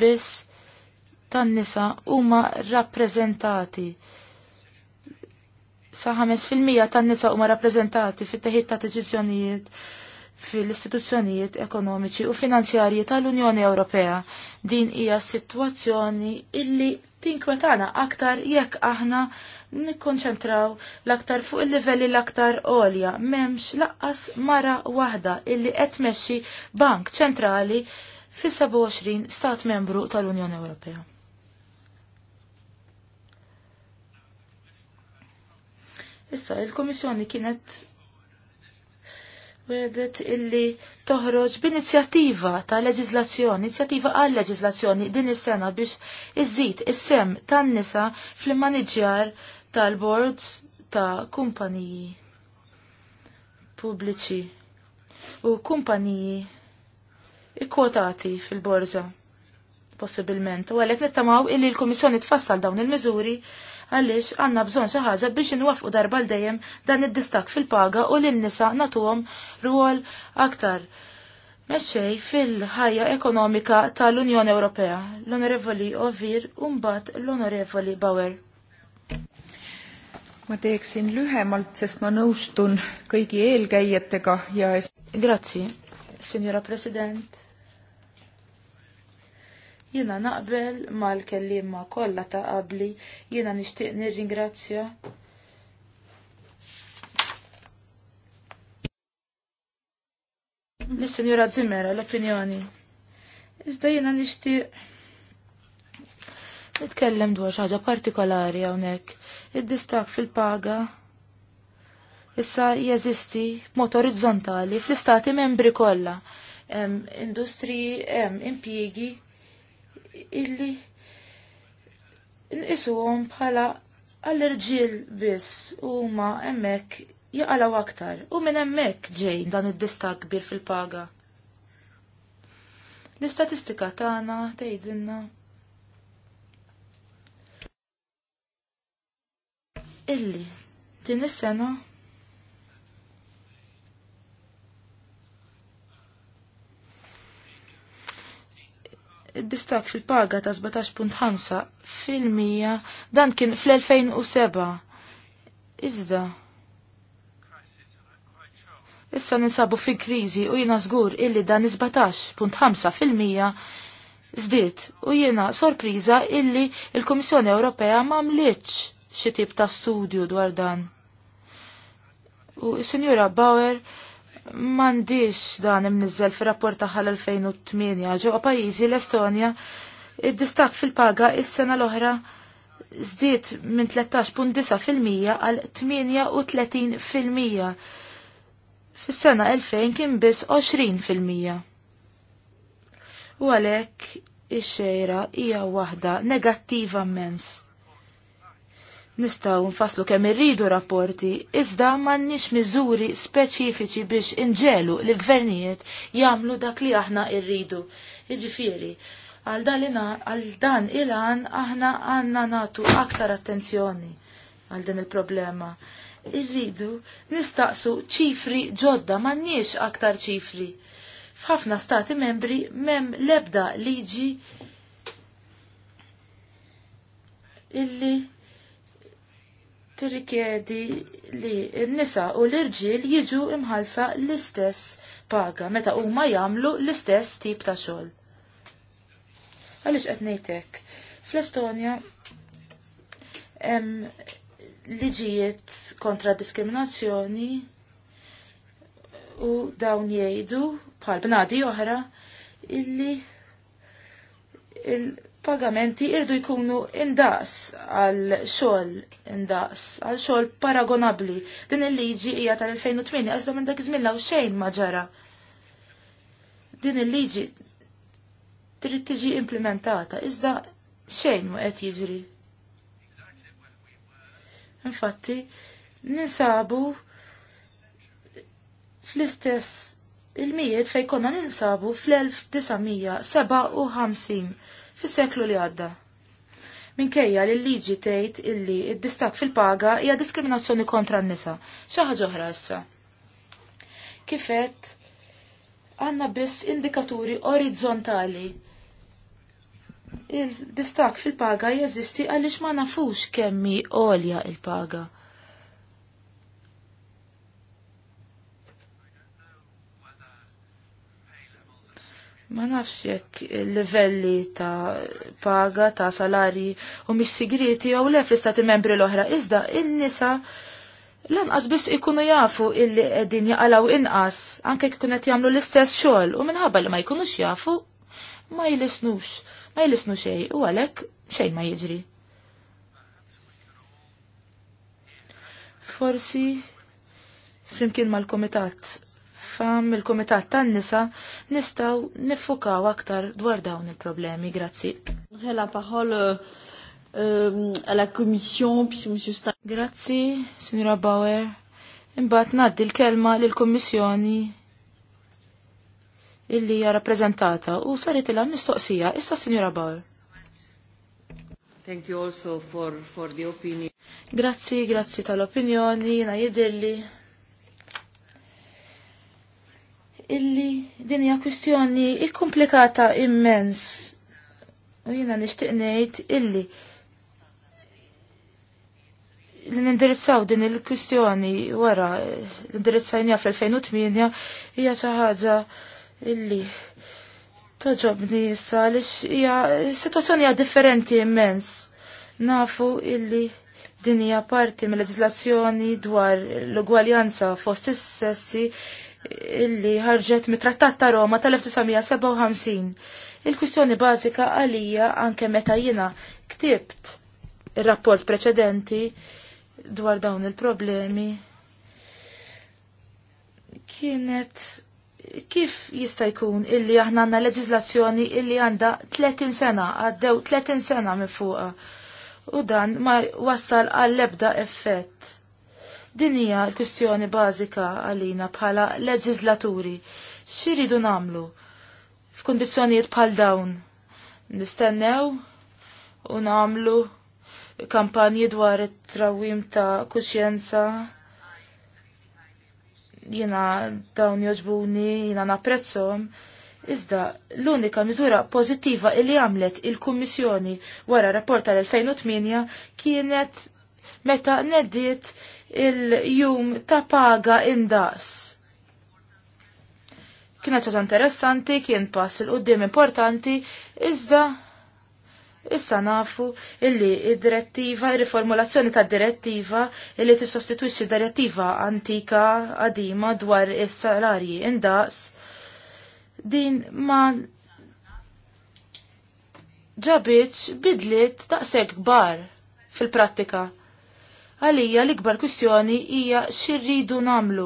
biss tan-nisa huma rappreżentati. Sa 5% tan-nisa huma rappreżentati fit-teħid ta' deċiżjonijiet fil-istituzzjonijiet ekonomiċi u finanzjarji tal-Unjoni Ewropea. Din hija sitwazzjoni illi tinkwetana aktar jekk aħna nikkonċentraw l-aktar fuq il-livelli l-aktar għolja m'hemmx laqqas mara waħda illi qed tmexxi bank ċentrali fis-27 stat membru tal-Unjoni Ewropea. Issa, il-Komissjoni kienet wedet illi toħroġ b'inizjattiva ta' leġizlazzjoni, inizjattiva għal leġizlazzjoni din is-sena biex iżid is-sem tan-nisa fl-maniġjar tal-boards ta' kumpaniji pubbliċi u kumpaniji ikkwotati fil-borza possibilment. U għalek nittamaw illi l-Komissjoni tfassal dawn il-miżuri għaliex għandna bżonn xi biex inwafqu darba dejjem dan id-distak fil-paga u lin-nisa nagħtuhom rwol aktar. Meċċej fil-ħajja ekonomika tal-Unjoni Ewropea, l-Onorevoli Ovir u mbagħad l-Onorevoli Bauer. Ma teeksin lühemalt, sest ma nõustun kõigi eelkäijatega ja... Grazzi, Signora President Jiena naqbel mal-kelliema kollha ta' qabli, jiena nixtieq nirringrazzja l-Sinjura Zimera, l-opinjoni. Iżda jiena nixtieq nitkellem dwar xi ħaġa partikolari hawnhekk. Id-distak fil-paga issa jeżisti b'mod orizzontali fl-istati membri kollha. Hemm industriji, hemm impjiegi illi nqisuhom bħala għall-irġiel biss huma hemmhekk jaqalaw aktar u minn hemmhekk ġejn dan id-dista kbir fil-paga. L-istatistika tagħna tgħidilna illi din is-sena id-distak fil-paga ta' 17.5 fil-mija dan kien fl-2007. Iżda. Issa ninsabu fi krizi u jina zgur illi dan 17.5 fil-mija zdiet u jina sorpriza illi il-Komissjoni Ewropea ma mliċ xi tip ta' studju dwar dan. U s-Sinjura Bauer mandiċ dan imnizzel fi rapport taħħal 2008 ġewwa pajjiżi l-Estonja id-distak fil-paga is-sena l-oħra żdied minn 13.9% għal 38%. Fis-sena 2000 kien biss 20%. U għalhekk ix-xejra hija waħda negattiva mens Nistaw nfaslu kemm irridu rapporti, iżda m'għandniex miżuri speċifiċi biex inġelu l gvernijiet jagħmlu dak li aħna rridu. Jiġifieri, għal dan il-għan aħna għandna natu aktar attenzjoni għal din il-problema. Irridu nistaqsu ċifri ġodda m'għandniex aktar ċifri. F'ħafna stati membri mem lebda liġi illi tirrikjedi li n-nisa u l-irġiel jiġu imħalsa l-istess paga meta huma jagħmlu l-istess tip ta' xogħol. Għaliex qed ngħidlek, fl-Estonja hemm liġijiet kontra diskriminazzjoni u dawn jgħidu bħal bnadi oħra illi pagamenti irdu jkunu indaqs għal xogħol indaqs, għal xogħol paragonabli. Din il-liġi hija tal-2008, għażda minn dak żmien law xejn ma ġara. Din il-liġi trid tiġi implementata, iżda xejn ma qed jiġri. Infatti, ninsabu fl-istess il-mijiet fejn konna ninsabu fl-1957 fis-seklu li għadda. Minkejja li l-liġi tgħid illi d-distak fil-paga hija diskriminazzjoni kontra n-nisa. Xi ħaġa oħra issa. Kifet għandna biss indikaturi orizzontali. Il-distak fil-paga jeżisti għaliex ma nafux kemmi għolja il-paga. l il paga Ma nafx jekk livelli ta' paga, ta' salari u mis sigriti jew le fl-istati membri l-oħra. Iżda in-nisa lanqas biss ikunu jafu illi qegħdin jaqalaw inqas anke jkun qed jagħmlu l-istess xogħol u minħabba li ma jkunux jafu ma jilisnux, ma jilisnu xejn u għalhekk xejn ma jiġri. Forsi flimkien mal-komitat fam il-Kumitat tan-nisa nistgħu niffukaw aktar dwar dawn il-problemi. Grazzi. Hela paħol għala Stan. Grazzi, signora Bauer. Imbagħad ngħaddi l-kelma lill-Kummissjoni illi hija rappreżentata u saret ilha mistoqsija issa signora Bauer. Thank you also for, for the opinion. Grazzi, grazzi tal-opinjoni, na jidilli. illi din hija kwistjoni ikkomplikata immens. U jiena nixtieq ngħid illi li nindirizzaw din il-kwistjoni wara l-indirizzajnija fl-2008 hija xi ħaġa illi toġobni issa għaliex hija situazzjoni hija differenti immens. Nafu illi din hija parti mill-leġislazzjoni dwar l-ugwaljanza fost is-sessi illi ħarġet mit-trattat ta' Roma tal-1957. Il-kwistjoni bażika għalija anke meta jiena ktibt ir-rapport preċedenti dwar dawn il-problemi kienet kif jista' jkun illi aħna għandna leġiżlazzjoni illi għandha 30 sena, għaddew 30 sena minn fuqha. U dan ma wassal għall-ebda effett Din hija l-kwistjoni bażika għalina bħala leġislaturi. X'iridu namlu f'kundizzjonijiet bħal dawn? Nistennew u namlu kampanji dwar it-trawim ta' kuxjenza jina dawn joġbuni, jina naprezzom. Iżda, l-unika miżura pozittiva illi għamlet il-Kummissjoni wara rapport tal-2008 kienet meta neddiet il-jum ta' paga indaqs. Kienet ċaċa interessanti, kien pass il-qoddim importanti, iżda issa nafu illi id-direttiva, il-riformulazzjoni ta' direttiva illi tissostitwixxi direttiva antika għadima dwar is-salarji indaqs din ma ġabieċ bidliet daqseg kbar fil-prattika. Għalija l-ikbar kwistjoni hija xirridu namlu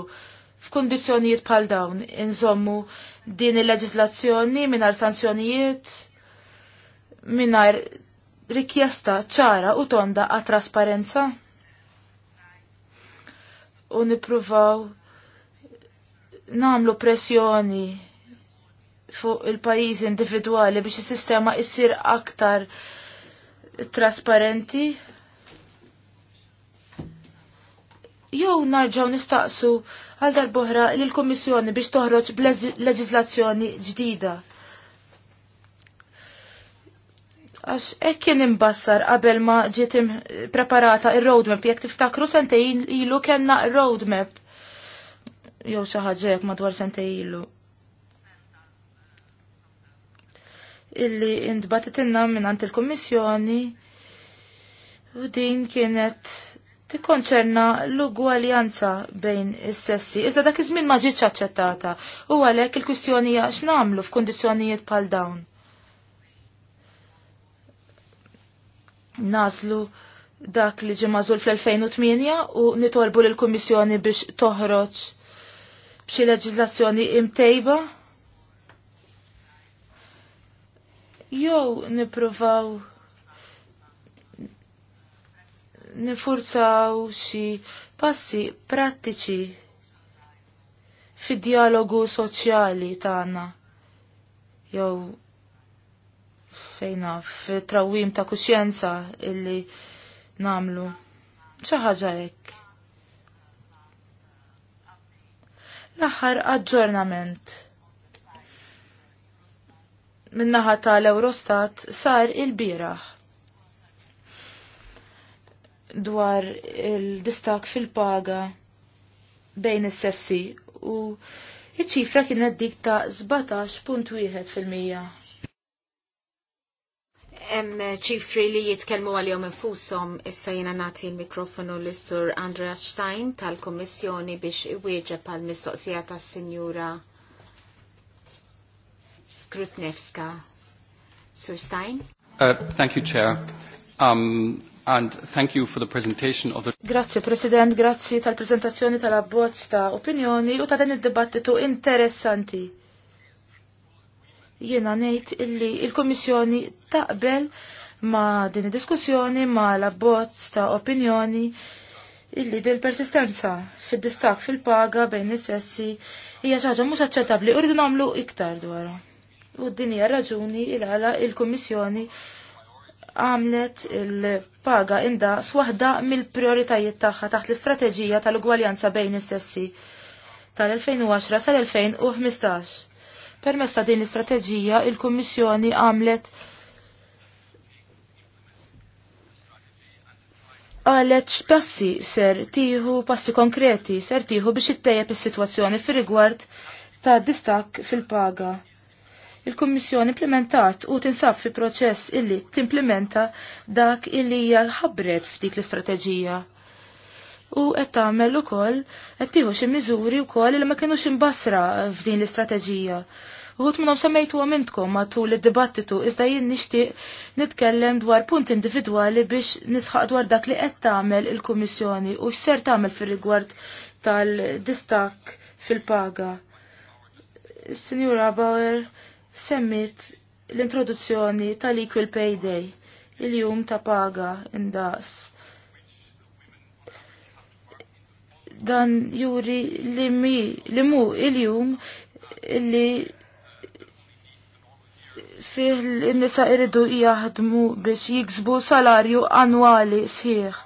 f'kundizzjonijiet bħal dawn inżommu din il-leġislazzjoni mingħajr sanzjonijiet mingħajr rikjesta ċara u tonda għat trasparenza u nipruvaw namlu pressjoni fuq il-pajjiżi individwali biex is-sistema issir aktar trasparenti jew narġaw nistaqsu għal darbohra li l komissjoni biex toħroġ b'leġislazzjoni ġdida. Għax ek kien imbassar qabel ma ġiet preparata il roadmap jekk tiftakru sentejn ilu kellna roadmap jew xi ħaġa madwar sentejn ilu. Illi intbatitinna minn il-Kummissjoni u din kienet tikkonċerna l-ugwaljanza bejn is-sessi. Iżda dak iż-żmien ma ġietx aċċettata u għalhekk il-kwistjoni hija x'namlu f'kundizzjonijiet bħal dawn. Naslu dak li ġie mażul fl-2008 u nitolbu lill-Kummissjoni biex toħroġ b'xi leġiżlazzjoni imtejba. Jew nippruvaw nifurzaw xi passi prattiċi fid-dialogu soċjali tagħna jew fejna trawim ta' kuxjenza illi namlu xi ħaġa hekk. L-aħħar aġġornament min-naħa tal-Eurostat sar il-bieraħ dwar il-distak fil-paga bejn is-sessi u iċ-ċifra kienet dik ta' 17.1 fil-mija. Hemm ċifri li jitkellmu għalihom infushom issa jiena nagħti l-mikrofonu lis sur Andrea Stein tal-Kummissjoni biex iwieġeb għal mistoqsija tas-Sinjura Skrutnevska. Sur Stein? Uh, thank you, Chair. Um, and thank you for the presentation of the Grazzi President, grazzi tal-prezentazzjoni tal-abbozz ta' opinjoni u ta' dan id-dibattitu interessanti. Jiena ngħid illi il-Kummissjoni taqbel ma' din id-diskussjoni ma' l-abbozz ta' opinjoni illi din persistenza fid-distak fil-paga bejn is-sessi hija xi ħaġa mhux aċċettabbli u nagħmlu iktar dwar. U din hija raġuni il-għala il-Kummissjoni il għala il kummissjoni għamlet il-paga inda swahda mill-prioritajiet tagħha taħt l-istrateġija tal-ugwaljanza bejn is-sessi tal-2010 sal-2015. Permess ta' din l-istrateġija, il-Kummissjoni għamlet għalet x'passi ser tieħu passi konkreti ser tieħu biex ittejjeb is-sitwazzjoni fir-rigward ta' distak fil-paga il-Kummissjoni implementat u tinsab fi proċess illi timplementa dak illi hija f'dik l-istrateġija. U qed tagħmel ukoll qed tieħu xi miżuri wkoll li ma kinux imbassra f'din l-istrateġija. Uħut minnom semmejtu għamintkom matul id-dibattitu iżda jien nixtieq nitkellem dwar punt individwali biex nisħaq dwar dak li qed tagħmel il-Kummissjoni u x'ser tagħmel fir-rigward tal-distak fil-paga. Signora Bauer, semmit l-introduzzjoni tal-Equal Pay Day, il-jum ta' paga indas. Dan juri li, mi, li mu il-jum li fih l-nisa iridu jaħdmu biex jiksbu salarju annwali sħiħ.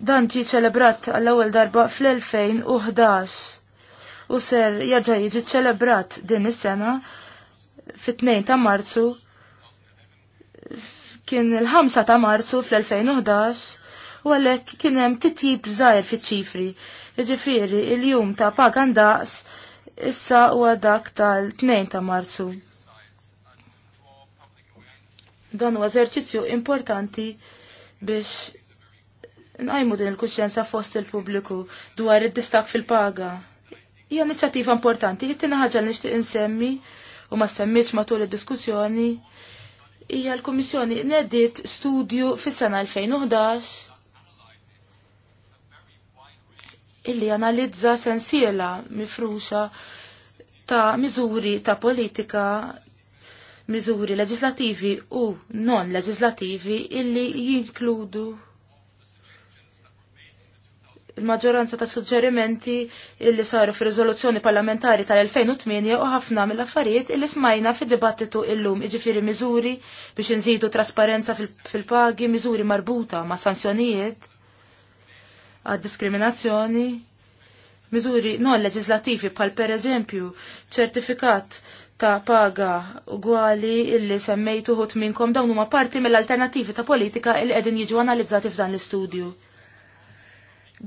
Dan ġi ċelebrat għall-ewwel darba fl-2011 u ser jaġa jiġi ċelebrat din is-sena fit-2 ta' Marzu kien il-5 ta' Marzu fl-2011 u għalhekk kien hemm titjib żgħir fiċ-ċifri. Jiġifieri il-jum ta' pagan daqs issa huwa dak tal-2 ta' Marzu. Dan huwa eżerċizzju importanti biex nqajmu din il-kuxjenza fost il-pubbliku dwar id-distak fil-paga hija inizjattiva importanti. it ħagġa ħaġa li nixtieq insemmi u ma semmitx matul id-diskussjoni hija l-Kummissjoni nedit studju fis-sena 2011 illi analizza sensiela mifruxa ta' miżuri ta' politika, miżuri leġislativi u non leġislativi illi jinkludu il-maġġoranza ta' suġġerimenti illi saru fi rizoluzzjoni parlamentari tal-2008 u ħafna mill-affarijiet illi smajna fid dibattitu illum iġifiri miżuri biex nżidu trasparenza fil-pagi, miżuri marbuta ma' sanzjonijiet għad diskriminazzjoni, miżuri non leġislativi bħal per eżempju ċertifikat ta' paga ugwali illi semmejtu ħut minnkom dawn huma parti mill-alternativi ta' politika illi qegħdin jiġu analizzati f'dan l-istudju.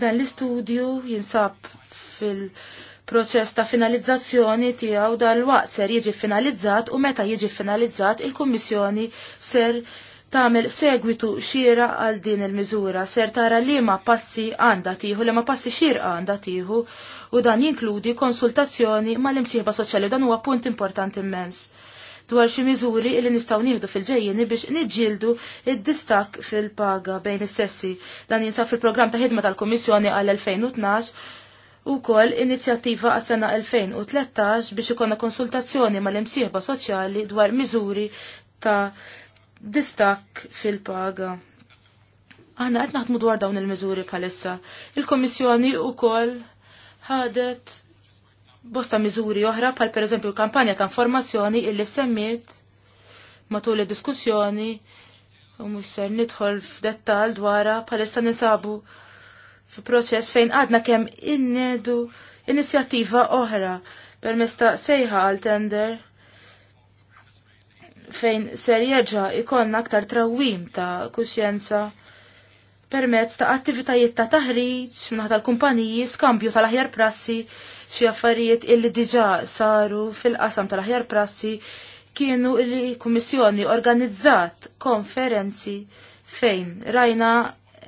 Dan l-istudju jinsab fil-proċess ta' finalizzazzjoni tiegħu dal-waqt ser jiġi finalizzat u meta jiġi finalizzat il-Kummissjoni ser tagħmel segwitu xira għal din il-miżura ser tara li ma passi għandha tieħu li ma passi xirqa għandha tieħu u dan jinkludi konsultazzjoni mal-imsieħba soċjali dan huwa punt importanti immens dwar xi miżuri li nistgħu nieħdu fil-ġejjeni biex niġġieldu id-distak fil-paga bejn is-sessi. Dan jinsab fil-programm ta' ħidma tal-Kummissjoni għal 2012 u kol inizjattiva għas sena 2013 biex ikonna konsultazzjoni mal-imsieħba soċjali dwar miżuri ta' distak fil-paga. Aħna qed naħdmu dwar dawn il-miżuri bħalissa. Il-Kommissjoni wkoll ħadet bosta miżuri oħra pal per eżempju kampanja ta' informazzjoni illi semmiet matul id-diskussjoni u mhux ser nidħol f'dettall dwara palissa ninsabu fi proċess fejn għadna kemm innedu inizjattiva oħra permezz ta' sejħa għal tender fejn ser jieġa ikollna aktar trawwim ta' kusjenza permezz ta' attivitajiet ta' taħriġ minħata tal-kumpaniji, skambju tal-aħjar prassi xi affarijiet illi diġà saru fil-qasam tal-aħjar prassi kienu li kummissjoni organizzat konferenzi fejn rajna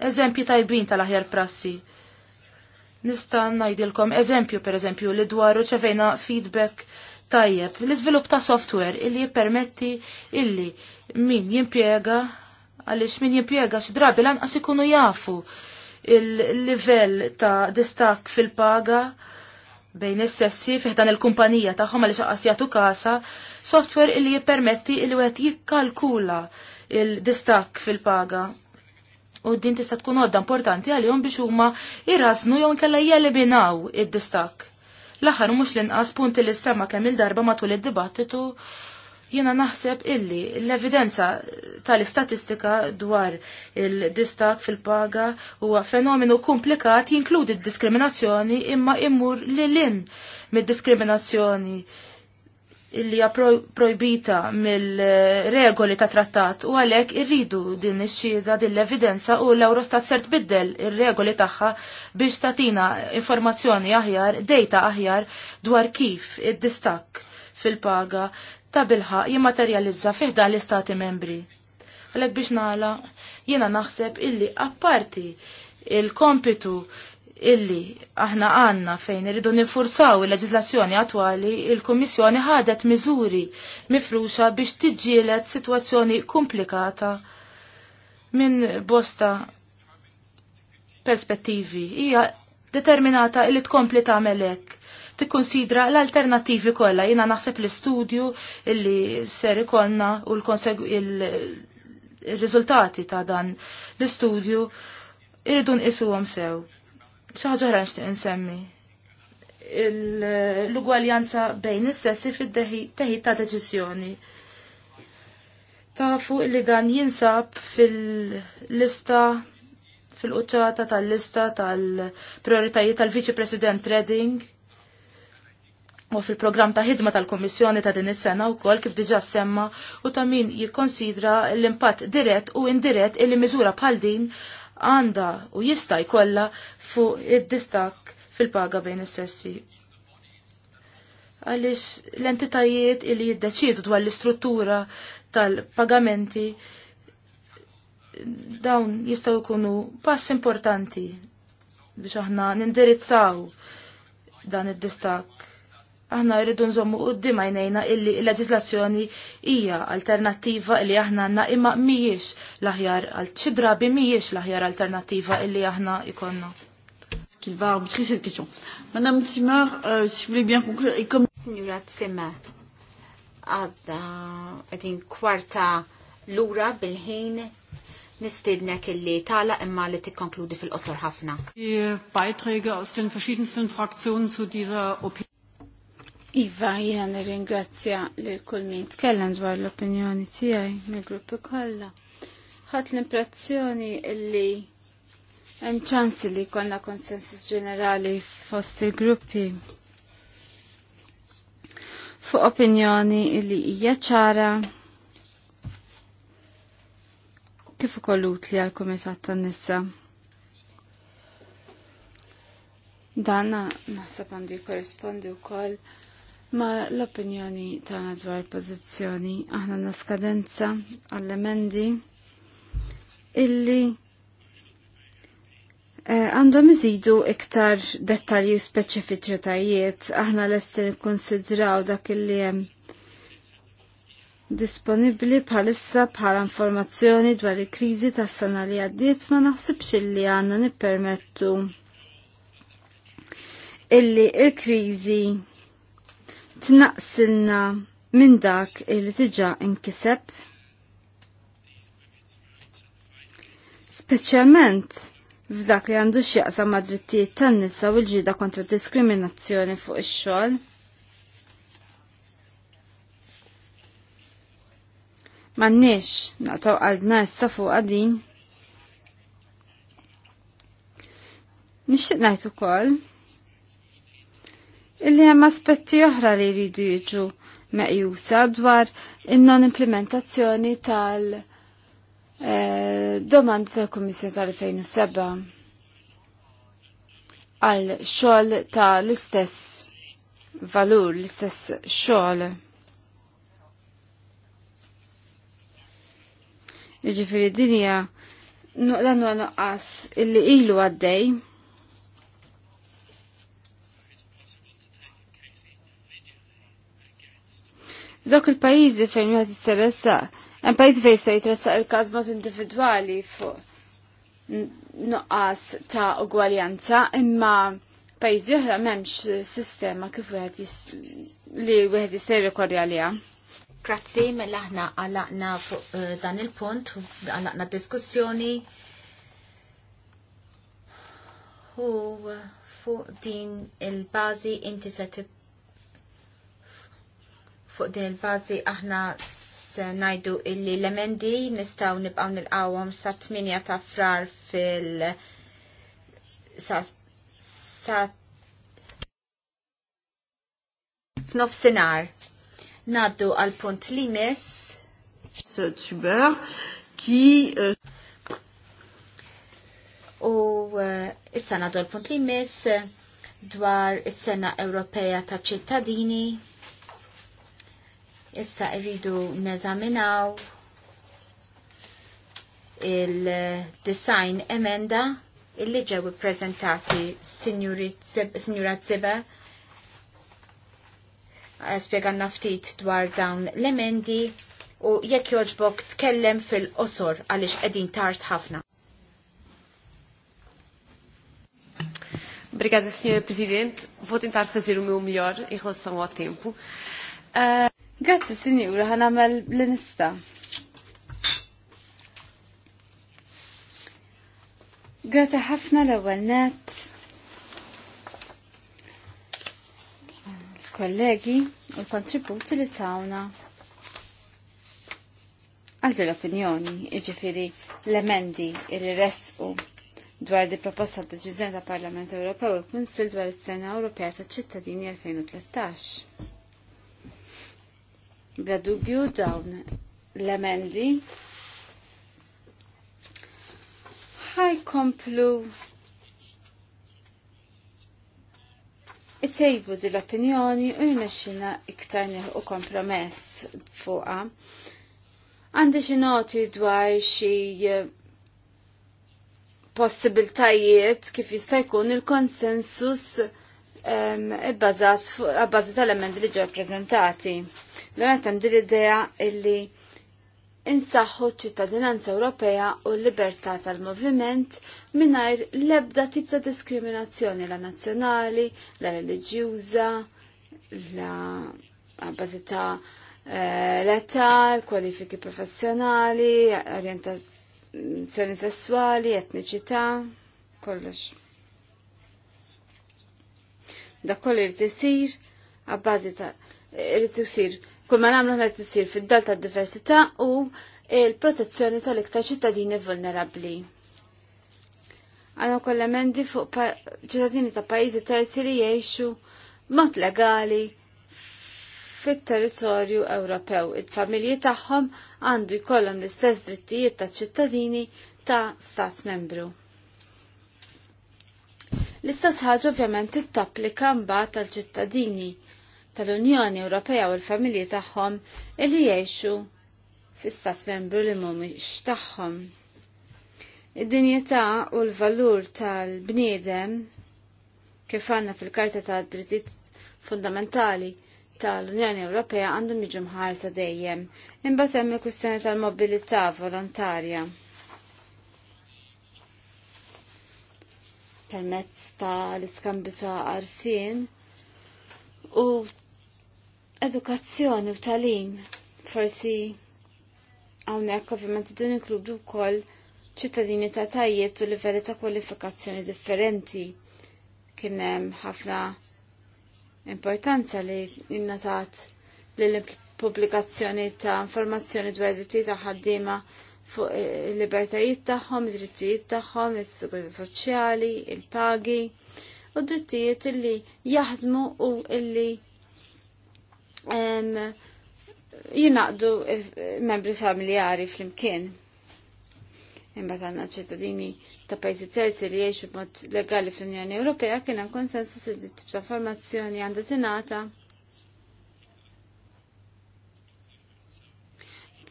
eżempji tajbin tal-aħjar prassi. Nista' ngħidilkom eżempju pereżempju li dwaru ċevejna feedback tajjeb l-iżvilupp ta' software illi jippermetti illi min jimpjega għaliex min jimpjega xi drabi lanqas ikunu jafu il-livell ta' distak fil-paga bejn is-sessi fih dan il-kumpanija tagħhom għaliex qas jagħtu kasa software illi jippermetti li wieħed jikkalkula il-distak fil-paga. U din tista' tkun għodda importanti għalihom biex huma jirażnu jew inkella jeliminaw id-distak. L-aħħar mhux l-inqas punti li sema kemm il-darba matul id-dibattitu Jiena naħseb illi l-evidenza tal-istatistika dwar il-distak fil-paga huwa fenomenu komplikat jinkludi d-diskriminazzjoni imma immur li lin mid-diskriminazzjoni illi hija projbita mill-regoli ta' trattat u għalhekk irridu din ix-xhieda din l-evidenza u l-Eurostat ser tbiddel ir-regoli tagħha biex tatina informazzjoni aħjar, data aħjar dwar kif id-distakk fil-paga ta' bilħa jimmaterjalizza fiħda l-istati membri. Għalek biex nala, jina naħseb illi apparti il-kompitu illi aħna għanna fejn irridu nifursaw il-leġislazzjoni attwali, il-Kommissjoni ħadet miżuri mifruxa biex tiġġielet situazzjoni komplikata minn bosta perspettivi. Hija determinata illi tkompli tagħmelek tikkonsidra l-alternativi kollha. Jiena naħseb l-istudju illi ser ikollna u l-riżultati ta' dan l-istudju irridu nqisuhom sew. Xi ħaġa oħra insemmi l-ugwaljanza bejn is-sessi fit-teħid ta' deċiżjoni tafu li dan jinsab fil-lista fil-qċata tal-lista tal-prioritajiet tal-Viċi President Redding U fil-programm ta' ħidma tal-Kommissjoni ta' din is-sena wkoll kif diġà semma u ta' min jikkonsidra l-impatt dirett u indirett illi miżura bħal din għandha u jista' jkollha fuq id-distak fil-paga bejn is-sessi. Għaliex l-entitajiet illi jiddeċidu dwar l-istruttura tal-pagamenti dawn jistgħu jkunu pass importanti biex aħna nindirizzaw dan id-distak aħna rridu nżommu qudiem għajnejna illi l-leġislazzjoni hija alternattiva illi aħna għandna imma mhijiex l-aħjar xi drabi mhijiex l-aħjar alternattiva illi aħna ikonna. Qu'il va arbitrer cette question. Madame Simard, euh, si vous bien conclure, et comme... Signora Tsema, għadda għedin kwarta lura bil-ħin nistednek illi tala imma li tikkonkludi fil-qosor ħafna. Die aus den verschiedensten Fraktionen zu dieser OP Iva, jena nirringrazzja li kull min tkellem dwar l-opinjoni tiegħi mill-gruppi kollha. Għat l-impressjoni li hemm ċansi li jkollna konsensus ġenerali fost il-gruppi fuq opinjoni li hija ċara kif ukoll utli għal komisat tan-nisa. Dan naħseb għandu jkorrispondi wkoll koll Ma l-opinjoni tagħna dwar pożizzjoni aħna naskadenza għall-emendi illi eh, Għandhom iżidu iktar dettalji u speċifiċitajiet, aħna l-estin konsidraw dak illi hemm disponibbli bħalissa bħala informazzjoni dwar il-kriżi tas-sena li għaddiet ma naħsibx illi għandna nippermettu illi il-kriżi tnaqsilna minn dak li diġa inkiseb speċjalment f'dak li għandu x'jaqsam ma' drittijiet tan-nisa u l-ġida kontra diskriminazzjoni fuq ix-xogħol. m'għandniex naqtaw għaldna issa fuq għadin. Nixtieq ngħid ukoll illi hemm aspetti oħra li jridu jiġu meqjusa dwar in-non implementazzjoni tal- eh, domanda tal kummissjoni tal-2007 għal xogħol ta' l-istess valur, l-istess xogħol. Jiġifieri dinja dan nuqqas illi ilu għaddej. Dok il-pajjiżi fejn wieħed jistaressaq, hemm pajjiżi fejn jista' jitressaq il-każbot individwali fuq nuqqas ta' ugwaljanza, imma pajjiżi oħra m'hemmx sistema kif wieħed li wieħed jista' jirrikorja għaliha. Grazzi mill-aħna mela għalaqna fuq eh, dan il-punt, għalaqna diskussjoni. U eh, fuq din il-bazi inti se Fuq din il-bazi aħna najdu illi l-emendi nistaw nibqaw nil-qawom sa 8 ta' frar fil sa, sa f'nof sinar. Naddu għal punt li mis. ki euh, u uh, issa naddu għal punt li mis dwar is-sena Ewropea ta' ċittadini Issa rridu neżaminaw il-design emenda illi ġew ippreżentati Sinjura Ziba eh, spjeganna ftit dwar dawn l-emendi u jekk joġbok tkellem fil-qosor għaliex qegħdin tard ħafna. Brigada Signor Presidente. Vou tentar fazer o meu melhor em relação tempo. Uh... Eh, Grazzi, sinjura, ħanamel l-nista. Grazzi ħafna l-ewel net. kollegi u l-kontributi li tawna għaldi l-opinjoni, iġifiri l-emendi li resqu dwar di proposta ta' deċiżjoni ta' Parlament Ewropew u l-Kunsil dwar is-Sena Ewropea ta' ċittadini 2013. Bla dubju dawn l-emendi ħaj komplu Itejbu di l-opinjoni u jmexxina iktar u kompromess fuqa. Għandi xi noti dwar xi eh, possibiltajiet kif jista' jkun il-konsensus um, ehm, bbażat tal emendi li ġew L-għanet mela din l-idea illi insaħħu ċittadinanza Ewropea u l-libertà tal-moviment mingħajr l-ebda tip ta' diskriminazzjoni la nazzjonali, la reliġjuża, la bażi ta' eh, l-età, kwalifiki professjonali, orientazzjoni sessuali, etniċità, kollox. Da kollu li isir, għabbażi ta' eh, irid Kull ma nagħmlu qed sir fid-dal tad-diversità u il-protezzjoni tal-iktar ċittadini vulnerabbli. Għanna koll emendi fuq ċittadini ta' pajjiżi terzi li jgħixu mod legali fit-territorju Ewropew. Il-familji tagħhom għandu jkollhom l-istess drittijiet ta' ċittadini ta' stat membru. L-istess ħaġa ovvjament tittapplika mbagħad tal-ċittadini tal-Unjoni Ewropea u l-familji tagħhom illi jgħixu fl-Istat membru li mhumiex tagħhom. Id-dinjità u l-valur tal-bniedem kif għandna fil-Karta tad-Drittijiet Fundamentali tal-Unjoni Ewropea għandhom jiġu mħarsa dejjem. Imbagħad hemm il-kwistjoni tal-mobilità volontarja. Permezz tal-iskambju ta' għarfien u edukazzjoni u talim forsi għawnek ovvijament dun inkludu kol ċittadini ta' tajjeb u livelli ta' kwalifikazzjoni differenti kienem ħafna importanza li innatat li l-pubblikazzjoni ta' informazzjoni dwar dritti ta' ħaddiema fuq il-libertajiet tagħhom, id-drittijiet tagħhom, is-sigurità soċjali, il-pagi u drittijiet illi jaħdmu u illi jinaqdu membri familjari fl-imkien. Imbagħad għandna ċittadini ta' pajjiżi terzi li jiexu b'mod legali fl-Unjoni Ewropea kien hemm konsensus li dit ta' formazzjoni għandha tingħata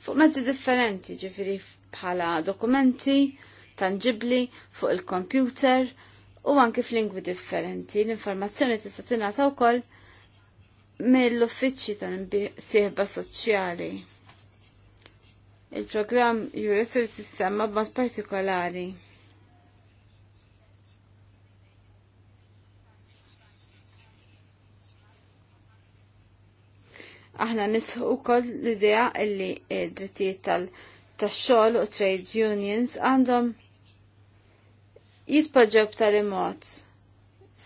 fuq mezzi differenti ġifiri bħala dokumenti tangibli fuq il-kompjuter u anke f'lingwi differenti. L-informazzjoni tista' tingħata wkoll mill-uffiċċji tal-sieħba soċjali. Il-programm jurisur b b'mod partikolari. aħna nisħu ukoll l-idea illi drittijiet tal-xogħol u trade unions għandhom jitpoġġew tal-imot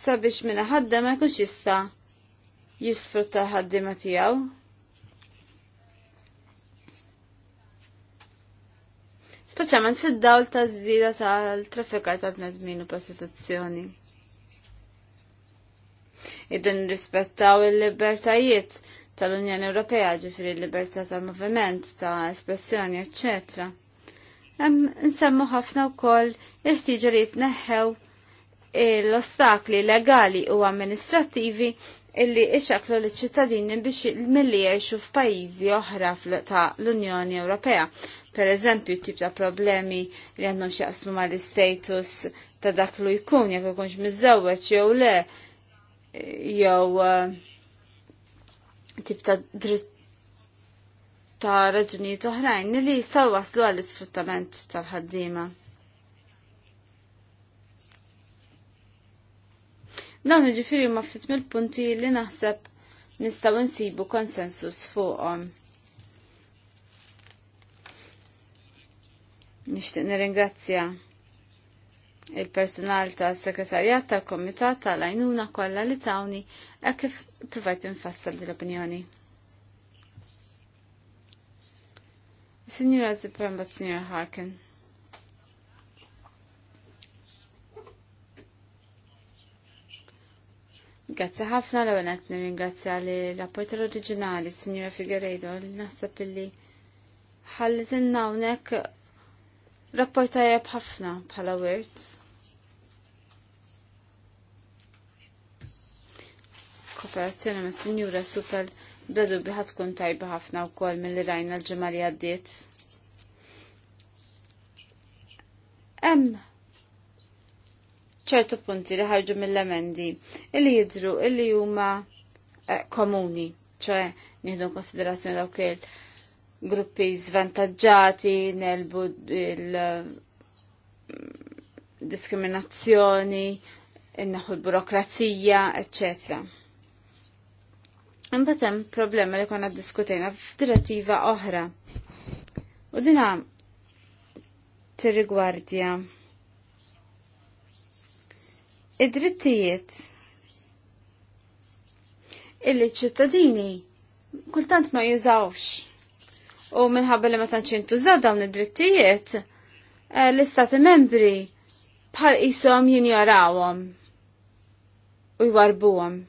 sabiex minna ħadda ma jkunx jista' jisfrutta ħaddima tiegħu. Speċjalment fid-dawl ta' żida tal-traffikar ta' bnedmin u prostituzzjoni. Idin rispettaw il-libertajiet tal-Unjoni Ewropea ġifri l-libertà tal-moviment, ta' espressjoni, eccetera. Nsemmu ħafna wkoll il-ħtiġa li jitneħħew l-ostakli legali u amministrattivi illi ixaklu li ċittadini biex milli jiexu f'pajjiżi oħra ta' l-Unjoni Ewropea. Per eżempju, tip ta' problemi li għandhom xaqsmu ma' l-status ta' dak li jkun, jekk ikunx miżewweġ jew le, jew eh, tip ta' dritt ta' raġunijiet oħrajn li jistgħu waslu għall-isfruttament tal ħaddima Dawn ġifiri ma ftit mill-punti li naħseb nistaw nsibu konsensus fuqhom. Nixtieq nirringrazzja il-personal ta' sekretarjat tal komitat tal-għajnuna kollha li tawni hekk kif provajt infassal l opinjoni Signora Zipper mbagħad Signora Harkin. Grazie ħafna l għanet nir-ingrazzja li rapporter oriġinali, Signora Figueredo, li naħseb li hawnhekk unek rapportajja bħafna bħala wirt. Kooperazzjoni ma' Signora Supel dadu biħat tkun tajba ħafna u kol mill-li rajna l-ġemali għaddiet. Em, ċertu punti li ħarġu mill-emendi illi jidru illi huma eh, komuni, ċe nieħdu konsiderazzjoni dawk il-gruppi zvantagġati, nelbu il-diskriminazzjoni, mm, innaħu l-burokrazija, eccetera. Imbatem problema li konna diskutejna f'direttiva oħra. U dina tirrigwardja rigwardja id-drittijiet illi ċittadini kultant ma jużawx. U minħabba li ma tantx dawn id-drittijiet, eh, l-istati membri bħal jisom jinjorawhom u jwarbuhom.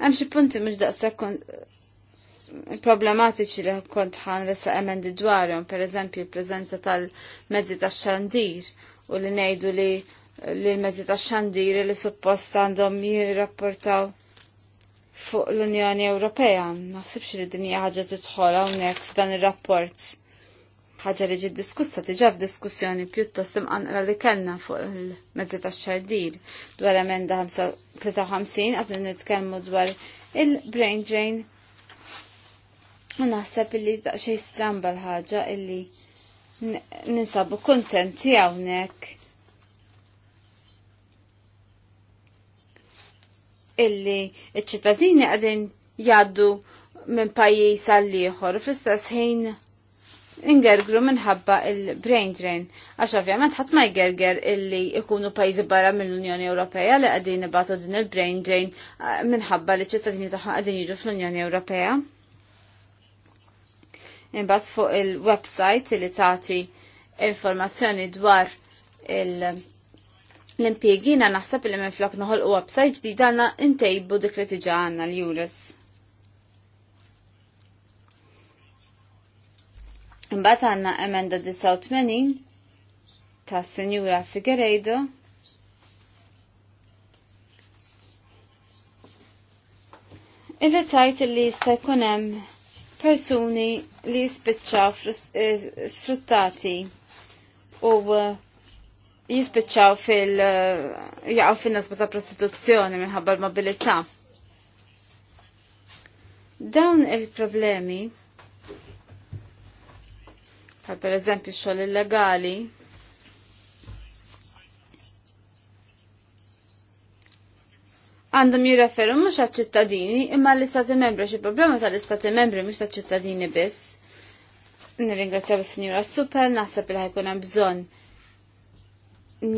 Hemm xi punti mhux daqshekk problematiċi li kont ħan resa emendi dwarhom, per eżempju il-preżenza tal-mezzi tax-xandir u li ngħidu li l-mezzi tax-xandir li suppost għandhom jirrapportaw fuq l-Unjoni Ewropea. Naħsibx li din hija ħaġa tidħol hawnhekk f'dan ir-rapport. Ħaġa li ġi diskussa diġà f'diskussjoni pjuttost imqanqra li kellna fuq il-mezzi tax-xandir dwar emenda 53 qed nitkellmu dwar il-brain drain U naħseb illi daqxej stramba l-ħaġa illi ninsabu kontenti hawnhekk. Illi iċ-ċittadini għadin jaddu minn pajjiż għal ieħor fl-istess ħin ingergru minħabba il-brain drain, għax ovvjament ħadd ma jgerger illi ikunu pajjiżi barra mill-Unjoni Ewropea li qegħdin ibatu din il-brain drain eh, minħabba li ċittadini tagħha qegħdin jiġu fl-Unjoni Ewropea imbagħad fuq il-website li tagħti informazzjoni dwar il- L-impiegina naħseb li minn flok noħol u website ġdida għanna intejbu dik li tiġa għanna l-Juris. Imbagħad għandna emenda 89 ta' Sinjura Figueredo, Illi tajt li jista' jkun hemm persuni li jispiċċaw eh, sfruttati u eh, jispiċċaw fil eh, jaqaw fin-nasba ta' prostituzzjoni minħabba l-mobilità. Dawn il-problemi per eżempju xogħol illegali għandhom jirreferu mhux għaċ-ċittadini imma l-istati membri xi problema tal-istati membri mhux tal-ċittadini biss. Nirringrazzjaw is-Sinjura Super, naħseb li ħajkun hemm bżonn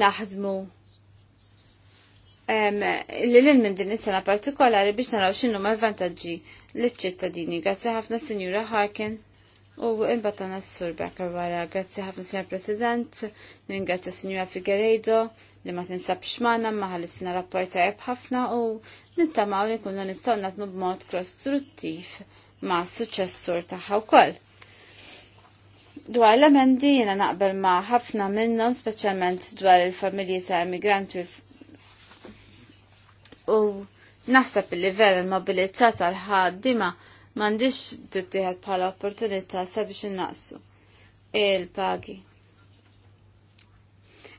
naħdmu li lil minn din is-sena partikolari biex naraw x'inhu mal-vantaġġi liċ-ċittadini. Grazzi ħafna Sinjura Harkin. U tagħna s-sur Becker wara, grazzi ħafna Sinjura President, nirringrazzja Sinjura Figueredo, li ma tinsabx maħna ma rapport tajb ħafna u nittamaw li kunna nistaw natmu b'mod kostruttiv ma' suċessur taħħa u koll. Dwar l-emendi jena naqbel ma' ħafna minnom, specialment dwar il-familji ta' emigranti u naħseb il-livell il-mobilità tal-ħaddima mandiġ tittieħed bħala opportunità sabiex innaqsu il-pagi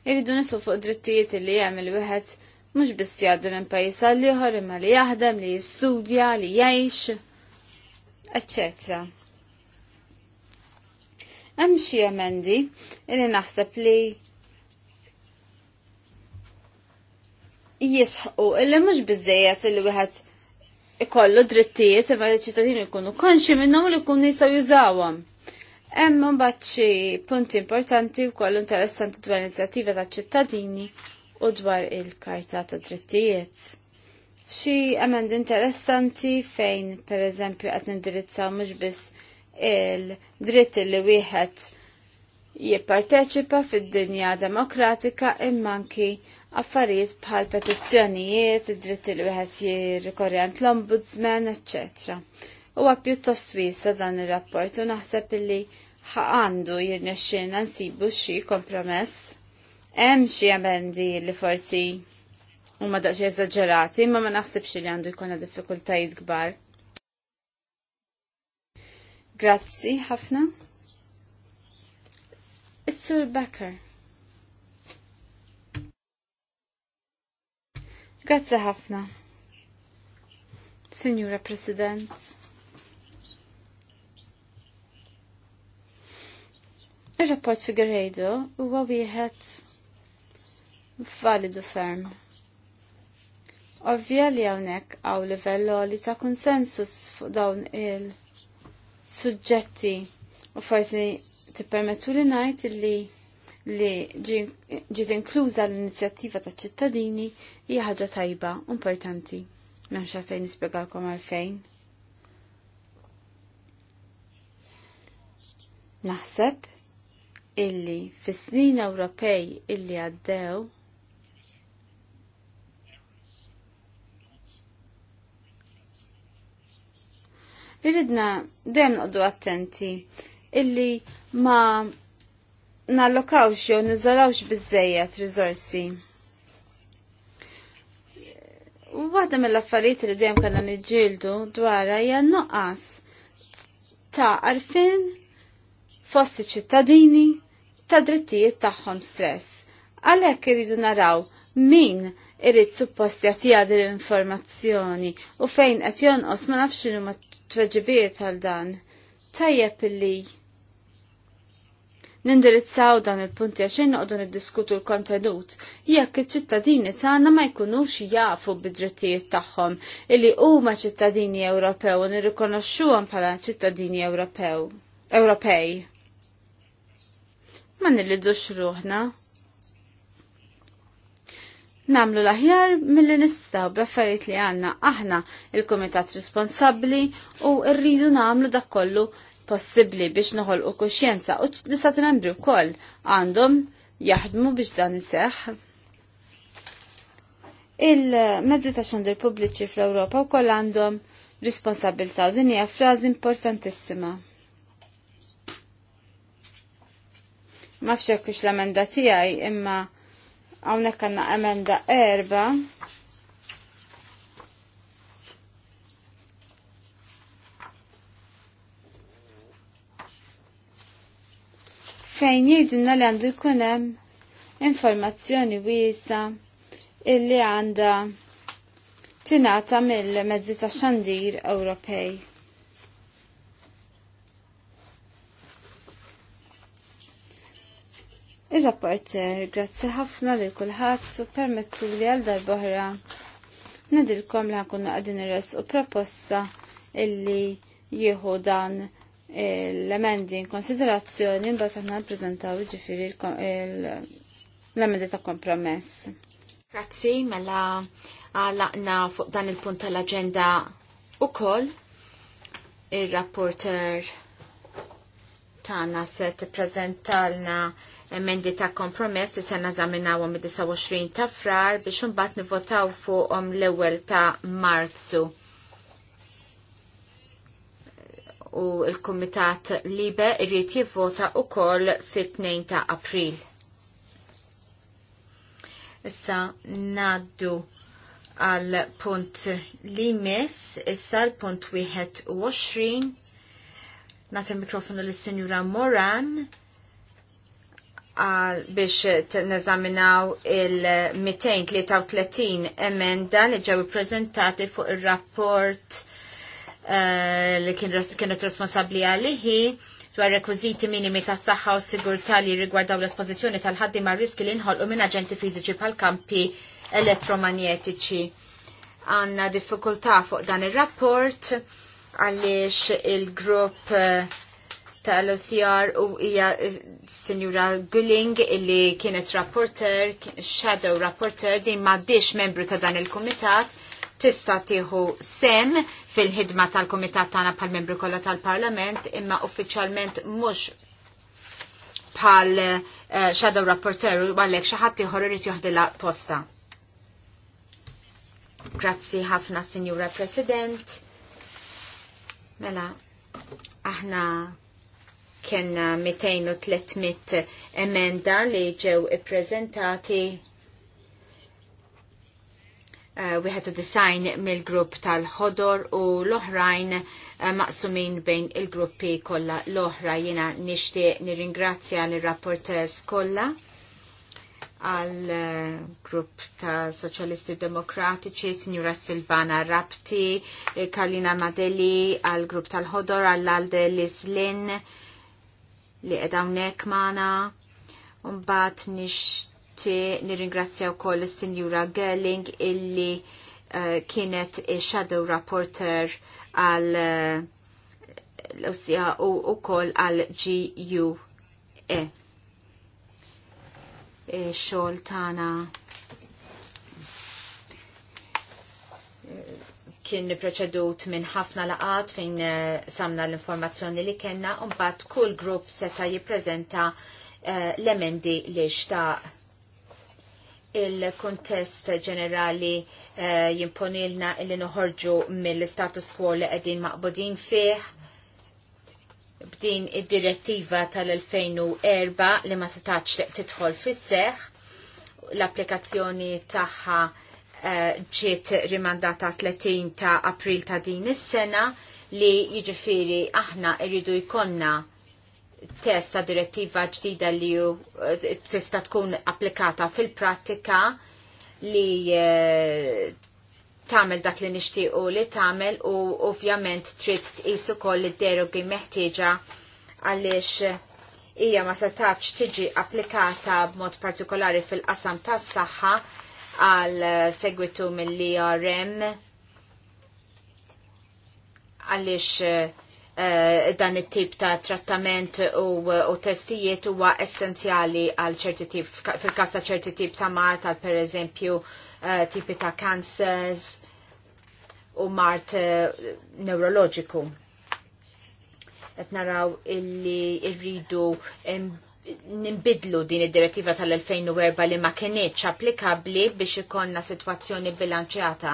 irridu nisu fuq drittijiet li hemm il-wieħed mhux biss jgħaddi minn pajjiż għalli ieħor imma li jaħdem li jistudja li jgħix, etc. Hemm xi emendi li naħseb li jisħu illi mhux biżejjed li wieħed ikollu drittijiet imma l-ċittadini jkunu konxi minnhom li jkunu jistgħu jużawhom. Hemm mbagħad xi punti importanti wkoll interessanti dwar l-inizjattiva tal-ċittadini u dwar il-Karta ta' Drittijiet. Xi emendi interessanti fejn pereżempju qed nindirizzaw mhux biss il-dritt li wieħed jipparteċipa fid-dinja demokratika imma anki affarijiet bħal petizzjonijiet, id-dritt li wieħed jirrikorjant l-ombudsman, eċċetera huwa pjuttost wiesa dan ir-rapport u naħseb illi għandu jirnexxirna nsibu xi kompromess. Hemm xi emendi li forsi huma daqs eżaġerati, imma ma naħsibx li għandu jkollna diffikultajiet kbar. Grazzi ħafna. Is-Sur Becker. Grazzi ħafna. Signora President. Il-rapport Figueiredo huwa wieħed validu ferm. Ovvja li hawnhekk għaw livello li ta' konsensus fuq dawn il-suġġetti u forsi tippermettu li ngħid li li ġiet inkluża l-inizjattiva ta' ċittadini hija ħaġa tajba importanti. M'hemmx għalfejn nispjegalkom għalfejn. Naħseb illi fis-snin Ewropej illi għaddew Iridna dejjem noqdu attenti illi ma nallokawx jew niżolawx biżejjed riżorsi. U waħda mill-affarijiet li dejjem kellna niġġieldu dwarha hija nuqqas ta' arfin fost iċ-ċittadini ta' drittijiet tagħhom stress. Għalhekk irridu naraw min irid suppost jagħtiha din l-informazzjoni u fejn qed jonqos ma nafx x'inhu ma tweġibiet għal dan. Tajjeb illi nindirizzaw dan il-punti għaxin noqogħdu niddiskutu l-kontenut jekk iċ-ċittadini tagħna ma jkunux jafu bid-drittijiet tagħhom illi huma ċittadini Ewropew u nirrikonoxxuhom bħala ċittadini Ewropew. Ewropej ma nillidux ruħna. Namlu l-aħjar mill-li u b'affarijiet li għanna aħna il-komitat responsabli u rridu namlu dak kollu possibli biex noħol u kuxjenza u l-istat membri wkoll għandhom jaħdmu biex dan iseħħ. Il-mezzi ta' xandir pubbliċi fl-Ewropa wkoll għandhom responsabilta' dinja hija frażi importantissima. ma fxek kux l-emenda tijaj imma għawnek għanna emenda erba fejn jidinna li għandu jkunem informazzjoni wisa illi għanda tinata mill-mezzi xandir Ewropej. Il-rapporter, grazzi ħafna li kulħadd u permettu li għal darbohra nadilkom li għakun għadin res u proposta illi jieħu dan l-emendi in konsiderazzjoni mbagħad aħna nippreżentaw ġifieri l amendi ta' kompromess. Grazzi, mela laqna fuq dan il-punt tal-aġenda ukoll ir rapporter tagħna se tippreżentalna emendi ta' kompromess li se nażaminawhom id-29 ta' frar biex imbagħad nivvotaw fuqhom l-ewwel ta' Marzu. U l-Kumitat Libe irid jivvota wkoll fit-2 ta' April. Issa ngħaddu għal punt li miss, issa l-punt 21. Nata l-mikrofonu lis-Sinjura Moran għal biex neżaminaw il-233 emenda li ġew prezentati fuq il-rapport uh, li kienet responsabli għalihi dwar rekwiziti minimi ta' saħħa u sigurtà li rigwardaw l-espożizzjoni tal-ħaddi ma' riski li nħolqu minn aġenti fiżiċi bħal kampi elettromagnetiċi. Għanna diffikultà fuq dan ir rapport għaliex il-grupp uh, tal-OCR u hija eh, Sinjura Gulling illi kienet rapporter, shadow rapporter din m'għaddix membru ta' dan il-kumitat tista tieħu sem fil-ħidma tal-kumitat tagħna bħal membru kollha tal-Parlament imma uffiċjalment mhux pal eh, shadow rapporter u għalhekk xi ħadd ieħor irid joħdilha posta. Grazzi ħafna, Signora President. Mela, aħna kena 200-300 emenda li ġew i-prezentati had eh, to design mill-grupp tal-ħodor u l-oħrajn eh, maqsumin bejn il-gruppi kollha l-oħra jiena nixtieq nirringrazzja l rapportez kollha għal eh, grupp ta' Soċjalisti Demokratiċi, Signora Silvana Rapti, Kalina Madeli, għal grupp tal-ħodor, għall alde Lislin, li edha unnek maħna. Umbat nixti nirringrazzja u koll il-Sinjura Gerling illi uh, kienet shadow rapporter għal eh, l-osja u, u koll għal GUE. E, eh, xol tana kien preċedut minn ħafna laqat fejn eh, samna l-informazzjoni li kena un bat kull grupp seta jiprezenta eh, l-emendi li xtaq il-kontest ġenerali uh, jimponilna li noħorġu mill-status quo li għedin maqbudin fih b'din id-direttiva tal-2004 li ma setax titħol fis-seħ l-applikazzjoni taħħa ġiet rimandata 30 ta' april ta' din is-sena li jiġifieri aħna rridu jkollna test ta' direttiva ġdida li eh, tista' tkun applikata fil-prattika li eh, tagħmel dak li nixtiequ li tagħmel u ovvjament trid tqis ukoll id-derogi meħtieġa għaliex hija ma setax tiġi applikata b'mod partikolari fil-qasam tas-saħħa għal segwitu mill-IRM għalix eh, eh, dan it-tip ta' trattament u, u testijiet huwa essenzjali għal ċerti tip, fil-kas ta' ċerti tip ta' mart, għal per eżempju eh, tipi ta' cancers u mart neurologiku. Et naraw illi irridu nimbidlu din id-direttiva tal-2004 li ma kienieċ applikabli biex ikonna situazzjoni bilanċjata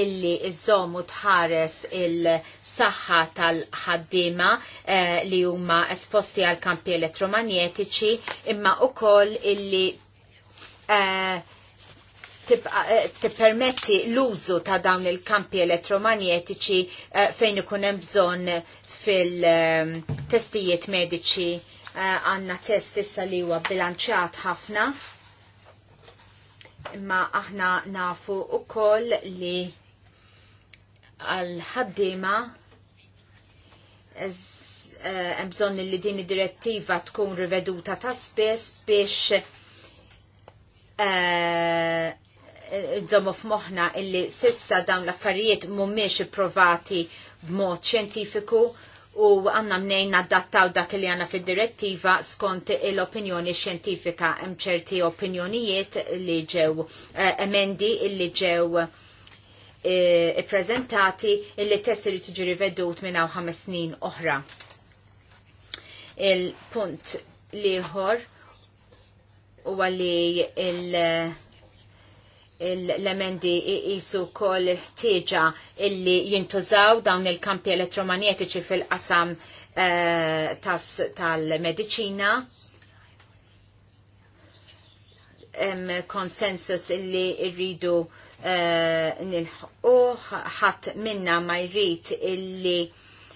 illi iżommu tħares il-saħħa tal-ħaddima eh, li huma esposti għal kampi elettromagnetiċi imma ukoll illi eh, eh, tippermetti l-użu ta' dawn il-kampi elettromagnetiċi eh, fejn ikun hemm bżonn fil-testijiet eh, mediċi Eh, għanna test issa li huwa bilanċat ħafna imma aħna nafu u koll li għal-ħaddima eh, hemm bżonn li din id-direttiva tkun riveduta ta' spess biex eh, nżommu f'moħħna illi sissa dawn l-affarijiet mhumiex ipprovati b'mod xjentifiku u għanna mnejn nadattaw dak li għanna fil-direttiva skont l-opinjoni xjentifika hemm ċerti opinjonijiet li ġew eh, emendi li ġew eh, prezentati illi t-testi li tiġi rivedut minn hawn ħames snin oħra. Il-punt liħor u għalli il- l-emendi jisu kol ħtieġa illi jintużaw dawn il-kampi elettromagnetiċi fil-qasam eh, tal-medicina. Konsensus illi irridu eh, nilħu ħat minna ma jrid illi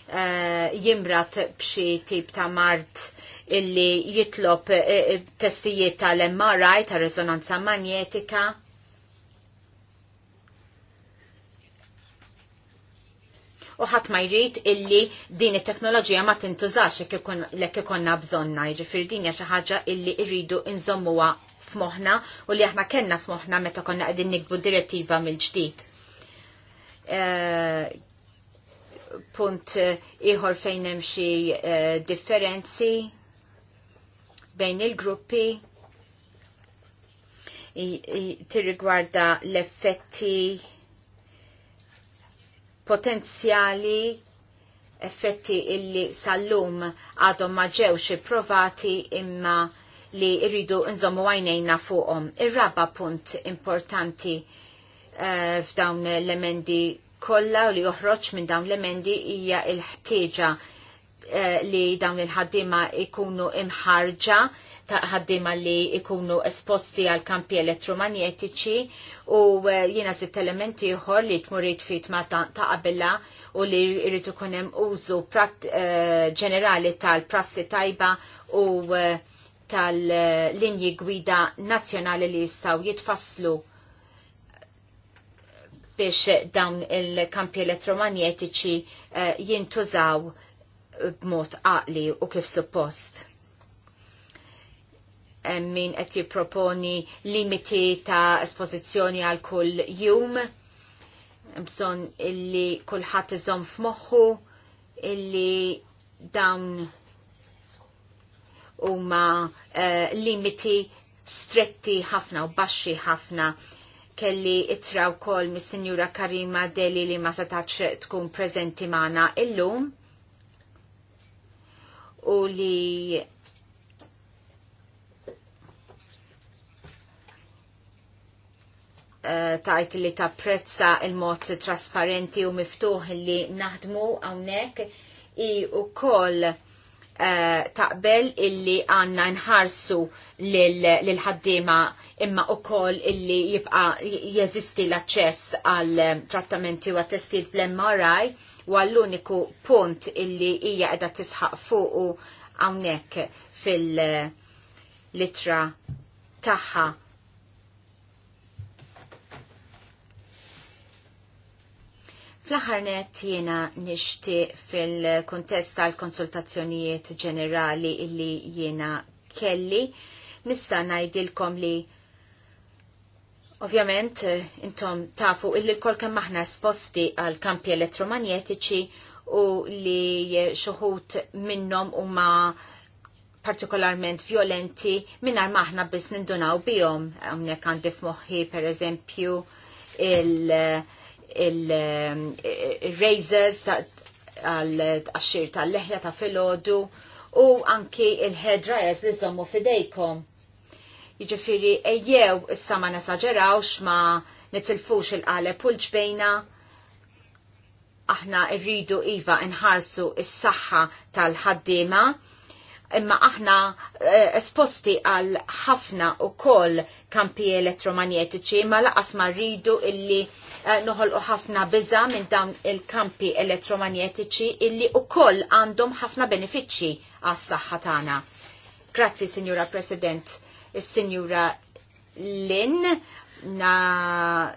Uh, jimrat bxi tip ta' mart illi jitlob uh, testijiet tal-MRI, ta' rezonanza magnetika. u ħadd ma jrid illi din it-teknoloġija ma tintużax lek ikonna bżonna, jiġifieri din hija xi ħaġa illi rridu nżommuha f'moħħna u li aħna kellna f'moħħna meta konna qegħdin nikbu direttiva mill-ġdid. Eh, punt ieħor fejn hemm xi eh, differenzi bejn il-gruppi tirrigwarda l-effetti potenzjali effetti illi sal-lum għadhom ma ġewx provati imma li irridu nżommu għajnejna fuqhom. Ir-raba punt importanti eh, f'dawn l-emendi kollha u li joħroġ minn dawn l-emendi hija l-ħtieġa eh, li dawn il-ħaddiema ikunu imħarġa ta' ħaddima li ikunu esposti għal kampi elettromagnetiċi u eh, jiena zitt elementi uħor li tmurit fit ma ta' qabilla u li irritu kunem użu prat eh, ġenerali tal-prassi tajba u eh, tal-linji gwida nazjonali li jistaw jitfasslu biex dawn il-kampi elettromagnetiċi jintużaw b'mod għaqli u kif suppost min qed jipproponi limiti ta' espożizzjoni għal kull jum bżon illi kullħat iżom f'moħħu illi dawn huma uh, limiti stretti ħafna u baxxi ħafna kelli itra wkoll mis-Sinjura Karima Deli li ma setax tkun preżenti magħna illum u li Eh, tajt li tapprezza il-mod trasparenti u miftuħ li naħdmu għawnek i u koll eh, taqbel illi għanna nħarsu l-ħaddima imma u koll illi jibqa jeżisti l-access għal eh, trattamenti u għattesti bl-MRI u għall-uniku punt illi hija edha tisħaq fuq u għawnek fil-litra taħħa Fl-aħħar net jiena nixtieq fil-kuntest tal-konsultazzjonijiet ġenerali illi jiena kelli nista' ngħidilkom li ovvjament eh, intom tafu illi l-kol kemm aħna esposti għal kampi elettromagnetiċi u li xuħut minnhom huma partikolarment violenti minnar maħna biss nindunaw bijom. hawnhekk għandi f'moħħi per eżempju il- il raises għal-axxir tal-leħja ta' filodu u anki il-head dryers li zommu fidejkom. Jiġifiri, ejjew issa ma nesaġerawx ma nitilfux il qaleb u l-ġbejna. Aħna irridu iva nħarsu is-saħħa tal-ħaddiema imma aħna eh, esposti għal ħafna u koll kampi elettromagnetiċi ma laqas ma rridu illi eh, noħolqu ħafna biża minn dawn il-kampi elettromagnetiċi illi u koll għandhom ħafna benefiċċji għas saħħa tagħna. Grazzi, Signora President, Signora Lin, na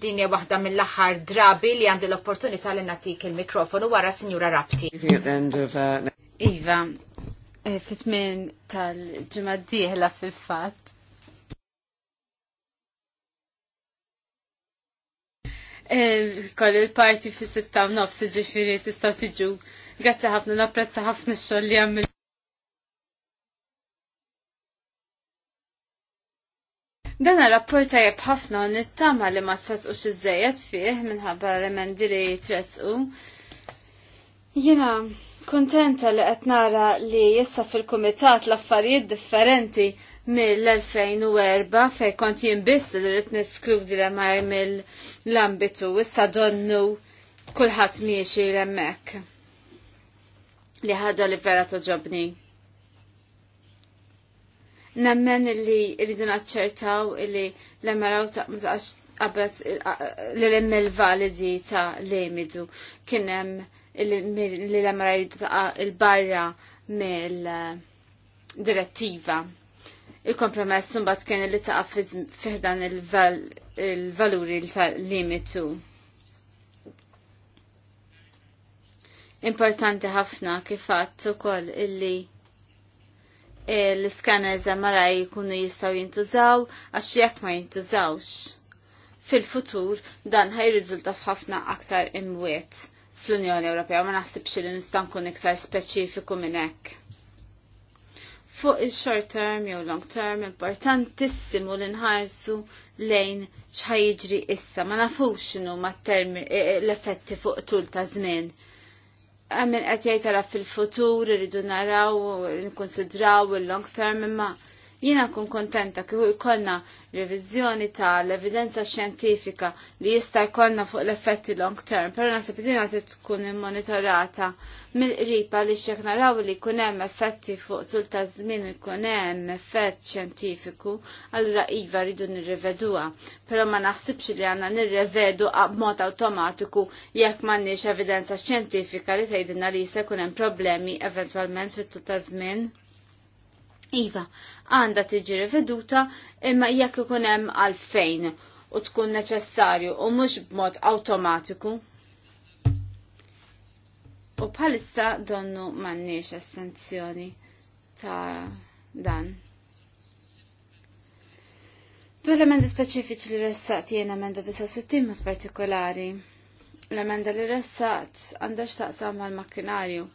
dinja waħda mill-aħħar drabi li għandi l-opportunità li natik il-mikrofonu wara Sinjura Rapti. Uh, iva, eh, fitmin tal-ġimma diħla fil-fat. Eh, Kol il-parti fi sitta u nofs ġifiri tistaw tiġu. Grazzi ħafna, napprezza ħafna xoll li għamil. Dan rapport tajab ħafna u nittama li ma tfetqu xizzejet fih minħabba l-emendi li jitresqu. Jena, kontenta li qed nara li jissa fil-kumitat l-affarijiet differenti mill-2004 fej konti jimbiss biss li rrid neskludi li ma mill-ambitu issa donnu kulħadd miexi l-emmek li ħadda li vera toġobni. Nemmen li rridu naċċertaw li l emmaraw ta' qabet l il validi ta' l-emidu. Kinnem li l emmaraw jridu ta' il-barra mill-direttiva. Eh, Il-kompromess mbagħad kien li ta' fiħdan il-valuri ta' l-emidu. Importanti ħafna kif fatt ukoll illi l-scanners MRI jkunu jistaw jintużaw għax jekk ma jintużawx. Fil-futur dan ħaj rizulta f'ħafna aktar imwiet fl-Unjoni Ewropea ma naħsibx li nistan nkun iktar speċifiku minn hekk. Fuq il-short term jew long term importantissimu li nħarsu lejn x'ħajġri issa ma nafux x'inhu eh, l-effetti fuq tul ta' żmien għamil għatjaj tara fil-futur, rridu naraw, nkonsidraw il-long term, imma Jiena kun kontenta kieku jkollna revizjoni tal-evidenza xjentifika li jista' jkollna fuq l-effetti long term, però naħseb li tkun immonitorata mill-qriba li xek naraw li jkun hemm effetti fuq tul ta' żmien ikun hemm effett xjentifiku, allura iva rridu nirrivedua. Però ma naħsibx li għandna nirrevedu b'mod awtomatiku jekk m'għandniex evidenza xjentifika li tgħidilna li jista' jkun hemm problemi eventwalment fit-tul ta' żmien. Iva, għanda tiġi riveduta imma jekk ikun hemm għalfejn u tkun neċessarju u mhux b'mod awtomatiku. U bħalissa donnu m'għandniex estensjoni ta' dan. Tu l-emendi speċifiċi li ressaqt jena emenda 69 mod partikolari. L-emenda li ressaqt għandax taqsam għal-makkinarju.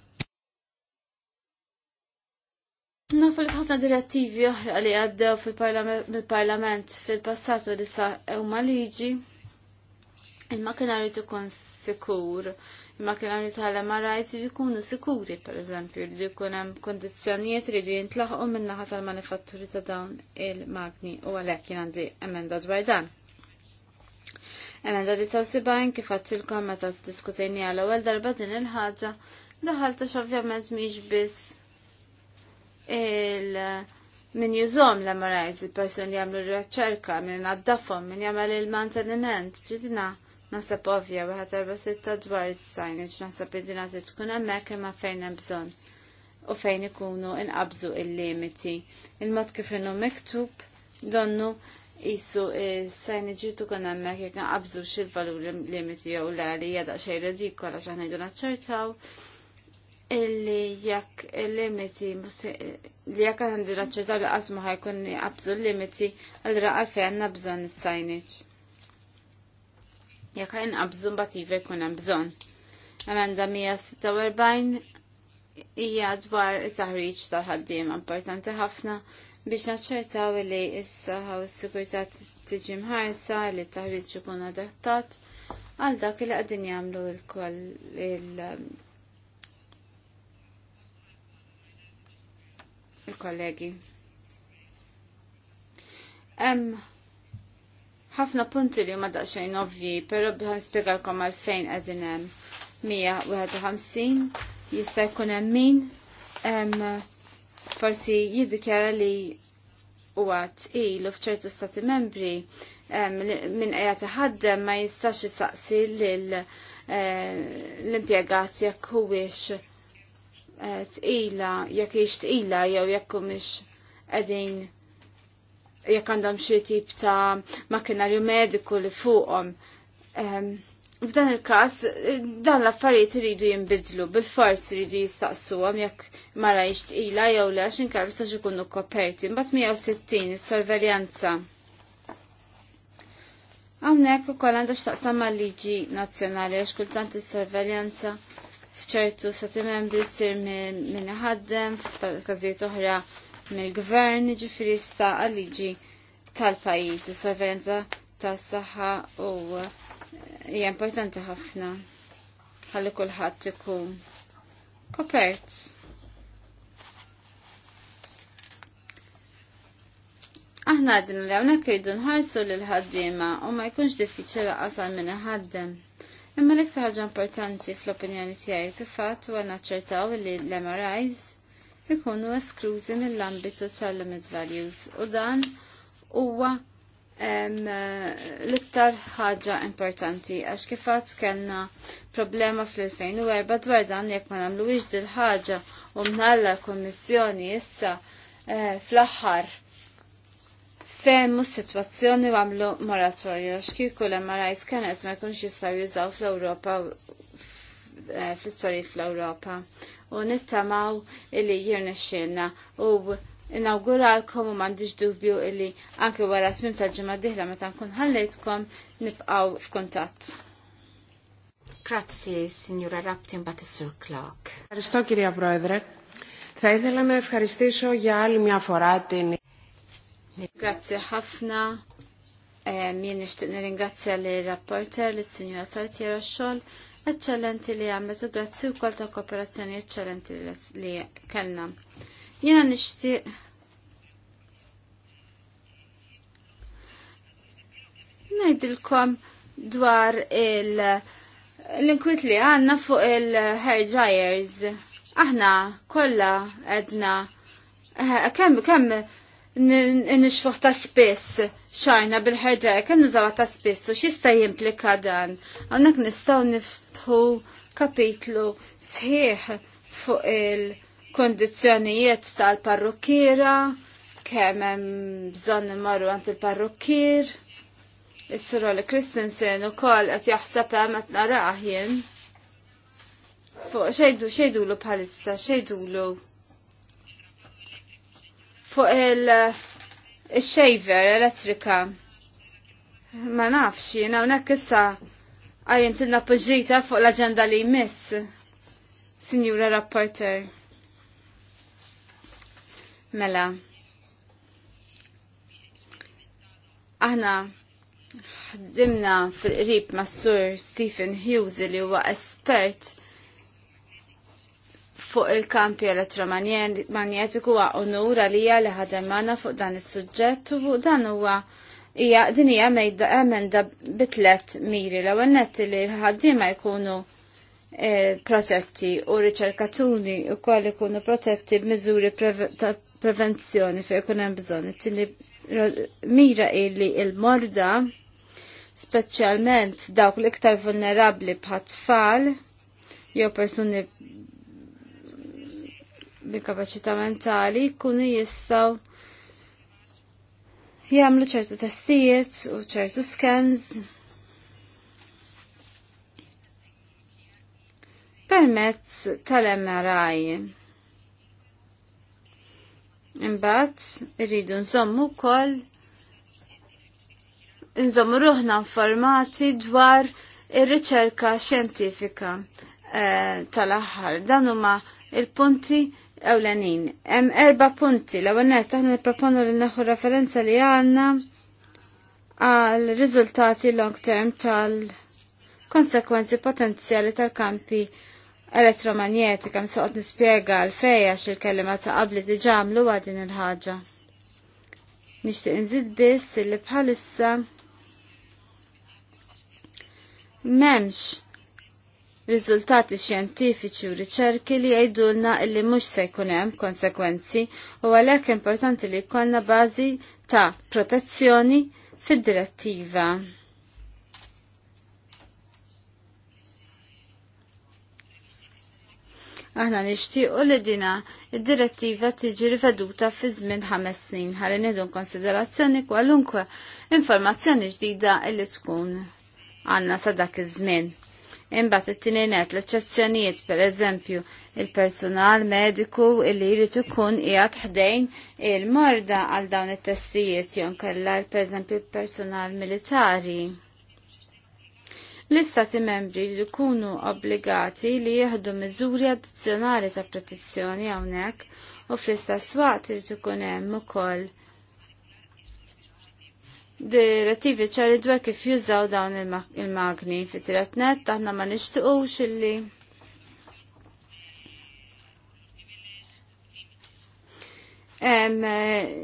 Nafu li bħafna direttivi oħra li għaddew fil-parlament fil-passatu li sa' huma liġi, il-makinarju tkun sikur, il-makinarju tal li jkunu sikuri, per eżempju, li jkun hemm kondizzjonijiet li jdu jintlaħqu minnaħa tal-manifatturi ta' dawn il-magni u għalhekk jien għandi emenda dwar dan. Emenda li saw sibajn kif għattilkom meta diskutejni għal ewwel darba din il-ħaġa, daħaltax ovvjament miex biss il min jużom l-MRIs, il li jagħmlu r-riċerka, min għaddafhom, min jagħmel il-manteniment, ġidina nasab ovvja wieħed erba' sitta dwar is-signage nasab id-dina tkun hemmhekk imma fejn hemm bżonn u fejn ikunu inqabżu il-limiti. Il-mod kif innu miktub donnu Isu, sajni ġirtu kon għammek jek naqabżu xil-valur limiti jew l-għali jada xej redikola xaħna jiduna ċertaw illi jekk il-limiti li jekk għandu naċċertaw li qasmu ħajkun qabżu l-limiti allura għalfej għandna bżonn is-signage. Jekk ħajn qabżu mbagħad iva jkun hemm bżonn. Emenda 146 hija dwar it-taħriġ tal-ħaddiem importanti ħafna biex naċċertaw li s-saħħa u s-sigurtà tiġi mħarsa li t-taħriġ ikun adattat għal dak li qegħdin jagħmlu l-koll il-kollegi. Hemm ħafna punti li ma daqsxejn ovvi, però bħan spjegalkom għalfejn qegħdin hemm 151 jista' jkun hemm min forsi jiddikjara li huwa tqil u f'ċertu stati membri minn qiegħed iħaddem ma jistax isaqsi lill eh, l-impjegat jekk huwiex Eh, tqila, jekk t tqila jew jekk mhix qegħdin jekk għandhom xi tip ta' makinarju mediku li fuqhom. Ehm, f'dan il-każ eh, dan l-affarijiet iridu jimbidlu, bil-fors għom, jek jekk ma t tqila jew le xin inkar jistax koperti. Mbagħad 160 is-sorveljanza. Hawnhekk ukoll għandha x'taqsam mal-liġi nazzjonali għax kultant is-sorveljanza fċertu stati s sir minn ħaddem, f'każijiet oħra mill-gvern, ġifiri sta għal-liġi tal-pajis, sorvenza tas-saħħa u eh, hija importanti ħafna ħalli kulħadd ikun kopert. Aħna għadin li għawna kridu nħarsu l-ħaddima u ma jkunx diffiċli għasal minn ħaddem. Imma l-iktar ħaġa importanti fl-opinjoni tiegħi kif fatt huwa naċċertaw li l-MRIs ikunu esklużi mill-ambitu tal-limit values u dan huwa l-iktar ħaġa importanti għax fatt kellna problema fl-2004 dwar dan jekk ma nagħmluwiex dil ħaġa u mnalla l kummissjoni issa eh, fl-aħħar femmu s-situazzjoni u għamlu moratorju xkiku l-MRIs kienet ma jkunx jistaw jużaw fl-Europa eh, fl-istorji fl-Europa u nittamaw illi jirna xena u inauguralkom u mandiġ dubju illi anke wara tmim tal ġemma diħla meta nkun ħallejtkom nibqaw f'kuntatt. Grazzi, signora Raptin Batissu Clark. Ευχαριστώ, κυρία Πρόεδρε. Θα ήθελα να ευχαριστήσω για άλλη μια φορά την Grazzi ħafna. Jien nixtieq nirringrazzja li rapporter li s-Sinjora Sartiera xogħol eċċellenti li għamlet u grazzi wkoll ta' kooperazzjoni eċċellenti li kellna. Jiena nixtieq ngħidilkom dwar il l-inkwit li għanna fuq il-hair dryers. Aħna kollha għedna eh, kemm kemm nixfuħ ta' spess xajna bil-ħedek, kan nużawa ta' spess u xista jimplika dan. Għonek nistaw niftħu kapitlu sħiħ fuq il-kondizjonijiet tal parrukkira kemm hemm bżonn imorru għand il-parrukkir. Is-sura li Kristensen ukoll qed għat hemm qed naraħjen. Fuq xejdu xejdu lu bħalissa, xejdu lu fuq il-shaver elettrika. Ma nafx, jina unek issa għajjem tilna poġġita fuq l-agenda li jmiss, Signora Rapporter. Mela. Aħna ħdimna fil-qrib ma' Sur Stephen Hughes li huwa espert fuq il-kampi elettromagnetiku għa unur għalija li ħademmana fuq dan is-suġġett u dan huwa Ija, din hija emenda bitlet miri l ewwel netti li l-ħaddiema jkunu e, protetti u riċerkaturi wkoll ikunu protetti b'miżuri ta' prevenzjoni fejn ikun hemm bżonn. mira illi l-morda speċjalment dawk l-iktar vulnerabbli bħat tfal jew persuni bi kapacità mentali jkunu jistaw jagħmlu ċertu testijiet u ċertu scans permezz tal-MRI. Imbagħad irridu nżommu wkoll nżommu ruħna informati dwar ir-riċerka xjentifika eh, tal-aħħar. Dan huma il-punti ewlenin. Hemm erba' punti l-ewwel nett aħna nipproponu li naħu referenza li għandna għal riżultati long term tal-konsekwenzi potenzjali tal-kampi elettromagnetika msoqt nispjega l fejja il kellima ta' qabli diġamlu għadin il-ħaġa. Nixtieq inżid biss li bħalissa M'hemmx riżultati xjentifiċi u riċerki li jgħidulna illi mhux se jkun hemm konsekwenzi u għalhekk importanti li jkollna bażi ta' protezzjoni fid-direttiva. Aħna nixtiequ li dina id-direttiva tiġi riveduta fi żmien ħames snin ħalli nieħdu konsiderazzjoni kwalunkwe informazzjoni ġdida illi tkun għandna sa dak iż-żmien Imbagħad it-tieni l l-eċċezzjonijiet pereżempju il-personal mediku li jrid ikun qiegħed ħdejn il-morda għal dawn it-testijiet jew kellha pereżempju il-personal militari. L-istati membri li jkunu obbligati li jieħdu miżuri addizzjonali ta' protezzjoni hawnhekk u fl-istess waqt irid ikun hemm ukoll direttivi ċari dwar kif jużaw dawn il-magni fit net aħna ma xilli. illi eh,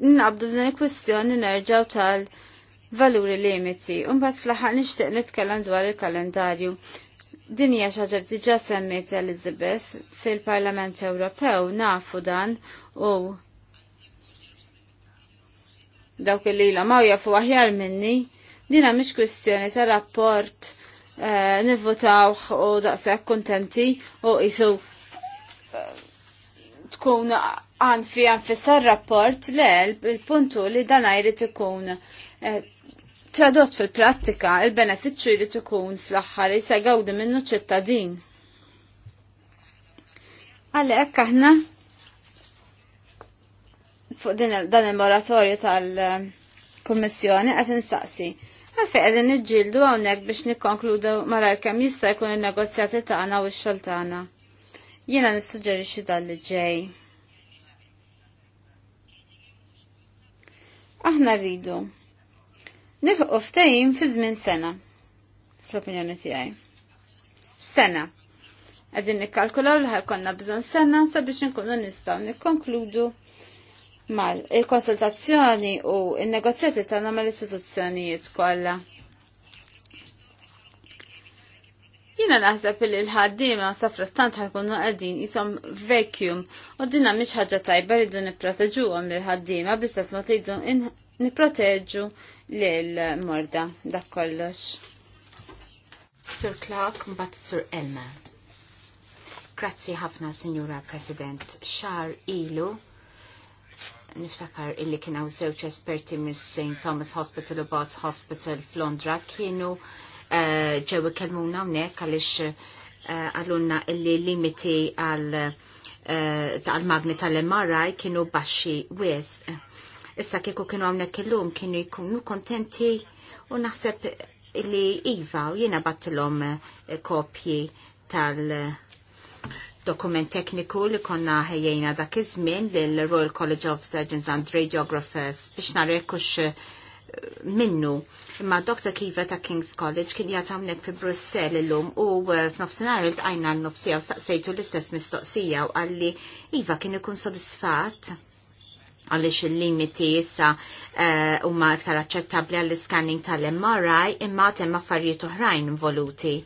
Nabdu din il-kwistjoni nerġaw tal-valuri limiti. Umbat fl-ħal nixtieq nitkellem dwar il-kalendarju. Din hija xi ħaġa diġà semmiet Elizabeth fil-Parlament Ewropew nafu dan u dawk li l ma' għaw jafu aħjar minni, dina mish kwestjoni ta' rapport eh, nivvotaw u daqsek kontenti u jisu eh, tkun għan fi għan fissar rapport le il-puntu li dan jrid ikun tradot eh, tradott fil-prattika il-beneficju jrid ikun fl-axħar jisa għawdi minnu ċittadin. Għalli aħna fuq dan il-moratorju tal-Kommissjoni qed nistaqsi. Għalfej qegħdin niġġieldu hawnhekk biex nikkonkludu mal kemm jista' jkun in-negozjati tagħna u x-xogħol tagħna. Jiena nissuġġerixxi dan li ġej. Aħna rridu. Nilħu ftehim fi żmien sena, fl-opinjoni tiegħi. Sena. Qegħdin nikkalkulaw li ħajkonna bżon sena sabiex nkunu nistgħu nikkonkludu mal il-konsultazzjoni u il-negozjati tagħna mal-istituzzjonijiet kollha. Jina naħseb li l-ħaddima safrattant ħakunu qegħdin jisom vacuum u dinna miex ħagġa tajba rridu nipproteġuhom għom l-ħaddima bl-istess ma tridu niproteġu l-morda dak kollox. Sir Clark mbagħad Sir Elma. Grazzi ħafna, Signora President. Xar ilu niftakar illi kien għaw żewġ esperti mis St. Thomas Hospital u Bots Hospital f'Londra kienu eh, ġew ikellmuna hawnhekk għaliex eh, għallunna illi limiti għal tal-magni eh, tal-MRI kienu baxxi wis. Issa kieku kienu hawnhekk illum kienu jkunu kontenti u naħseb illi Iva u jiena battilhom kopji tal- dokument tekniku li konna ħejjejna dak iż-żmien lill Royal College of Surgeons and Radiographers biex nara jekkux eh, minnu. Imma Dr. Kiva ta' King's College kien jgħat hawnhekk fi Brussell illum u eh, f'nofsinhar tajna l-nofsija u staqsejtu l-istess mistoqsija u għalli iva kien ikun sodisfat għalix il-limiti issa eh, huma uh, iktar aċċettabbli għall-scanning tal-MRI imma temma affarijiet oħrajn involuti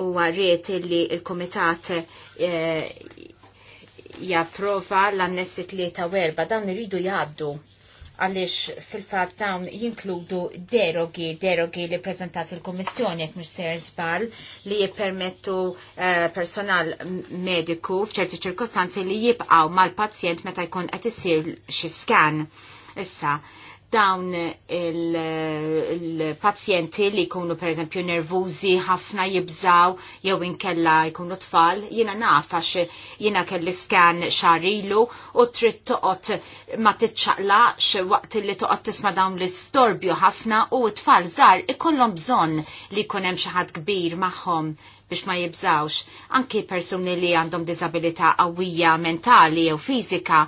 u għarriet li il-komitat eh, japprova l-annessi tlieta u erba dawn iridu jgħaddu għalix fil-fat dawn jinkludu derogi, derogi li prezentat il komissjoni jek Mr. Zbal li jippermettu eh, personal mediku f'ċerti ċirkostanzi li jibqaw mal-pazjent meta jkun qed isir xi skan. Issa, dawn il-pazjenti li jkunu per eżempju nervużi ħafna jibżaw jew inkella jkunu tfal, jiena naf għax jiena kelli skan xarilu u trid toqgħod ma titċaqlax waqt li toqgħod tisma' dawn l-istorbju ħafna u t-tfal żgħar ikollhom bżonn li jkun hemm xi ħadd kbir magħhom biex ma jibżawx. Anki persuni li għandhom diżabilità qawwija mentali jew fiżika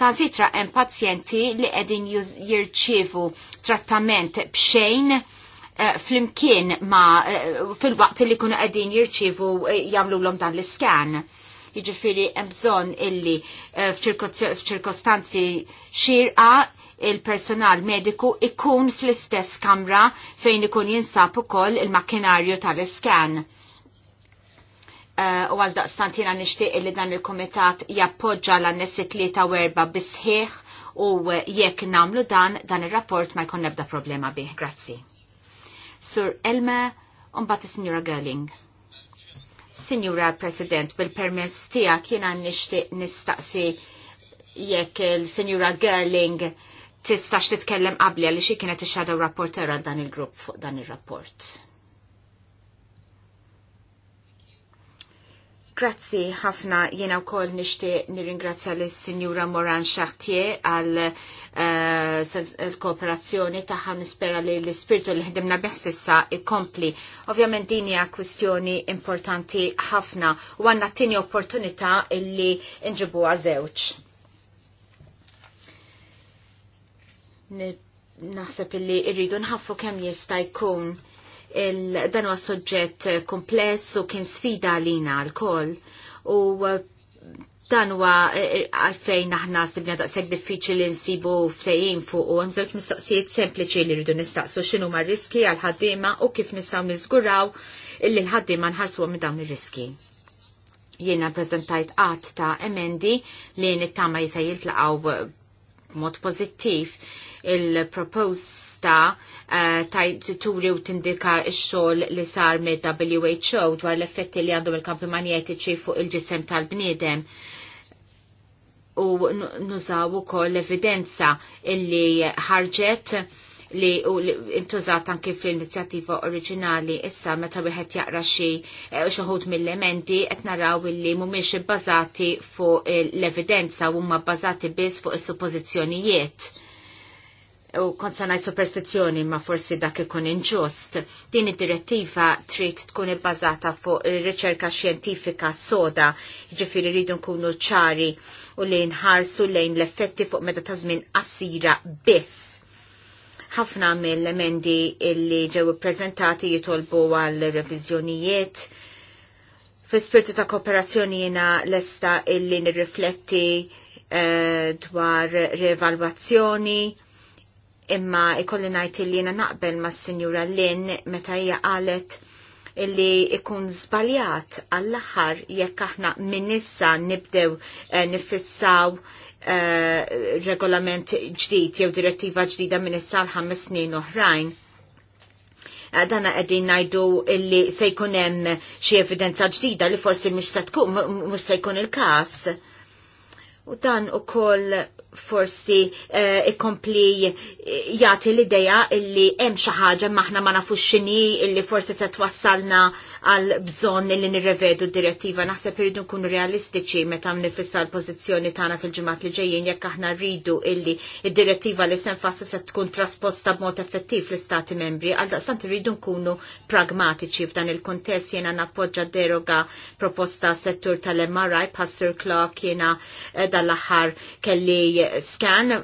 Sa' zitra hemm pazjenti li qegħdin jirċievu trattament bxejn eh, flimkien ma eh, fil-waqt li kunu qegħdin jirċievu eh, jagħmluhom dan l-iskan jiġifieri hemm bżonn illi f'ċirkostanzi xirqa il-personal mediku ikun fl-istess kamra fejn ikun jinsab ukoll il-makkinarju tal-iskan. Eh, u għal daqstant jena nishtiq li dan il-komitat jappoġġa l-annessi tlieta werba bisħiħ u jekk namlu dan dan il-rapport ma jkun nebda problema bih. Grazzi. Sur Elma, unbat signora Gerling. Signora President, bil-permess tija kiena nishtiq nistaqsi jekk il-Signora Gerling tistax titkellem qabli għalli xie kienet ix-shadow rapporter għal dan il-grupp fuq dan il-rapport. Grazzi ħafna jiena wkoll nixtieq nirringrazzja lis sinjura Moran Chartier għal eh, l-kooperazzjoni tagħha nispera li l spiritu li ħdimna biħsissa ikompli. Ovvjament din hija kwistjoni importanti ħafna u għandna tieni opportunità illi nġibuha żewġ. Naħseb illi rridu nħaffu kemm jista' jkun dan huwa suġġett kompless u kien sfida għalina għal-koll u uh, dan huwa eh, għalfejn aħna sibna daqshekk diffiċli nsibu ftehim fuq u hemm żewġ mistoqsijiet sempliċi li rridu nistaqsu x'inhu ma' riski għal ħaddiema u kif nistgħu niżguraw illi l-ħaddiema nħarsu minn dawn ir-riski. Jiena prezentajt qatt ta' emendi li nittama jisajjil tlaqgħu mod pozittiv il-proposta uh, turi u tindika xol li sar me WHO dwar l-effetti li għandhom il-kampi manjetiċi fuq il-ġisem tal-bniedem u nużaw ukoll l-evidenza illi ħarġet li intużat anki fl-inizjattiva oriġinali issa meta wieħed jaqra xi eh, xoħud mill-elementi qed naraw li mhumiex ibbażati fuq l-evidenza u huma bbażati biss fuq is-suppożizzjonijiet u kont sa ngħid superstizzjoni ma forsi dak ikun inġust. Din id-direttiva trid tkun ibbażata fuq riċerka xjentifika soda, jiġifieri rridu nkunu ċari u li nħarsu lejn l-effetti fuq meta ta' żmien qasira biss ħafna mill-emendi illi ġew prezentati jitolbu għal reviżjonijiet. Fil-spirtu ta' kooperazzjoni jiena lesta illi nirrifletti eh, dwar revalvazzjoni imma ikolli ngħid illi jena naqbel mas sinjura Lin meta hija qalet illi ikun zbaljat għall-aħħar jekk aħna minn issa nibdew eh, nifissaw Eh, regolament ġdid jew direttiva ġdida minn is-sal ħames snin oħrajn eh, dana għedin najdu illi se jkun hemm xi evidenza ġdida li forsi mhux se tkun mhux se jkun il-każ. U dan ukoll forsi eh, ikompli eh, jati l-ideja illi hemm xi ħaġa maħna ma nafux x'inhi illi forsi se twassalna għal bżonn illi nirrevedu d-direttiva. Naħseb irridu nkunu realistiċi meta nifissa l-pożizzjoni tagħna fil-ġimgħat li ġejjin jekk aħna rridu illi d-direttiva li se nfassi se tkun trasposta b'mod effettiv l-Istati membri, għal tant irridu nkunu pragmatiċi f'dan il-kontest jiena nappoġġa deroga proposta settur tal-MRI Pastor Clark jiena eh, dal-aħħar kelli scan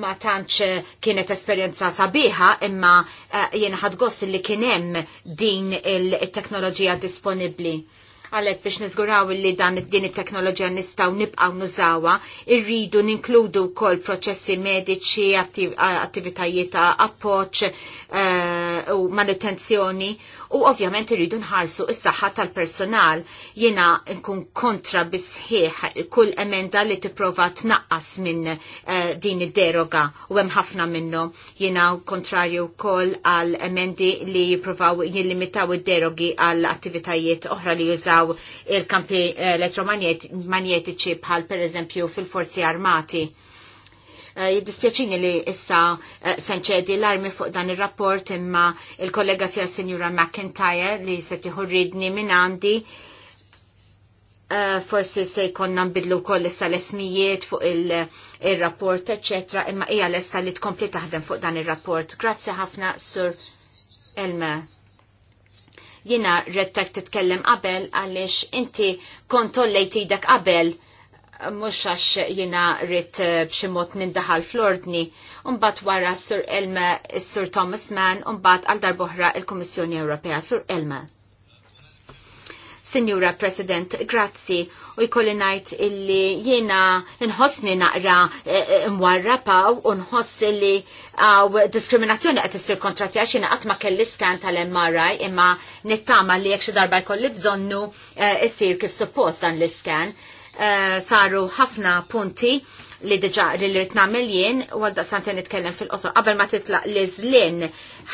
ma tantx kienet esperjenza sabiħa imma eh, jien ħadgost li kien hemm din il-teknoloġija disponibbli għalek biex nizguraw li dan din it-teknoloġija nistaw nibqaw nużawa, irridu ninkludu kol proċessi mediċi, attivitajiet ta' appoċ eh, u manutenzjoni u ovvjament irridu nħarsu is-saħħa tal-personal jiena nkun kontra bisħiħ kull emenda li tipprova tnaqqas minn uh, din id-deroga u hemm ħafna minnhom jiena kontrarju wkoll għal emendi li jippruvaw jillimitaw id-derogi għal attivitajiet oħra li jużaw il-kampi eh, elettromagnetiċi bħal pereżempju fil-forzi armati Eh, jiddispjaċini li issa eh, sanċedi l-armi fuq dan il-rapport imma il-kollega tija Signora McIntyre li se tiħurridni minn għandi eh, forsi se jkonna nbidlu koll issa l-esmijiet fuq il-rapport, etc. imma hija l-essa li tkompli taħdem fuq dan il-rapport. Grazzi ħafna, Sur Elma jina rettak titkellem qabel għalix inti kontollejt idek qabel mhux għax jiena rrit eh, b'xi mod nindaħal fl-ordni, mbagħad wara Sur Elma Sur Thomas Mann, mbagħad għal darbohra il-Kummissjoni Ewropea Sur Elma. Signora President, grazzi u jkolli najt illi jiena nħossni naqra eh, eh, mwarrapa u nħoss illi għaw diskriminazzjoni għat issir kontrati għax għat ma kelli skan tal-MRI imma nittama li jekxu darba jkolli bżonnu issir kif suppost dan l-skan Eh, saru ħafna punti li diġa li rrit namel jien, u għadda santi nitkellem fil-qosor, qabel ma titlaq li zlin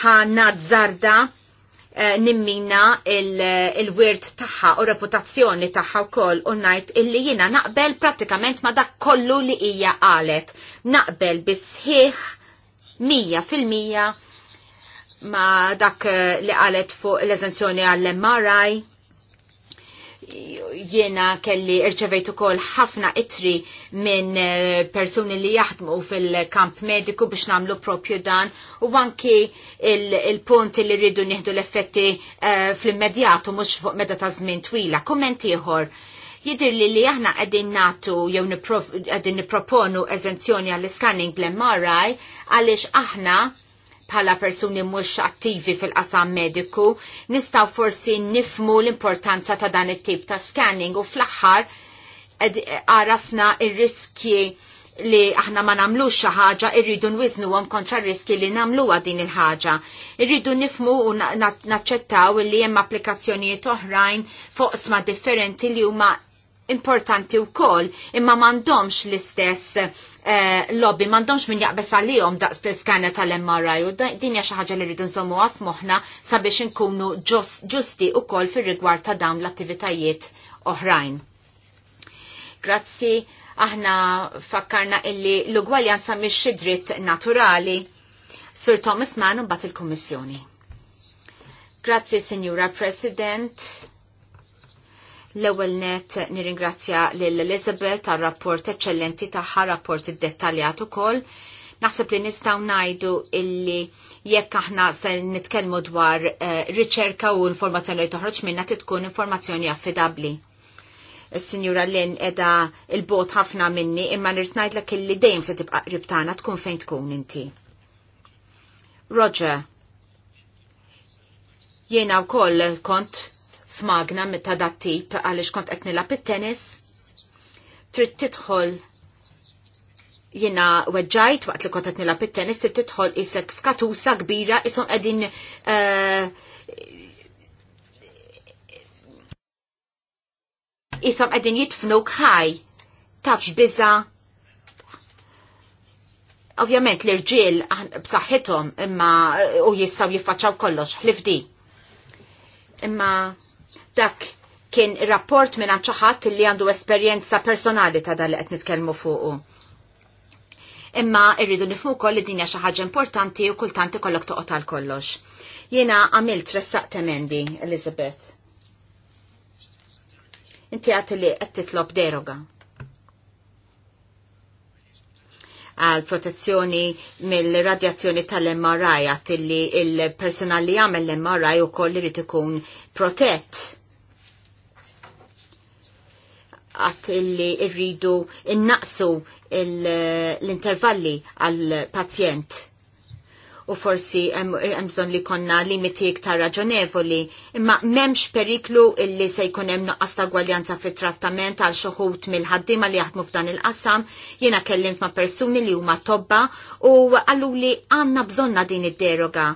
ħanna zarda eh, nimmina eh, il-wirt il taħħa u reputazzjoni taħħa u koll u najt illi jina naqbel pratikament ma dak kollu li hija qalet. Naqbel bisħiħ mija fil-mija ma dak li qalet fuq l-eżenzjoni għall-MRI jiena kelli irċevejt ukoll ħafna itri minn eh, persuni li jaħdmu fil-kamp mediku biex namlu propju dan u anki il-punt il li rridu nieħdu l-effetti uh, fl-immedjatu mhux fuq meta ta' żmien twila. Kumment ieħor jidir li li aħna għedin natu jew għedin niproponu eżenzjoni għall-scanning bl-MRI għaliex aħna bħala persuni mhux attivi fil-qasam mediku, nistaw forsi nifmu l-importanza ta' dan it-tip ta' scanning u fl-aħħar għarafna il-riski li aħna ma namlux xi ħaġa irridu nwiżnuhom kontra riski li nagħmluha din il-ħaġa. Irridu nifmu u naċċettaw li hemm applikazzjonijiet oħrajn fuq sma differenti li huma importanti u koll, imma mandomx l-istess eh, lobby, mandomx min jaqbes għalijom daqs stess skana tal-MRI u din xi ħaġa li rridu nżommu għaf moħna sabiex nkunu ġusti u koll fil rigward ta' dawn l-attivitajiet oħrajn. Grazzi, aħna fakkarna illi l-ugwaljanza miex xi dritt naturali. Sir Thomas Mann u bat il-Kommissjoni. Grazzi, Signora President L-ewwel net nirringrazzja l Elizabeth għar rapport eċċellenti tagħha rapport u ukoll. Naħseb li nistgħu ngħidu illi jekk aħna se nitkellmu dwar eh, riċerka u informazzjoni li toħroġ minna titkun informazzjoni affidabbli Signora sinjura Lin edha il-bot ħafna minni imma nirtnajd l illi dejjem se tibqa' ribtana tkun fejn tkun inti. Roger, jiena wkoll kont f'magna meta dat tip għaliex kont qed nilab it-tennis. Trid tidħol jina weġġajt waqt li kont qed nilab it-tennis trid tidħol isek f'katusa kbira isom qegħdin eh, isom qegħdin jitfnuk ħaj tafx biża ovvjament l-irġiel b'saħħithom imma u jistgħu jiffaċċaw kollox ħlifdi. Imma Dak kien rapport minn ċaħat li għandu esperjenza personali ta' dal qed nitkellmu fuqu. Imma irridu nifmu koll li dinja xaħġa importanti u kultanti kollok toqgħod għal kollox. Jiena għamilt ressaq temendi, Elizabeth. Inti għat li qed titlob deroga. għal protezzjoni mill-radjazzjoni tal-MRI għat li il-personal li għamel l-MRI u koll irrid ikun protett għat illi irridu innaqsu l-intervalli għal-pazjent u forsi hemm bżonn li konna limiti iktar raġonevoli, imma m'hemmx periklu illi se jkun hemm nuqqas ta' gwaljanza fit-trattament għal xoħut mill ħaddima li jaħdmu f'dan il-qasam, jiena kellimt ma' persuni li huma tobba u għalluli għandna bżonna din id-deroga.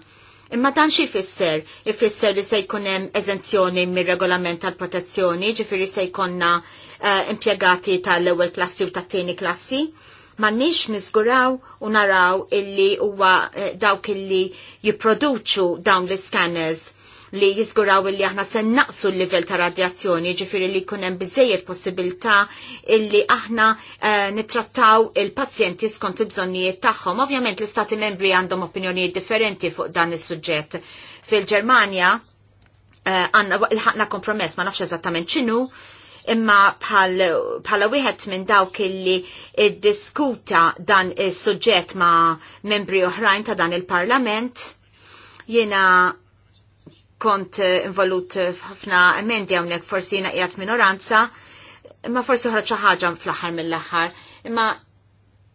Imma dan xi jfisser? Ifisser li se jkun hemm eżenzjoni mir-regolament tal-protezzjoni, ġifieri se jkollna uh, eh, impjegati tal-ewwel klassi u tat-tieni klassi. nix nizguraw u naraw illi huwa eh, dawk illi jipproduċu dawn l-scanners li jizguraw illi aħna sen naqsu l-level ta' radjazzjoni, ġifiri li kunem bizzejiet possibilta illi aħna uh, eh, nitrattaw il-pazjenti skont il-bżonnijiet tagħhom. Ovvjament l-istati membri għandhom opinjonijiet differenti fuq dan is-suġġett. Fil-Ġermanja għanna uh, il-ħakna kompromess ma nafx eżattament ċinu, imma bħala wieħed minn dawk illi diskuta dan is-suġġett ma' membri oħrajn ta' dan il-Parlament jiena kont involut f'ħafna emendi hawnhekk forsi jiena qiegħed minoranza, imma forsi oħra xi ħaġa fl-aħħar mill-aħħar, imma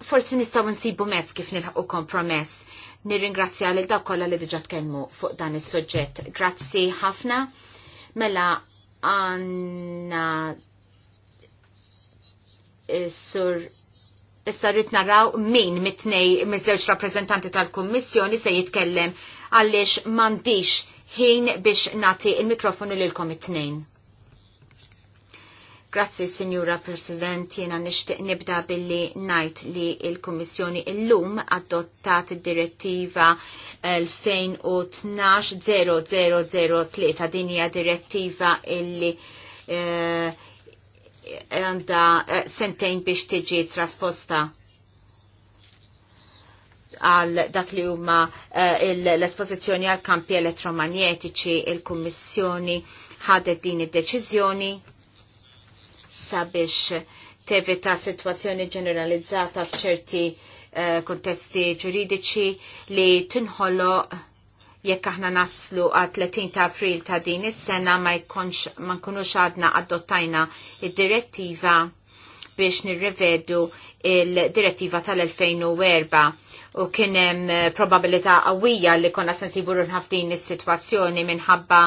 forsi nistgħu nsibu mezz kif nilħaqu kompromess. Nirringrazzja lil dawk kollha li diġà tkellmu fuq dan is-suġġett. Grazzi ħafna. Mela għanna sur issa rrit naraw min mitnej miż-żewġ rappreżentanti tal-Kummissjoni se jitkellem għaliex m'għandix ħin biex nagħti il-mikrofonu lilkom it-tnejn. Grazzi, Signora President, jena nishtiq nibda billi najt li il-Kommissjoni llum adottat direttiva 2012-0003 dinja direttiva illi eh, għanda eh, sentejn biex tiġi trasposta għal dak li huma eh, l-espożizzjoni għal kampi elettromagnetiċi il-Kummissjoni ħadet din id-deċiżjoni sabiex tevita situazzjoni ġeneralizzata f'ċerti uh, ġuridiċi li tinħollo jekk aħna naslu għal 30 ta' april ta' din is-sena ma jkunx ma nkunux għadna adottajna id-direttiva biex nirrevedu il-direttiva tal-2004 u kienem eh, probabilita qawwija li konna sensiburu nħafdin is-sitwazzjoni minħabba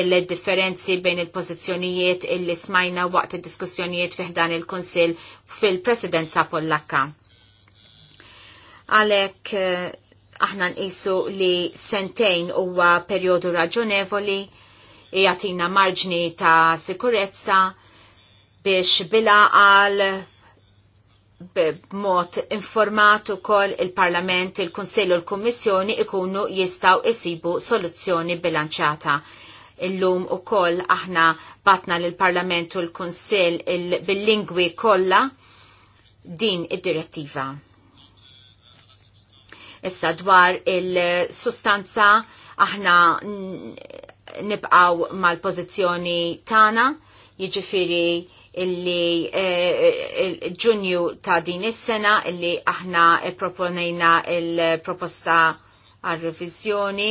l-differenzi bejn il-pożizzjonijiet li smajna waqt id-diskussjonijiet fiħdan il-Kunsill fil-Presidenza Pollakka. Għalek eh, aħna nqisu li sentejn huwa perjodu raġunevoli jagħtina marġni ta' sikurezza biex bila għal b'mod informat ukoll il-Parlament, il-Kunsill u l-Kummissjoni ikunu jistaw isibu soluzzjoni bilanċata. Illum ukoll aħna batna l-Parlament u l-Kunsill bil-lingwi kollha din id-direttiva. Issa dwar il-sustanza aħna nibqaw mal-pożizzjoni tagħna, jiġifieri illi eh, ġunju ta' din is-sena illi aħna proponejna il-proposta għal revizjoni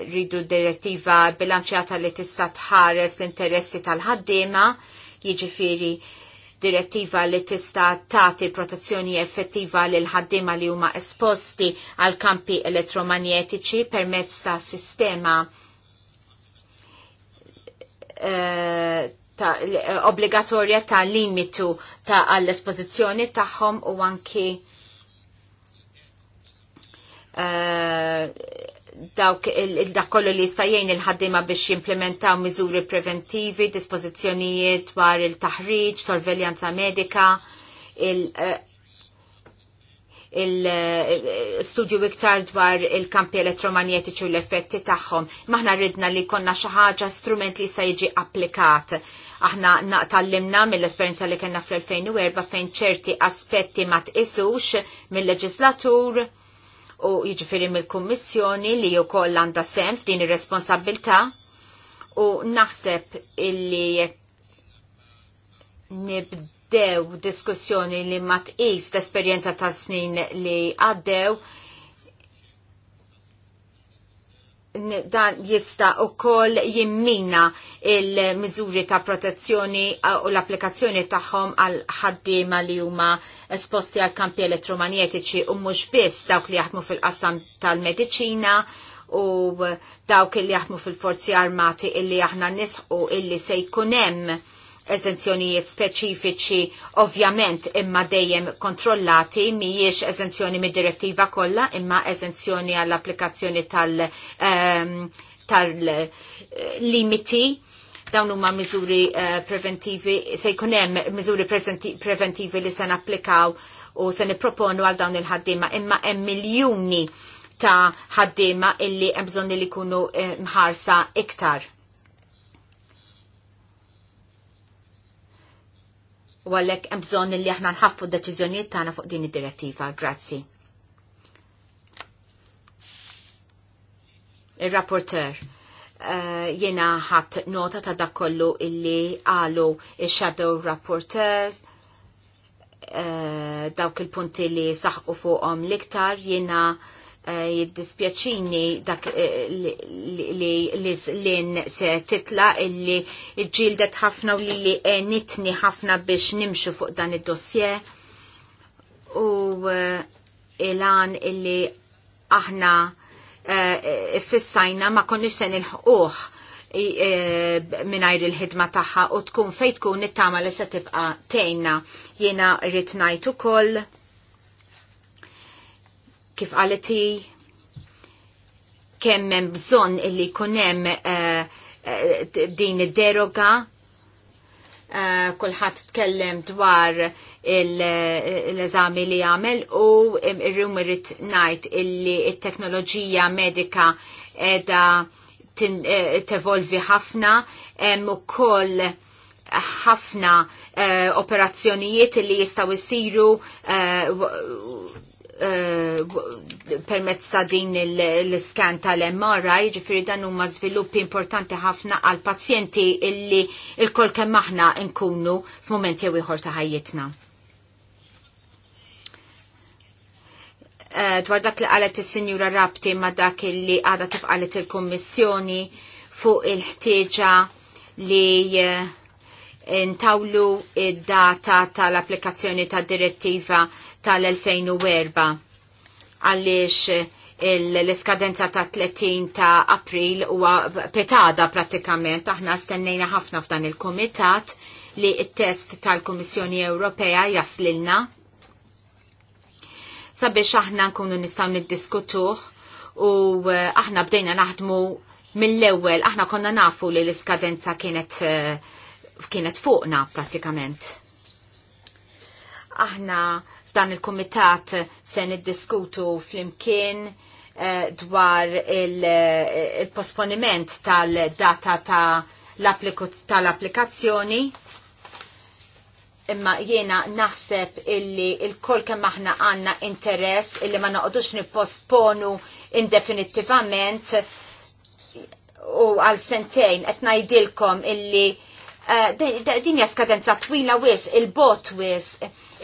rridu direttiva bilanċjata li tista' tħares l-interessi tal-ħaddiema, jiġifieri direttiva li tista' tagħti protezzjoni effettiva lil ħaddiema li huma esposti għal kampi elettromagnetiċi permezz ta' sistema uh, ta' eh, obbligatorja ta' limitu ta' għall-espożizzjoni tagħhom u anki eh, dawk dak kollu li jistajjen il-ħaddima biex jimplementaw miżuri preventivi, dispożizzjonijiet dwar il-taħriġ, sorveljanza medika, il- eh, studju iktar dwar il-kampi elettromagnetiċi u l-effetti tagħhom. Maħna ridna li konna xi ħaġa strument li se jiġi applikat Aħna naqtallimna mill-esperjenza li kena fl-2004 fejn ċerti aspetti ma tqisux mill-leġislatur u jiġifieri mill-kummissjoni li wkoll għandha sem f'din ir-responsabilità u naħseb illi nibdew diskussjoni li ma tqis l-esperjenza ta' snin li għaddew dan jista u koll jimmina il-mizuri ta' protezzjoni u l-applikazzjoni tagħhom għal ħaddiema li huma esposti għal kampi elettromagnetiċi u mhux biss dawk li jaħdmu fil-qasam tal-mediċina u dawk li jaħdmu fil-forzi armati illi aħna nisħu illi se jkun hemm eżenzjonijiet speċifiċi ovvjament imma dejjem kontrollati mhijiex eżenzjoni mid-direttiva kollha imma eżenzjoni għall-applikazzjoni tal- um, ehm, tal-limiti eh, dawn huma miżuri uh, preventivi se jkun hemm miżuri preventivi li se napplikaw u se nipproponu għal dawn il-ħaddiema imma hemm miljuni ta' ħaddiema illi hemm bżonn li jkunu eh, mħarsa iktar u għallek bżonn li aħna nħaffu d-deċiżjonijiet tagħna fuq din id-direttiva. Grazzi. Il-rapporteur. Eh, jiena jena ħadd nota ta' dak kollu illi għalu il-shadow rapporteurs, eh, dawk il-punti li saħqu fuqhom l-iktar jena Eh, jiddispjaċini dak eh, li Lin se titla illi ġildet ħafna u li li enitni ħafna biex nimxu fuq dan id-dossier u eh, il-għan illi aħna fissajna ma konniex se ħuħ minajr il-ħidma taħħa u tkun fejtkun tkun it-tama li se tibqa tejna jena rritnajtu koll kif għaleti kemm hemm bżonn illi jkun hemm eh, eh, din id-deroga eh, kulħadd tkellem dwar l-eżami li jagħmel u rrum irrid ngħid illi t-teknoloġija medika edha tevolvi ħafna hemm ukoll ħafna operazzjonijiet li jistgħu jsiru Eh, permezz ta' din l-skan tal-MRI, ġifiri dan huma żviluppi importanti ħafna għal pazjenti illi il-kol kemm aħna nkunu f'mument jew ieħor ta' ħajjitna. Eh, dwar dak li qalet is-Sinjura Rabti ma' dak illi għadha tifqalet il-Kummissjoni fuq il-ħtieġa li eh, ntawlu id-data tal-applikazzjoni tad direttiva tal-2004 għaliex eh, l-iskadenza ta' 30 ta' april huwa petada pratikament aħna stennejna ħafna f'dan il-komitat li il-test tal-Komissjoni Ewropea jaslilna sabiex aħna nkunu nistaw niddiskutuh u eh, aħna bdejna naħdmu mill-ewwel aħna konna nafu li l-iskadenza kienet eh, kienet fuqna pratikament. Aħna f'dan il-komitat se niddiskutu fl-imkien eh, dwar eh, il-posponiment il tal-data tal-applikazzjoni imma jiena naħseb illi il-kol kemm aħna għanna interess illi ma naqdux nipposponu indefinitivament u għal sentejn qed ngħidilkom illi uh, eh, din hija skadenza twila wis, il-bot wis,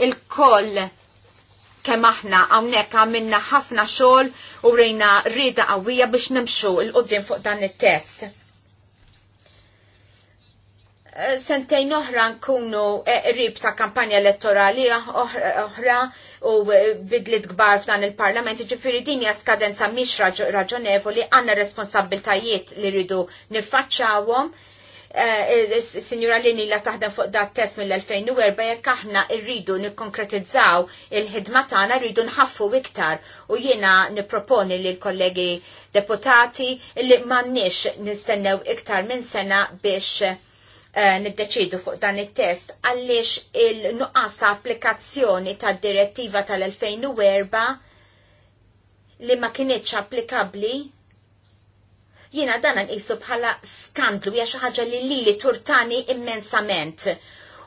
il-koll kemm aħna hawnhekk għamilna ħafna xogħol u rejna rieda qawwija biex nimxu l qoddim fuq dan it-test. Eh, sentejn oħra nkunu eh, qrib ta' kampanja elettorali oħra u eh, bidlit kbar f'dan il-parlament, ġifiri din hija skadenza mhix raġonevoli għandna responsabiltajiet li rridu niffaċċawhom Eh, eh, signora Lini la taħdem fuq dat test mill-2004 jekk aħna rridu nikkonkretizzaw il-ħidma tagħna rridu nħaffu iktar u jiena nipproponi lil kollegi deputati li m'għandniex nistennew iktar minn sena biex eh, niddeċidu fuq dan it-test għaliex il-nuqqas ta' applikazzjoni tad direttiva tal-2004 li ma kienieċ applikabbli Jiena dan nqisu bħala skandlu hija xi ħaġa li lili turtani immensament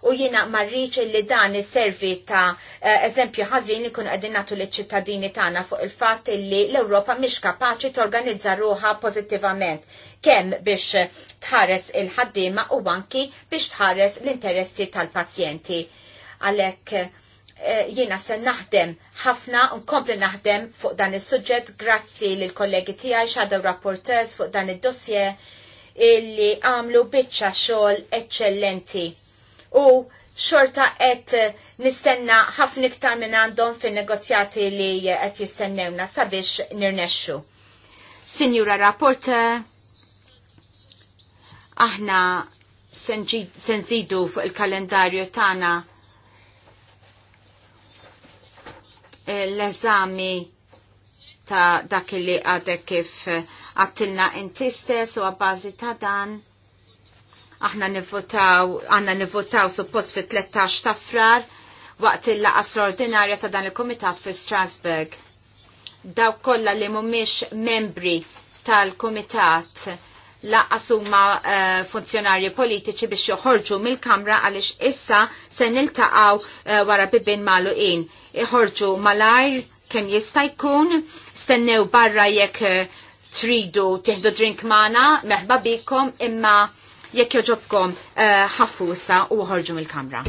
u jiena marriċ li dan servi ta' eh, eżempju ħażin li kun għedinatu nagħtu ċittadini tagħna fuq il-fatt li l-Ewropa mhix kapaċi torganizza ruħa pozittivament kemm biex tħares il-ħaddiema u banki biex tħares l-interessi tal-pazjenti. Għalhekk Eh, jiena se naħdem ħafna u nkompli naħdem fuq dan is-suġġett grazzi lill kollegi tiegħi xadew rapporteurs fuq dan id-dossier illi għamlu biċċa xogħol eċċellenti. U xorta qed nistenna ħafna iktar minn għandhom fin-negozjati li qed jistennewna sabiex nirnexxu. Sinjura Rapporter, aħna senżidu fuq il-kalendarju tagħna l-eżami ta' dak li għadek kif għattilna inti u għabbażi ta' dan. Aħna nivvotaw, għanna nivvotaw suppost fi 13 ta' frar waqt il-laqa straordinarja ta' dan il-komitat fi Strasbourg. Daw kolla li mumiex membri tal-komitat laqas huma uh, funzjonarji politiċi biex joħorġu mill-Kamra għaliex issa se niltaqgħu uh, wara bibin magħluqin. Iħorġu malajr kemm jista' jkun, stennew barra jekk uh, tridu tieħdu drink Mana meħba bikom imma jekk joġobkom ħaffusa u ħorġu mill-Kamra.